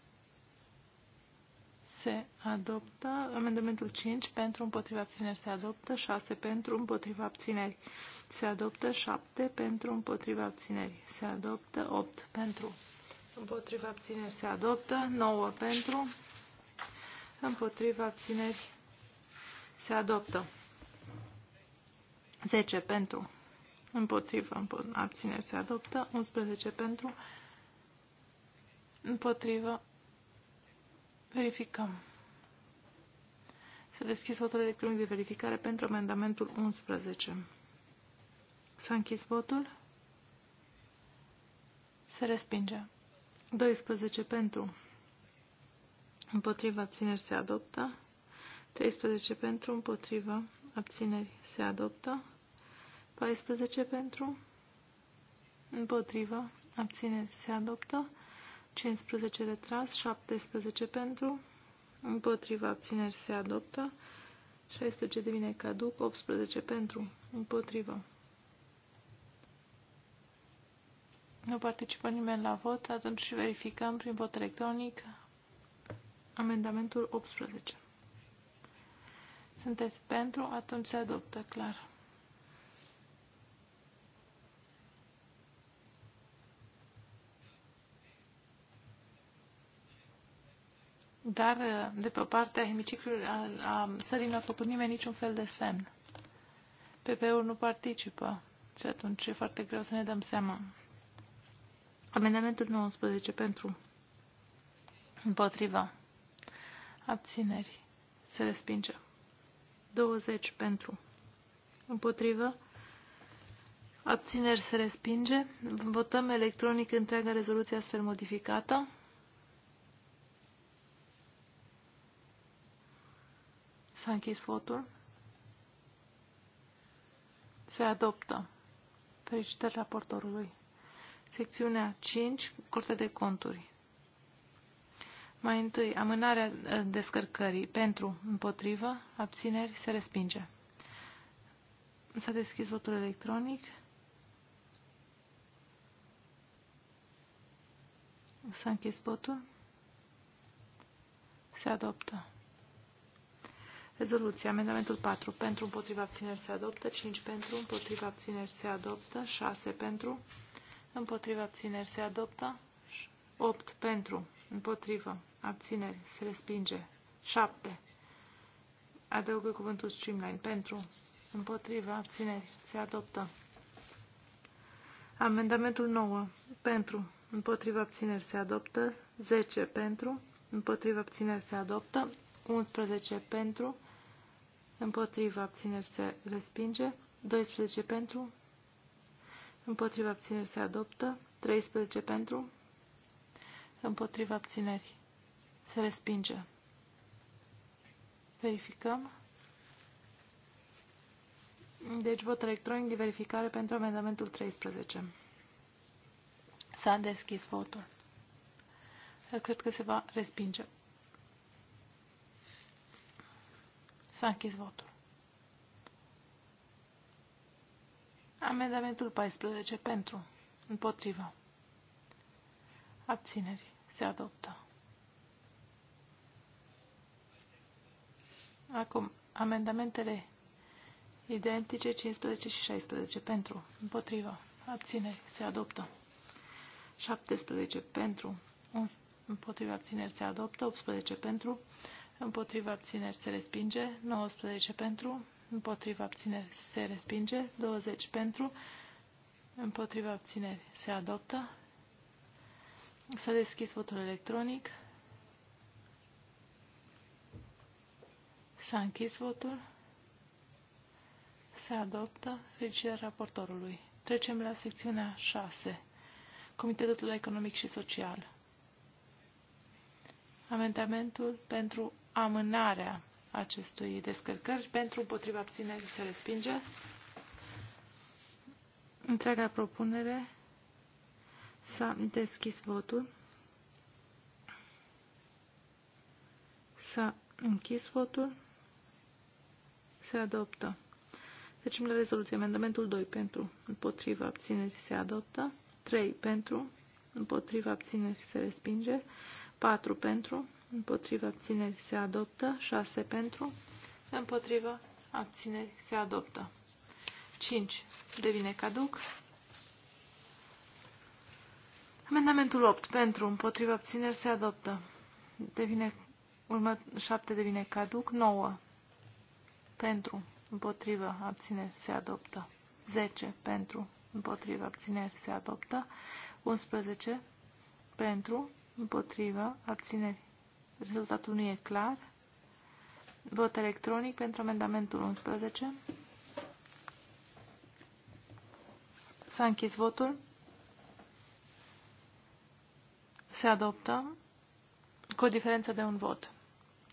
Se adoptă. Amendamentul 5. Pentru, împotriva, abținerii. Se adoptă. 6. Pentru, împotriva, abținerii. Se adoptă. 7. Pentru, împotriva, abținerii. Se adoptă. 8. Pentru, împotriva, abținerii. Se adoptă. 9. Pentru, împotriva abțineri se adoptă. 10 pentru împotriva abțineri se adoptă. 11 pentru împotriva verificăm. S-a deschis votul electronic de verificare pentru amendamentul 11. S-a închis votul. Se respinge. 12 pentru împotriva abțineri se adoptă, 13 pentru, împotriva abțineri se adoptă, 14 pentru, împotriva abțineri se adoptă, 15 retras, 17 pentru, împotriva abțineri se adoptă, 16 devine caduc, 18 pentru, împotriva. Nu participă nimeni la vot, atunci verificăm prin vot electronic Amendamentul 18. Sunteți pentru? Atunci se adoptă, clar. Dar de pe partea hemiciclului a, a sării nu a făcut nimeni niciun fel de semn. PP-ul nu participă și atunci e foarte greu să ne dăm seama. Amendamentul 19 pentru împotriva abțineri, se respinge. 20 pentru, împotrivă, abțineri, se respinge. Votăm electronic întreaga rezoluție astfel modificată. S-a închis votul. Se adoptă. Felicitări raportorului. Secțiunea 5, Curtea de Conturi. Mai întâi, amânarea ă, descărcării pentru, împotrivă, abțineri, se respinge. S-a deschis votul electronic. S-a închis votul. Se adoptă. Rezoluție. Amendamentul 4. Pentru, împotriva, abțineri se adoptă. 5 pentru, împotriva, abțineri se adoptă. 6 pentru, împotriva, abțineri se adoptă. 8 pentru, Împotrivă. Abțineri. Se respinge. 7. Adăugă cuvântul streamline. Pentru. Împotrivă. Abțineri. Se adoptă. Amendamentul 9. Pentru. Împotrivă. Abțineri. Se adoptă. 10. Pentru. Împotrivă. Abțineri. Se adoptă. 11. Pentru. Împotrivă. Abțineri. Se respinge. 12. Pentru. Împotrivă. Abțineri. Se adoptă. 13. Pentru împotriva abținerii. Se respinge. Verificăm. Deci vot electronic de verificare pentru amendamentul 13. S-a deschis votul. Dar cred că se va respinge. S-a închis votul. Amendamentul 14 pentru. Împotriva. Abțineri. Se adoptă. Acum, amendamentele identice 15 și 16 pentru, împotriva, abțineri, se adoptă. 17 pentru, împotriva abțineri se adoptă, 18 pentru, împotriva abțineri se respinge, 19 pentru, împotriva abțineri se respinge, 20 pentru, împotriva abțineri se adoptă, S-a deschis votul electronic. S-a închis votul. Se adoptă. Felicitări raportorului. Trecem la secțiunea 6. Comitetul Economic și Social. Amendamentul pentru amânarea acestui descărcări pentru împotriva abținerii se respinge. Întreaga propunere S-a deschis votul. S-a închis votul. Se adoptă. Trecem la rezoluție. Amendamentul 2 pentru, împotriva, abțineri, se adoptă. 3 pentru, împotriva, abțineri, se respinge. 4 pentru, împotriva, abțineri, se adoptă. 6 pentru, împotriva, abțineri, se adoptă. 5 devine caduc. Amendamentul 8. Pentru, împotriva abțineri se adoptă. Devine, urmă, 7 devine caduc. 9. Pentru, împotriva abțineri se adoptă. 10. Pentru, împotriva abțineri se adoptă. 11. Pentru, împotriva abțineri. Rezultatul nu e clar. Vot electronic pentru amendamentul 11. S-a închis votul. Se adoptă cu o diferență de un vot.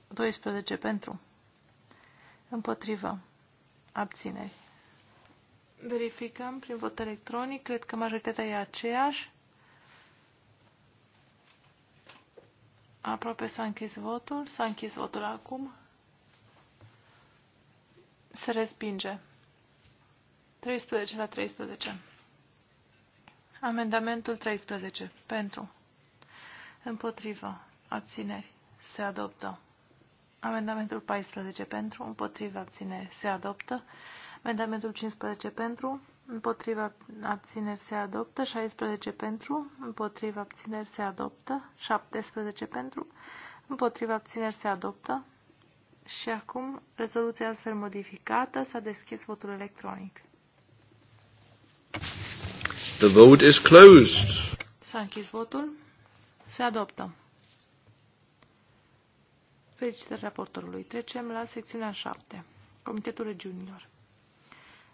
12 pentru. Împotrivă. Abțineri. Verificăm prin vot electronic. Cred că majoritatea e aceeași. Aproape s-a închis votul. S-a închis votul acum. Se respinge. 13 la 13. Amendamentul 13. Pentru. Împotrivă. Abțineri. Se adoptă. Amendamentul 14 pentru. Împotrivă. Abțineri. Se adoptă. Amendamentul 15 pentru. Împotriva abțineri se adoptă. 16 pentru. Împotriva abțineri se adoptă. 17 pentru. Împotriva abțineri se adoptă. Și acum rezoluția astfel modificată. S-a deschis votul electronic. The vote is closed. S-a închis votul. Se adoptă. Felicitări raportorului. Trecem la secțiunea 7. Comitetul Regiunilor.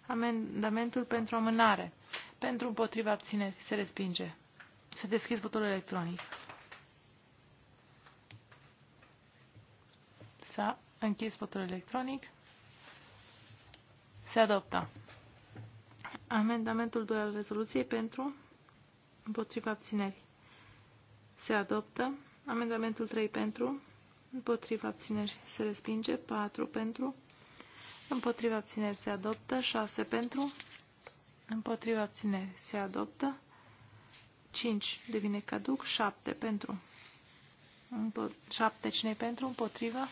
Amendamentul pentru amânare. Pentru împotriva abțineri. Se respinge. Se deschis votul electronic. S-a închis votul electronic. Se adoptă. Amendamentul 2 al rezoluției pentru împotriva abținerii. Se adoptă. Amendamentul 3 pentru. Împotriva abțineri se respinge. 4 pentru. Împotriva abțineri se adoptă. 6 pentru. Împotriva abțineri se adoptă. 5 devine caduc. 7 pentru. 7 cine pentru? Împotriva.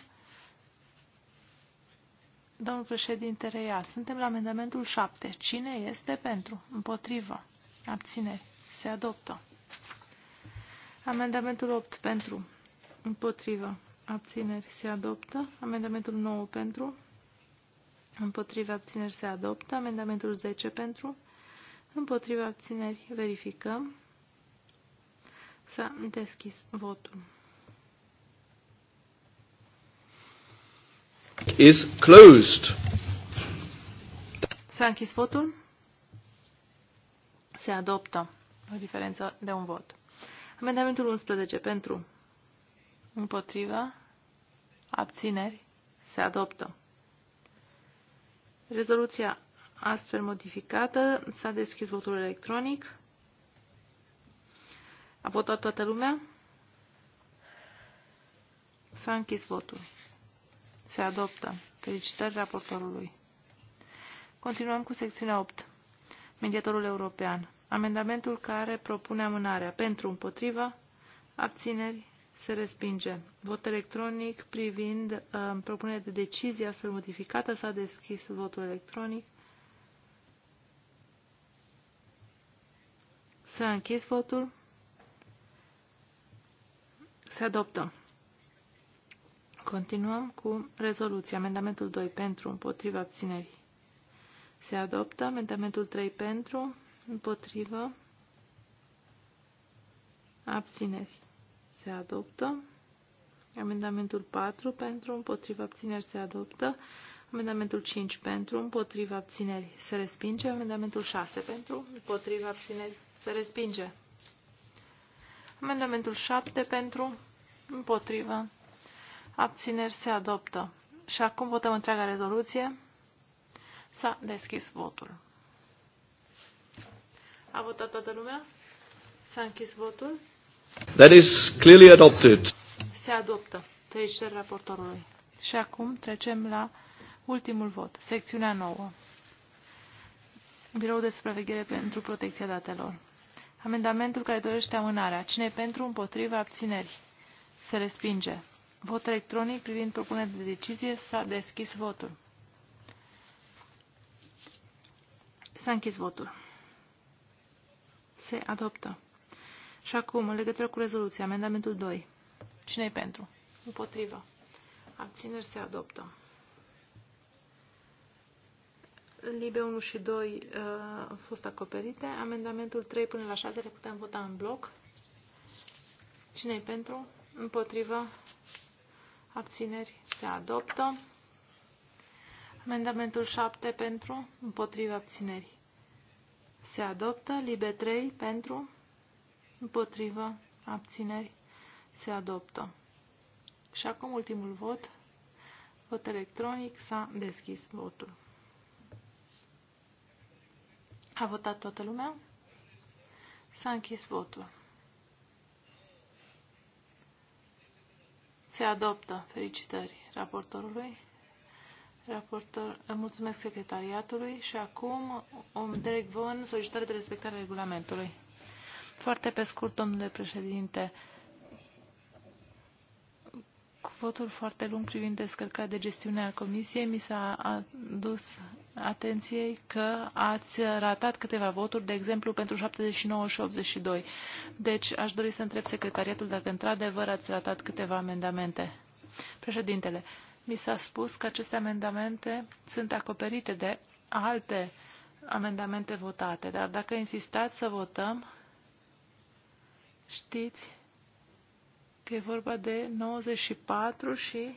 Domnul președinte Reia, suntem la amendamentul 7. Cine este pentru? Împotriva. Abțineri. Se adoptă. Amendamentul 8 pentru. Împotrivă. Abțineri se adoptă. Amendamentul 9 pentru. Împotrivă abțineri se adoptă. Amendamentul 10 pentru. Împotrivă abțineri verificăm. S-a deschis votul. Is closed. S-a închis votul. Se adoptă o diferență de un vot. Amendamentul 11 pentru împotriva abțineri se adoptă. Rezoluția astfel modificată s-a deschis votul electronic. A votat toată lumea? S-a închis votul. Se adoptă. Felicitări raportorului. Continuăm cu secțiunea 8. Mediatorul european. Amendamentul care propune amânarea pentru împotriva abțineri se respinge. Vot electronic privind uh, propunerea de decizie astfel modificată. S-a deschis votul electronic. S-a închis votul. Se adoptă. Continuăm cu rezoluția. Amendamentul 2 pentru, împotriva abținerii. Se adoptă. Amendamentul 3 pentru, împotrivă, abțineri se adoptă. Amendamentul 4 pentru, împotriva abțineri se adoptă. Amendamentul 5 pentru, împotriva abțineri se respinge. Amendamentul 6 pentru, împotriva abțineri se respinge. Amendamentul 7 pentru, împotriva abțineri se adoptă. Și acum votăm întreaga rezoluție. S-a deschis votul. A votat toată lumea? S-a închis votul? That is clearly adopted. Se adoptă. Felicitări raportorului. Și acum trecem la ultimul vot, secțiunea 9. Birou de supraveghere pentru protecția datelor. Amendamentul care dorește amânarea. Cine pentru, împotriva, abțineri? Se respinge. Vot electronic privind propunerea de decizie. S-a deschis votul. S-a închis votul se adoptă. Și acum, în legătură cu rezoluția, amendamentul 2. cine e pentru? Împotrivă. Abțineri se adoptă. Libe 1 și 2 uh, au uh, fost acoperite. Amendamentul 3 până la 6 le putem vota în bloc. cine e pentru? Împotrivă. Abțineri se adoptă. Amendamentul 7 pentru, Împotrivă abțineri se adoptă. Libe 3 pentru, împotrivă, abțineri, se adoptă. Și acum ultimul vot. Vot electronic. S-a deschis votul. A votat toată lumea? S-a închis votul. Se adoptă. Felicitări raportorului. Raportor, mulțumesc secretariatului și acum om Derek Vaughan, solicitare de respectare a regulamentului. Foarte pe scurt, domnule președinte, cu votul foarte lung privind descărcarea de gestiune al comisiei, mi s-a adus atenției că ați ratat câteva voturi, de exemplu pentru 79 și 82. Deci aș dori să întreb secretariatul dacă într-adevăr ați ratat câteva amendamente. Președintele, mi s-a spus că aceste amendamente sunt acoperite de alte amendamente votate, dar dacă insistați să votăm, știți că e vorba de 94 și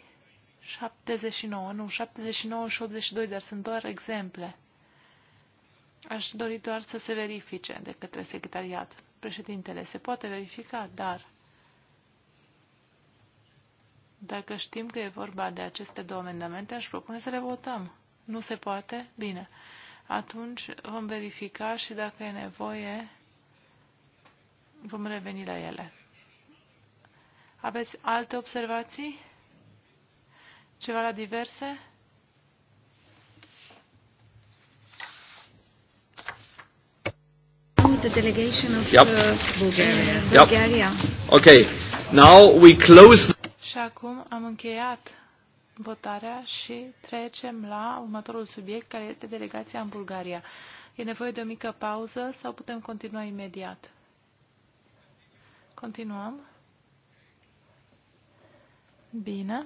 79, nu, 79 și 82, dar sunt doar exemple. Aș dori doar să se verifice de către secretariat. Președintele se poate verifica, dar dacă știm că e vorba de aceste două amendamente, aș propune să le votăm. Nu se poate? Bine. Atunci vom verifica și dacă e nevoie, vom reveni la ele. Aveți alte observații? Ceva la diverse? The delegation of yep. Bulgaria. Uh, yep. Bulgaria. Okay. Now we close și acum am încheiat votarea și trecem la următorul subiect, care este delegația în Bulgaria. E nevoie de o mică pauză sau putem continua imediat? Continuăm. Bine.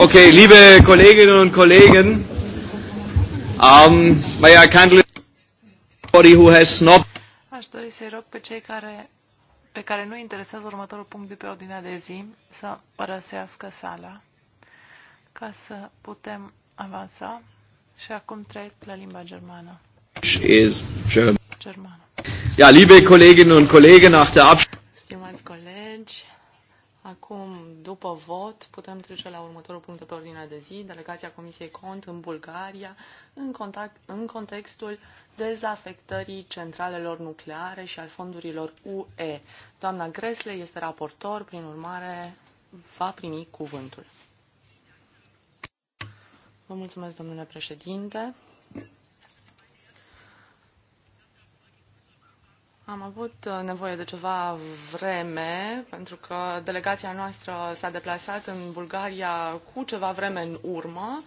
Okay, liebe Kolleginnen und Kollegen, um, may I kindly anybody who has not Aș dori să rog pe cei care, pe care nu interesează următorul punct de pe ordinea de zi să părăsească sala ca să putem avansa și acum trec la limba germană. Is German. Germană. Ja, liebe Kolleginnen und Kollegen, nach der Abstimmung după vot putem trece la următorul punct pe ordinea de zi, delegația Comisiei Cont în Bulgaria, în, contact, în contextul dezafectării centralelor nucleare și al fondurilor UE. Doamna Gresle este raportor, prin urmare va primi cuvântul. Vă mulțumesc, domnule președinte. Am avut uh, nevoie de ceva vreme, pentru că delegația noastră s-a deplasat în Bulgaria cu ceva vreme în urmă. Uh,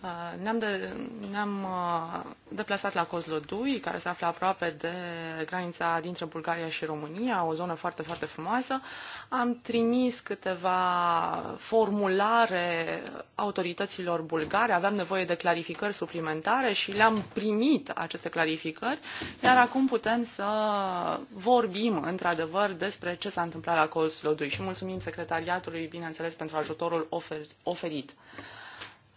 Uh, ne-am, de, ne-am uh, deplasat la Cozlodui, care se află aproape de granița dintre Bulgaria și România, o zonă foarte, foarte frumoasă. Am trimis câteva formulare autorităților bulgare, aveam nevoie de clarificări suplimentare și le-am primit aceste clarificări, iar acum putem să vorbim într-adevăr despre ce s-a întâmplat la Cozlodui și mulțumim secretariatului, bineînțeles, pentru ajutorul ofer- oferit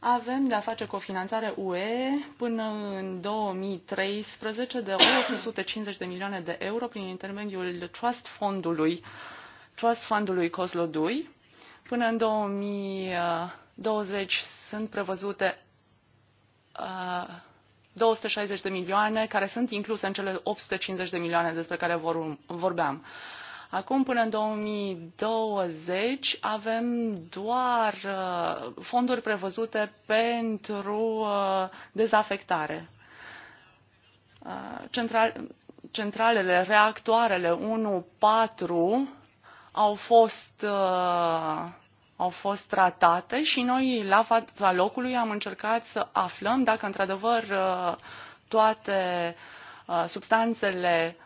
avem de a face cu o finanțare UE până în 2013 de 850 de milioane de euro prin intermediul Trust Fondului, Trust Fundului Coslo 2. Până în 2020 sunt prevăzute uh, 260 de milioane care sunt incluse în cele 850 de milioane despre care vorbeam. Uh, Acum, până în 2020, avem doar uh, fonduri prevăzute pentru uh, dezafectare. Uh, central, centralele, reactoarele 1-4 au fost, au fost tratate și noi la fața locului am încercat să aflăm dacă într-adevăr toate substanțele uh,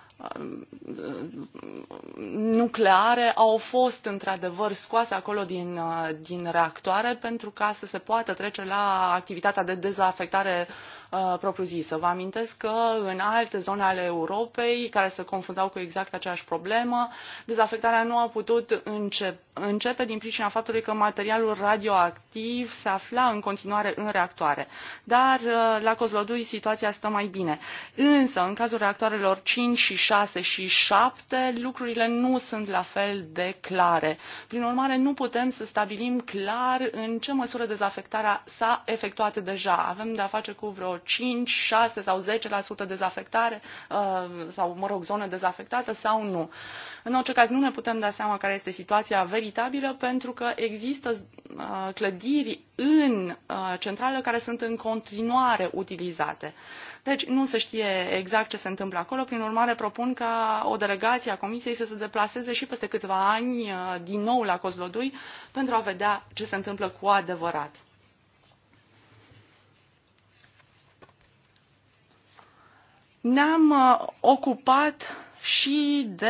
nucleare au fost într-adevăr scoase acolo din, uh, din reactoare pentru ca să se poată trece la activitatea de dezafectare Uh, propriu-zisă. Vă amintesc că în alte zone ale Europei, care se confruntau cu exact aceeași problemă, dezafectarea nu a putut începe, începe din pricina faptului că materialul radioactiv se afla în continuare în reactoare. Dar uh, la Kozlodui situația stă mai bine. Însă, în cazul reactoarelor 5 și 6 și 7, lucrurile nu sunt la fel de clare. Prin urmare, nu putem să stabilim clar în ce măsură dezafectarea s-a efectuat deja. Avem de a face cu vreo 5, 6 sau 10% dezafectare uh, sau, mă rog, zonă dezafectată sau nu. În orice caz, nu ne putem da seama care este situația veritabilă pentru că există uh, clădiri în uh, centrală care sunt în continuare utilizate. Deci nu se știe exact ce se întâmplă acolo, prin urmare propun ca o delegație a Comisiei să se deplaseze și peste câțiva ani din nou la Cozlodui pentru a vedea ce se întâmplă cu adevărat. Ne-am uh, ocupat și de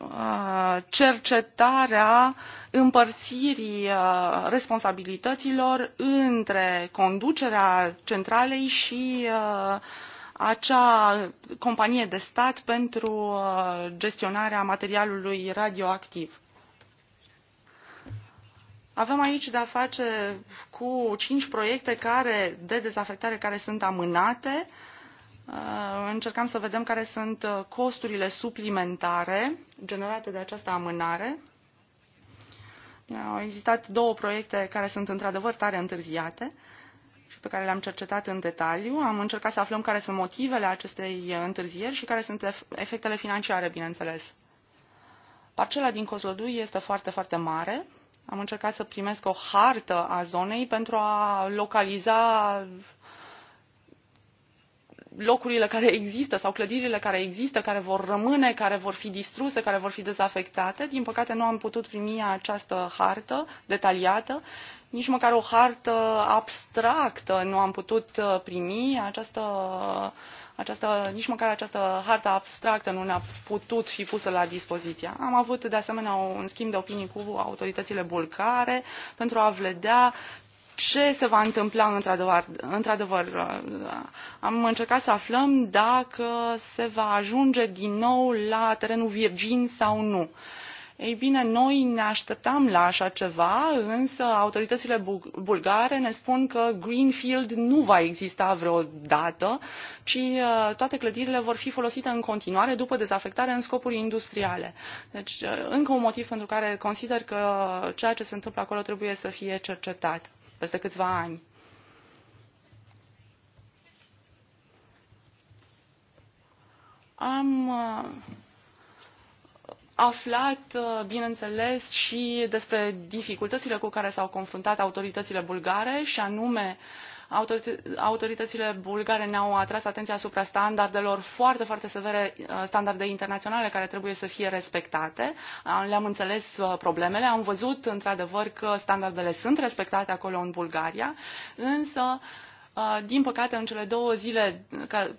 uh, cercetarea împărțirii uh, responsabilităților între conducerea centralei și acea companie de stat pentru gestionarea materialului radioactiv. Avem aici de-a face cu cinci proiecte care, de dezafectare care sunt amânate, uh, Uh, încercam să vedem care sunt uh, costurile suplimentare generate de această amânare. Au existat două proiecte care sunt într-adevăr tare întârziate și pe care le-am cercetat în detaliu. Am încercat să aflăm care sunt motivele acestei uh, întârzieri și care sunt efectele financiare, bineînțeles. Parcela din Coslodui este foarte, foarte mare. Am încercat să primesc o hartă a zonei pentru a localiza locurile care există sau clădirile care există, care vor rămâne, care vor fi distruse, care vor fi dezafectate. Din păcate nu am putut primi această hartă detaliată, nici măcar o hartă abstractă nu am putut uh, primi. Această, această, nici măcar această hartă abstractă nu ne-a putut fi pusă la dispoziție. Am avut de asemenea un schimb de opinii cu autoritățile bulgare pentru a vedea ce se va întâmpla într adevăr, într -adevăr uh, am încercat să aflăm dacă se va ajunge din nou la terenul virgin sau nu. Ei bine, noi ne așteptam la așa ceva, însă autoritățile bulgare ne spun că Greenfield nu va exista vreodată, ci uh, toate clădirile vor fi folosite în continuare după dezafectare în scopuri industriale. Deci, uh, încă un motiv pentru care consider că ceea ce se întâmplă acolo trebuie să fie cercetat peste câțiva ani. Am uh, aflat, uh, bineînțeles, și despre dificultățile cu care s-au confruntat autoritățile bulgare și anume uh, autoritățile bulgare ne-au atras atenția asupra standardelor foarte, foarte severe, uh, standarde internaționale care trebuie să fie respectate. Uh, le-am înțeles uh, problemele, am văzut într-adevăr că standardele sunt respectate acolo în Bulgaria, însă din păcate, în cele două zile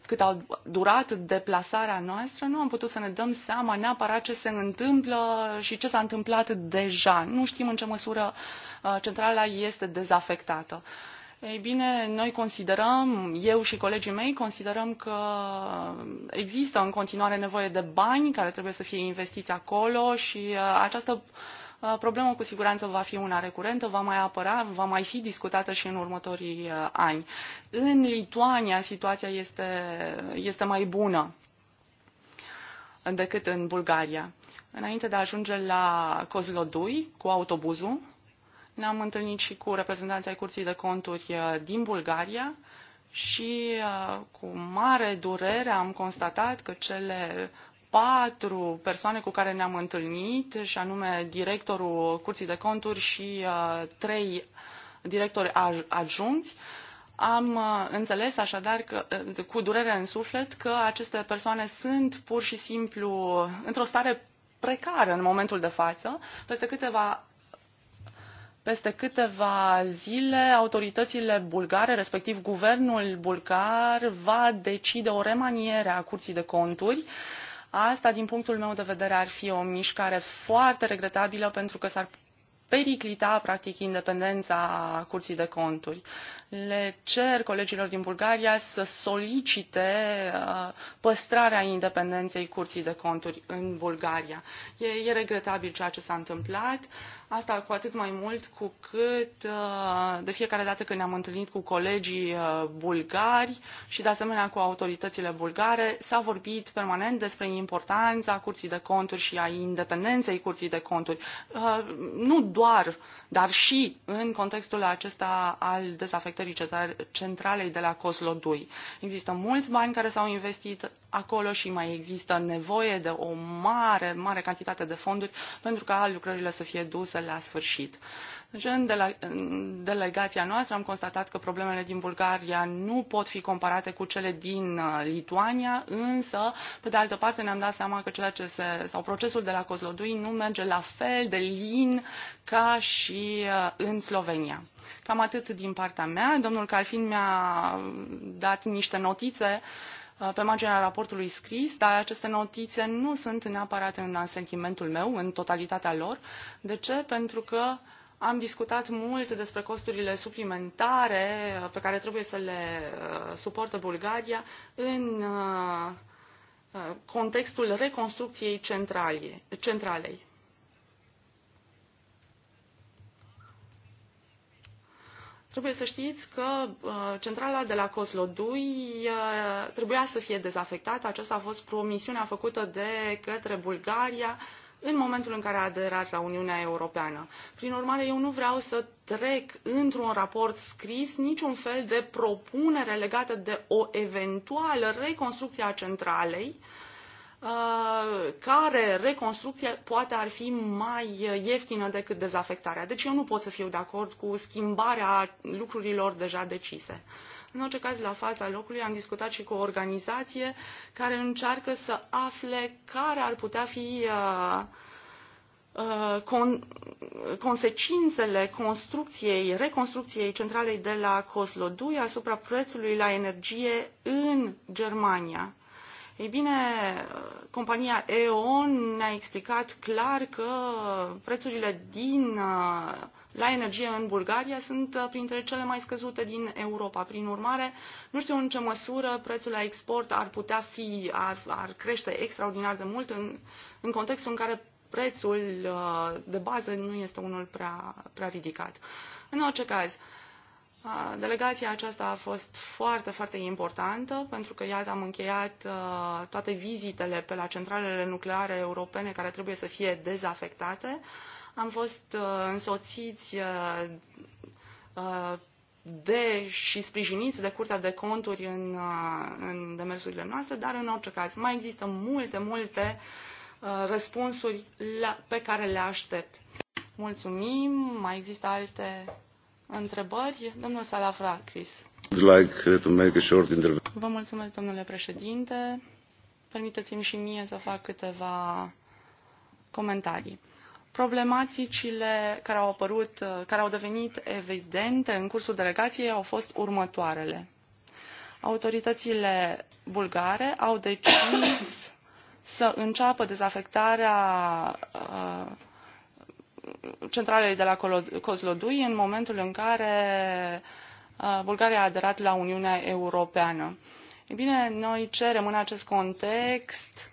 cât au durat deplasarea noastră, nu am putut să ne dăm seama neapărat ce se întâmplă și ce s-a întâmplat deja. Nu știm în ce măsură centrala este dezafectată. Ei bine, noi considerăm, eu și colegii mei considerăm că există în continuare nevoie de bani care trebuie să fie investiți acolo și uh, această uh, problemă cu siguranță va fi una recurentă, va mai apăra, va mai fi discutată și în următorii uh, ani. În Lituania situația este, este mai bună decât în Bulgaria. Înainte de a ajunge la Kozlodui cu autobuzul, ne-am întâlnit și cu reprezentanții ai Curții de Conturi uh, din Bulgaria și uh, cu mare durere am constatat că cele patru persoane cu care ne-am întâlnit, și anume directorul Curții de Conturi și uh, trei directori adjunți, am înțeles așadar că, cu durere în suflet că aceste persoane sunt pur și simplu într-o stare precară în momentul de față. Peste câteva peste câteva zile, autoritățile bulgare, respectiv guvernul bulgar, va decide o remaniere a Curții de Conturi. Asta, din punctul meu de vedere, ar fi o mișcare foarte regretabilă pentru că s-ar periclita, practic, independența Curții de Conturi. Le cer colegilor din Bulgaria să solicite uh, păstrarea independenței Curții de Conturi în Bulgaria. E, e regretabil ceea ce s-a întâmplat. Asta cu atât mai mult cu cât uh, de fiecare dată când ne-am întâlnit cu colegii uh, bulgari și de asemenea cu autoritățile bulgare, s-a vorbit permanent despre importanța Curții de Conturi și a independenței Curții de Conturi. Uh, nu doar, dar și în contextul acesta al dezafectării centralei de la 2. Există mulți bani care s-au investit acolo și mai există nevoie de o mare, mare cantitate de fonduri pentru ca lucrările să fie duse la sfârșit. Deci în, dele- în delegația noastră am constatat că problemele din Bulgaria nu pot fi comparate cu cele din uh, Lituania, însă, pe de altă parte, ne-am dat seama că ceea ce se, sau procesul de la Kozlodui nu merge la fel de lin ca și uh, în Slovenia. Cam atât din partea mea. Domnul Calfin mi-a uh, dat niște notițe uh, Uh, pe marginea raportului scris, dar aceste notițe nu sunt neapărat în asentimentul meu, în totalitatea lor. De ce? Pentru că am discutat mult despre costurile suplimentare uh, pe care trebuie să le uh, suportă Bulgaria în contextul reconstrucției centralei. Trebuie să știți că uh, centrala de la Coslodui uh, trebuia să fie dezafectată. Aceasta a fost promisiunea făcută de către Bulgaria în momentul în care a aderat la Uniunea Europeană. Prin urmare, eu nu vreau să trec într-un raport scris niciun fel de propunere legată de o eventuală reconstrucție a centralei uh, Uh, care reconstrucție poate ar fi mai ieftină decât dezafectarea. Deci eu nu pot să fiu de acord cu schimbarea lucrurilor deja decise. În orice caz, la fața locului am discutat și cu o organizație care încearcă să afle care ar putea fi uh, uh con, consecințele construcției, reconstrucției centralei de la Coslodui asupra prețului la energie în Germania. Ei bine, compania E.ON ne-a explicat clar că prețurile din, uh, la energie în Bulgaria sunt uh, printre cele mai scăzute din Europa. Prin urmare, nu știu în ce măsură prețul la export ar putea fi, ar, ar crește extraordinar de mult în, în contextul în care prețul uh, de bază nu este unul prea, prea ridicat. În orice caz, uh, Delegația aceasta a fost foarte, foarte importantă pentru că, iată, am încheiat uh, toate vizitele pe la centralele nucleare europene care trebuie să fie dezafectate. Am fost uh, însoțiți uh, de și sprijiniți de Curtea de Conturi în, în demersurile noastre, dar în orice caz mai există multe, multe răspunsuri pe care le aștept. Mulțumim, mai există alte întrebări. Domnul Salafrakis. Uh, Vă mulțumesc, domnule președinte. Permiteți-mi și mie să fac câteva comentarii. Problematicile care au apărut, uh, care au devenit evidente în cursul delegației au fost următoarele. Autoritățile bulgare au decis să înceapă dezafectarea uh, centralei de la Kozlodui în momentul în care uh, Bulgaria a aderat la Uniunea Europeană. Ei bine, noi cerem în acest context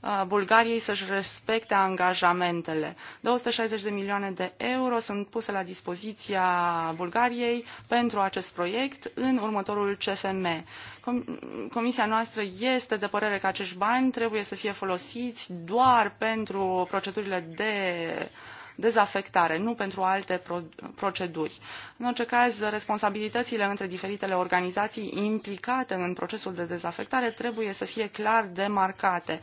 uh, Bulgariei să-și respecte angajamentele. 260 de milioane de euro sunt puse la dispoziția Bulgariei pentru acest proiect în următorul CFM. Comisia noastră este de părere că acești bani trebuie să fie folosiți doar pentru procedurile de uh, dezafectare, nu pentru alte pro proceduri. În orice caz, responsabilitățile între diferitele organizații implicate în procesul de dezafectare trebuie să fie clar demarcate.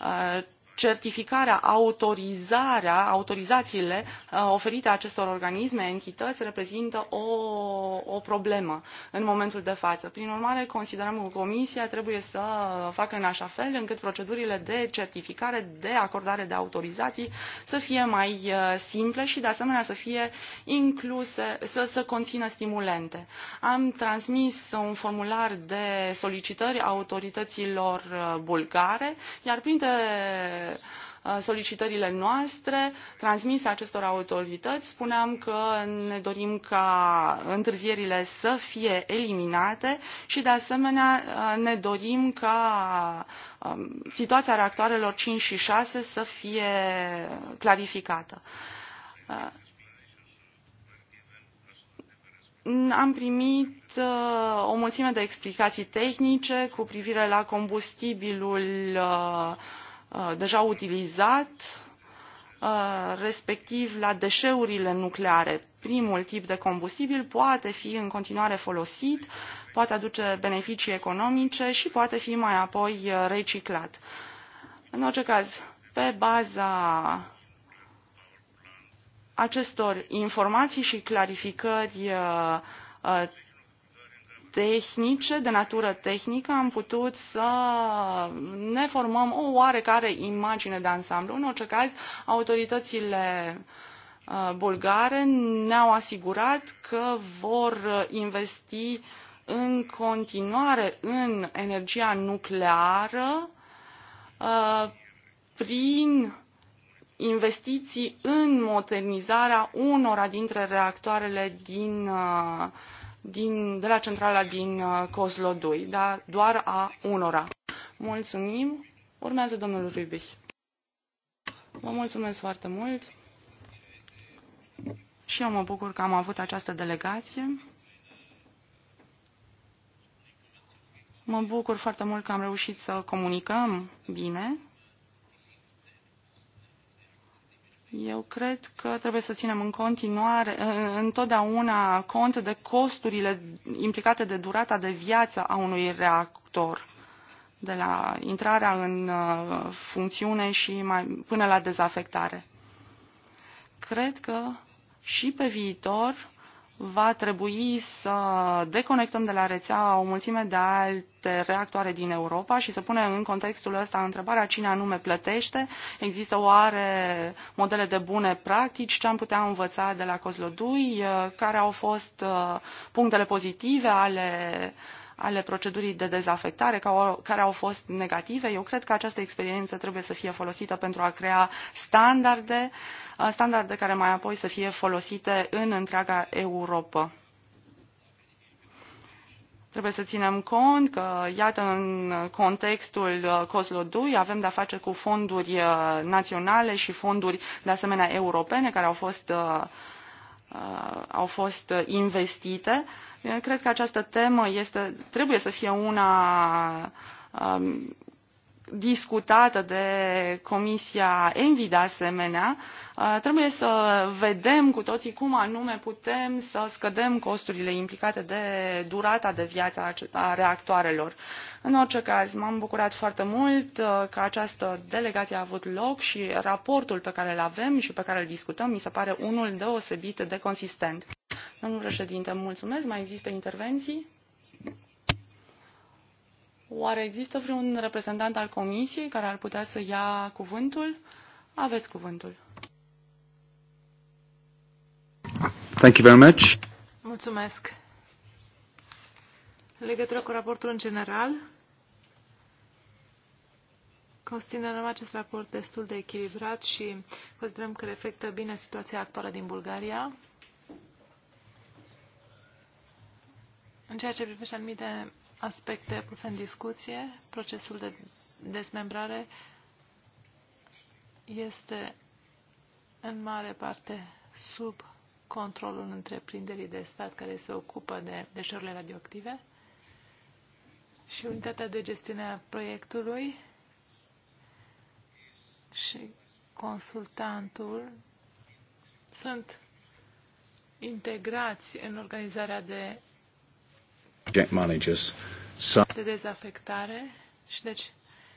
Uh, certificarea, autorizarea, autorizațiile uh, oferite acestor organisme, entități, reprezintă o, o problemă în momentul de față. Prin urmare, considerăm că Comisia trebuie să facă în așa fel încât procedurile de certificare, de acordare de autorizații să fie mai uh, simple și, de asemenea, să fie incluse, să, să conțină stimulente. Am transmis un formular de solicitări autorităților uh, bulgare, iar printre Uh, solicitările noastre transmise acestor autorități. Spuneam că ne dorim ca întârzierile să fie eliminate și, de asemenea, uh, ne dorim ca um, situația reactoarelor 5 și 6 să fie clarificată. Uh, am primit o mulțime de explicații tehnice cu privire la combustibilul Uh, deja utilizat, uh, respectiv la deșeurile nucleare. Primul tip de combustibil poate fi în continuare folosit, poate aduce beneficii economice și poate fi mai apoi uh, reciclat. În orice caz, pe baza acestor informații și clarificări tehnice, de natură tehnică, am putut să ne formăm o oarecare imagine de ansamblu. În orice caz, autoritățile uh, bulgare ne-au asigurat că vor investi în continuare în energia nucleară uh, prin investiții în modernizarea unora dintre reactoarele din uh, din, de la centrala din 2, uh, dar doar a unora. Mulțumim. Urmează domnul Rubiș. Vă mulțumesc foarte mult. Și eu mă bucur că am avut această delegație. Mă bucur foarte mult că am reușit să comunicăm bine Eu cred că trebuie să ținem în continuare, întotdeauna cont de costurile implicate de durata de viață a unui reactor, de la intrarea în uh, funcțiune și mai, până la dezafectare. Cred că și pe viitor va trebui să deconectăm de la rețea o mulțime de alte reactoare din Europa și să punem în contextul ăsta întrebarea cine anume plătește. Există oare modele de bune practici, ce am putea învăța de la Cozlodui, care au fost uh, punctele pozitive ale ale procedurii de dezafectare care au fost negative. Eu cred că această experiență trebuie să fie folosită pentru a crea standarde, uh, standarde care mai apoi să fie folosite în întreaga Europa. Trebuie să ținem cont că, iată, în contextul COSLO-2 uh, avem de-a face cu fonduri uh, naționale și fonduri, de asemenea, europene care au fost, au fost investite. Uh, cred că această temă este, trebuie să fie una um, discutată de Comisia Envi de asemenea, uh, trebuie să vedem cu toții cum anume putem să scădem costurile implicate de durata de viață a reactoarelor. În orice caz, m-am bucurat foarte mult uh, că această delegație a avut loc și raportul pe care îl avem și pe care îl discutăm mi se pare unul deosebit de consistent. Domnul președinte, mulțumesc. Mai există intervenții? Oare există vreun reprezentant al Comisiei care ar putea să ia cuvântul? Aveți cuvântul. Thank you very much. Mulțumesc. În legătură cu raportul în general, considerăm acest raport destul de echilibrat și considerăm că reflectă bine situația actuală din Bulgaria În ceea ce privește anumite aspecte puse în discuție, procesul de desmembrare este în mare parte sub controlul întreprinderii de stat care se ocupă de deșeurile radioactive și unitatea de gestiune a proiectului și consultantul sunt integrați în organizarea de project managers. De dezafectare și deci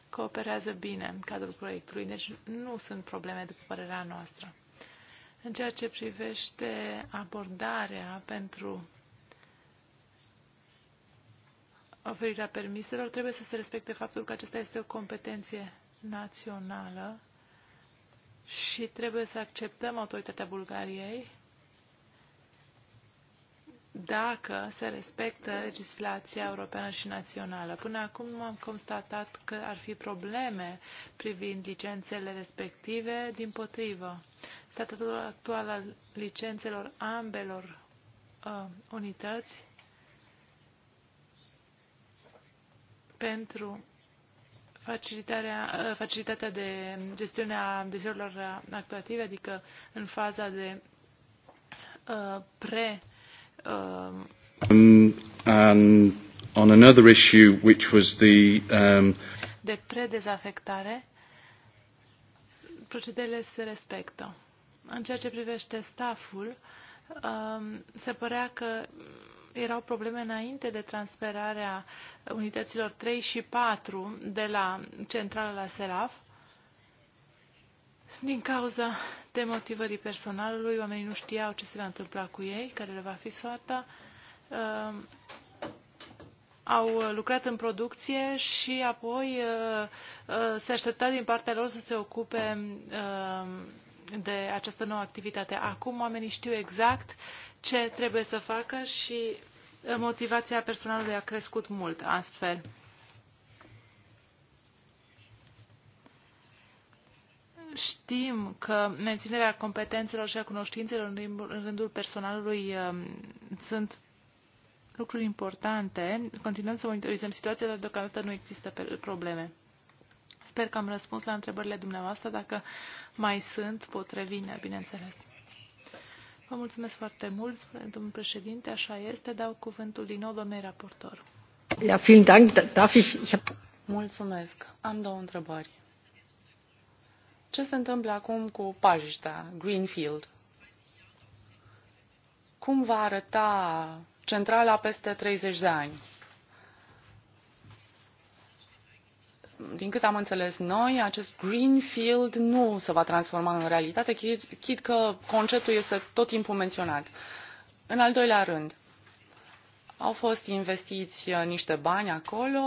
cooperează bine în cadrul proiectului, deci nu sunt probleme după părerea noastră. În ceea ce privește abordarea pentru oferirea permiselor, trebuie să se respecte faptul că acesta este o competenție națională și trebuie să acceptăm autoritatea Bulgariei dacă se respectă legislația europeană și națională. Până acum am constatat că ar fi probleme privind licențele respective, din potrivă. Statutul actual al licențelor ambelor uh, unități pentru facilitarea, uh, facilitatea de gestiune a deșeurilor actuative, adică în faza de uh, pre- Um, um, on another issue, which was the, um, de predezafectare, procedele se respectă. În ceea ce privește staful, um, se părea că erau probleme înainte de transferarea unităților 3 și 4 de la centrală la SERAF din cauza demotivării personalului, oamenii nu știau ce se va întâmpla cu ei, care le va fi soarta. Uh, au lucrat în producție și apoi uh, uh, se aștepta din partea lor să se ocupe uh, de această nouă activitate. Acum oamenii știu exact ce trebuie să facă și eh, motivația personalului a crescut mult astfel. Știm că menținerea competențelor și a cunoștințelor în rândul personalului um, sunt lucruri importante. Continuăm să monitorizăm situația, dar deocamdată nu există probleme. Sper că am răspuns la întrebările dumneavoastră. Dacă mai sunt, pot revine, bineînțeles. Vă mulțumesc foarte mult, domnul președinte. Așa este. Dau cuvântul din nou domnului raportor. Da, mulțumesc. Am două întrebări. Ce se întâmplă acum cu pajiștea Greenfield? Cum va arăta centrala peste 30 de ani? Din cât am înțeles noi, acest Greenfield nu se va transforma în realitate, chid, chid că conceptul este tot timpul menționat. În al doilea rând, au fost investiți uh, niște bani acolo.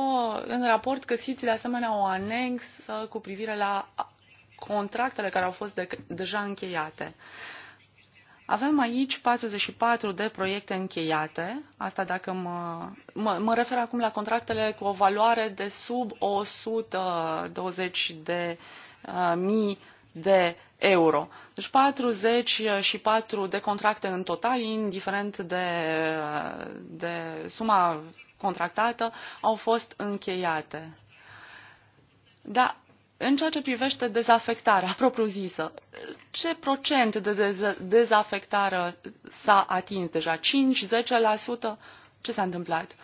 În raport găsiți de asemenea o anexă cu privire la contractele care au fost de, deja încheiate. Avem aici 44 de proiecte încheiate, asta dacă mă, mă, mă refer acum la contractele cu o valoare de sub 120 de uh, mii de euro. Deci 44 de contracte în total, indiferent de, uh, de suma contractată, au fost încheiate. Da, în ceea ce privește dezafectarea propriu-zisă, ce procent de dezafectare s-a atins deja? 5-10%? Ce s-a întâmplat?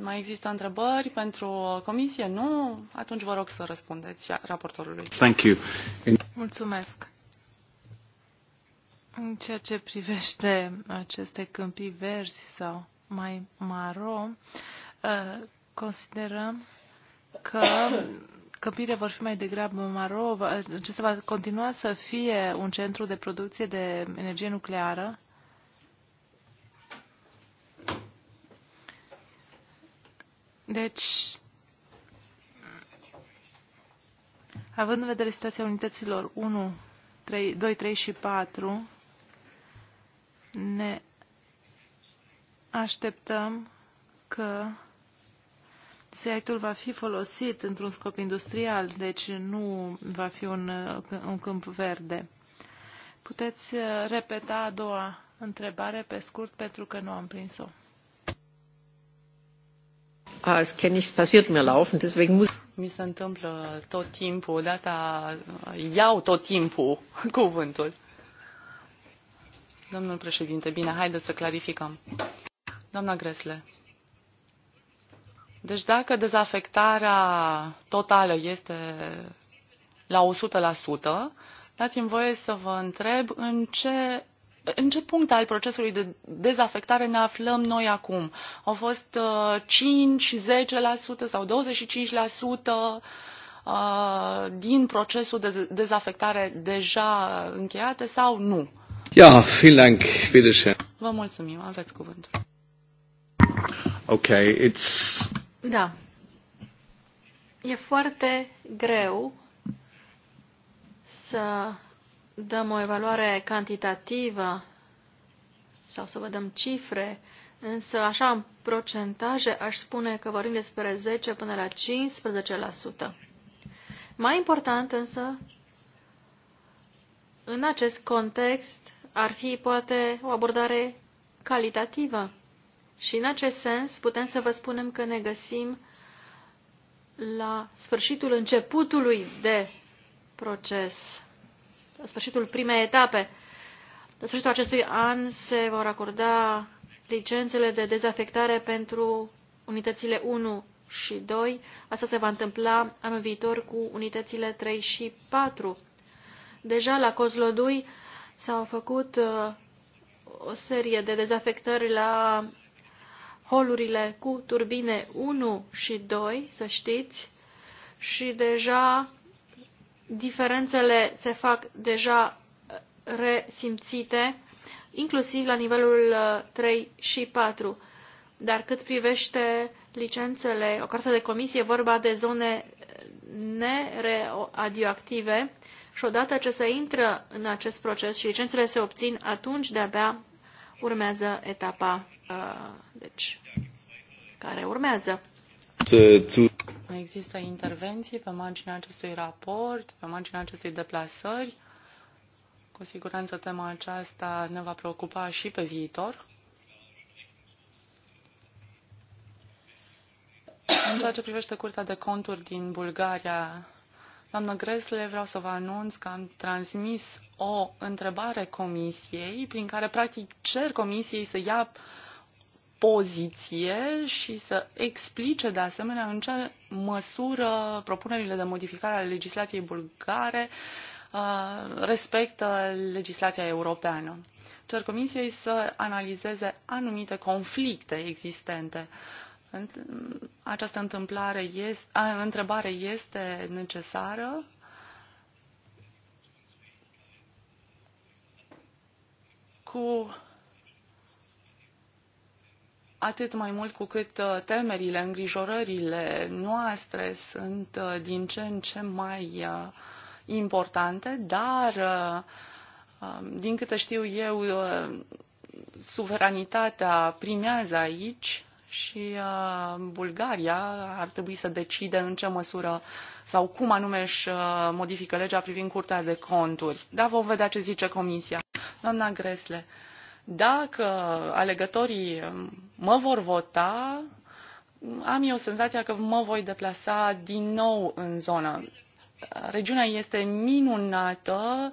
Mai există întrebări pentru comisie? Nu? Atunci vă rog să răspundeți raportorului. Thank you. Mulțumesc. În ceea ce privește aceste câmpii verzi sau mai maro, uh, considerăm că Câmpirile vor fi mai degrabă maro, se va continua să fie un centru de producție de energie nucleară. Deci, având în vedere situația unităților 1, 3, 2, 3 și 4, ne așteptăm că Seitul va fi folosit într-un scop industrial, deci nu va fi un, un câmp verde. Puteți uh, repeta a doua întrebare pe scurt pentru că nu am prins-o. Ah, mi se întâmplă tot timpul, de asta uh, iau tot timpul cuvântul. Domnul președinte, bine, haideți să clarificăm. Doamna Gresle, deci dacă dezafectarea totală este la 100%, dați-mi voie să vă întreb în ce în ce punct al procesului de dezafectare ne aflăm noi acum? Au fost 5, uh, 10% sau 25% uh, din procesul de dezafectare deja încheiate sau nu? Ja, vielen Dank, bitte schön. Vă mulțumim, aveți cuvântul. Okay, it's da. E foarte greu să dăm o evaluare cantitativă sau să vă dăm cifre, însă așa în procentaje aș spune că vorbim despre 10 până la 15%. Mai important însă, în acest context, ar fi poate o abordare calitativă și în acest sens putem să vă spunem că ne găsim la sfârșitul începutului de proces, la sfârșitul primei etape. La sfârșitul acestui an se vor acorda licențele de dezafectare pentru unitățile 1 și 2. Asta se va întâmpla anul viitor cu unitățile 3 și 4. Deja la Cozlodui s-au făcut uh, o serie de dezafectări la holurile cu turbine 1 și 2, să știți, și deja diferențele se fac deja uh, resimțite, inclusiv la nivelul 3 uh, și 4. Dar cât privește licențele, o carte de comisie, vorba de zone uh, neradioactive și odată ce se intră în acest proces și licențele se obțin, atunci de-abia urmează etapa Uh, deci, care urmează. Există intervenții pe marginea acestui raport, pe marginea acestei deplasări. Cu siguranță tema aceasta ne va preocupa și pe viitor. În ceea ce privește Curtea de Conturi din Bulgaria, doamnă Gresle, vreau să vă anunț că am transmis o întrebare comisiei prin care practic cer comisiei să ia uh, poziție și să explice de asemenea în ce măsură propunerile de modificare a legislației bulgare uh, respectă legislația europeană. Cer Comisiei să analizeze anumite conflicte existente. Această întâmplare este, a, întrebare este necesară cu atât mai mult cu cât uh, temerile, îngrijorările noastre sunt uh, din ce în ce mai uh, importante, dar, um, din câte știu eu, suveranitatea primează aici și Bulgaria ar trebui să decide în ce măsură sau cum anume își modifică legea privind Curtea de Conturi. Dar vom vedea ce zice Comisia. Doamna Gresle, dacă alegătorii um, mă vor vota, am eu senzația că mă voi deplasa din nou în zonă. Regiunea este minunată,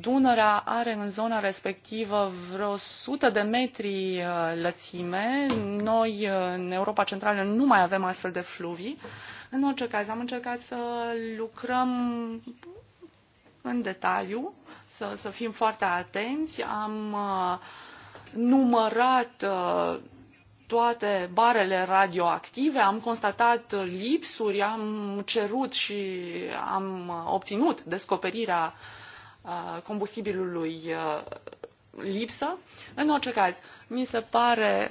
Dunărea are în zona respectivă vreo 100 de metri uh, lățime. Noi, uh, în Europa Centrală, nu mai avem astfel de fluvii. În orice caz, am încercat să lucrăm în detaliu să, să fim foarte atenți. Am uh, numărat uh, toate barele radioactive, am constatat lipsuri, am cerut și am obținut descoperirea uh, combustibilului lipsă. În orice caz, mi se pare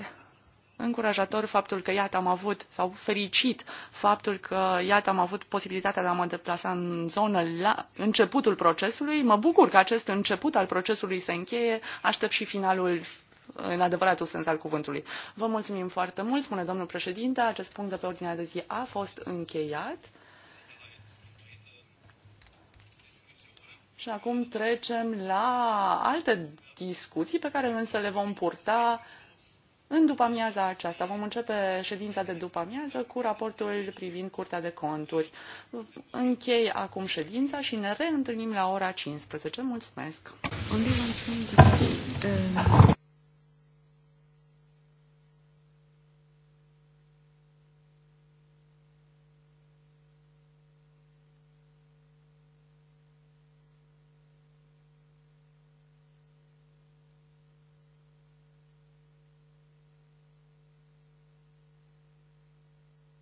încurajator faptul că, iată, am avut, sau fericit faptul că, iată, am avut posibilitatea de a mă deplasa în zonă la începutul procesului. Mă bucur că acest început al procesului se încheie. Aștept și finalul în adevăratul sens al cuvântului. Vă mulțumim foarte mult, spune domnul președinte. Acest punct de pe ordinea de zi a fost încheiat. Și acum trecem la alte discuții pe care însă le vom purta în după amiaza aceasta vom începe ședința de după amiază cu raportul privind Curtea de Conturi. Închei acum ședința și ne reîntâlnim la ora 15. Mulțumesc!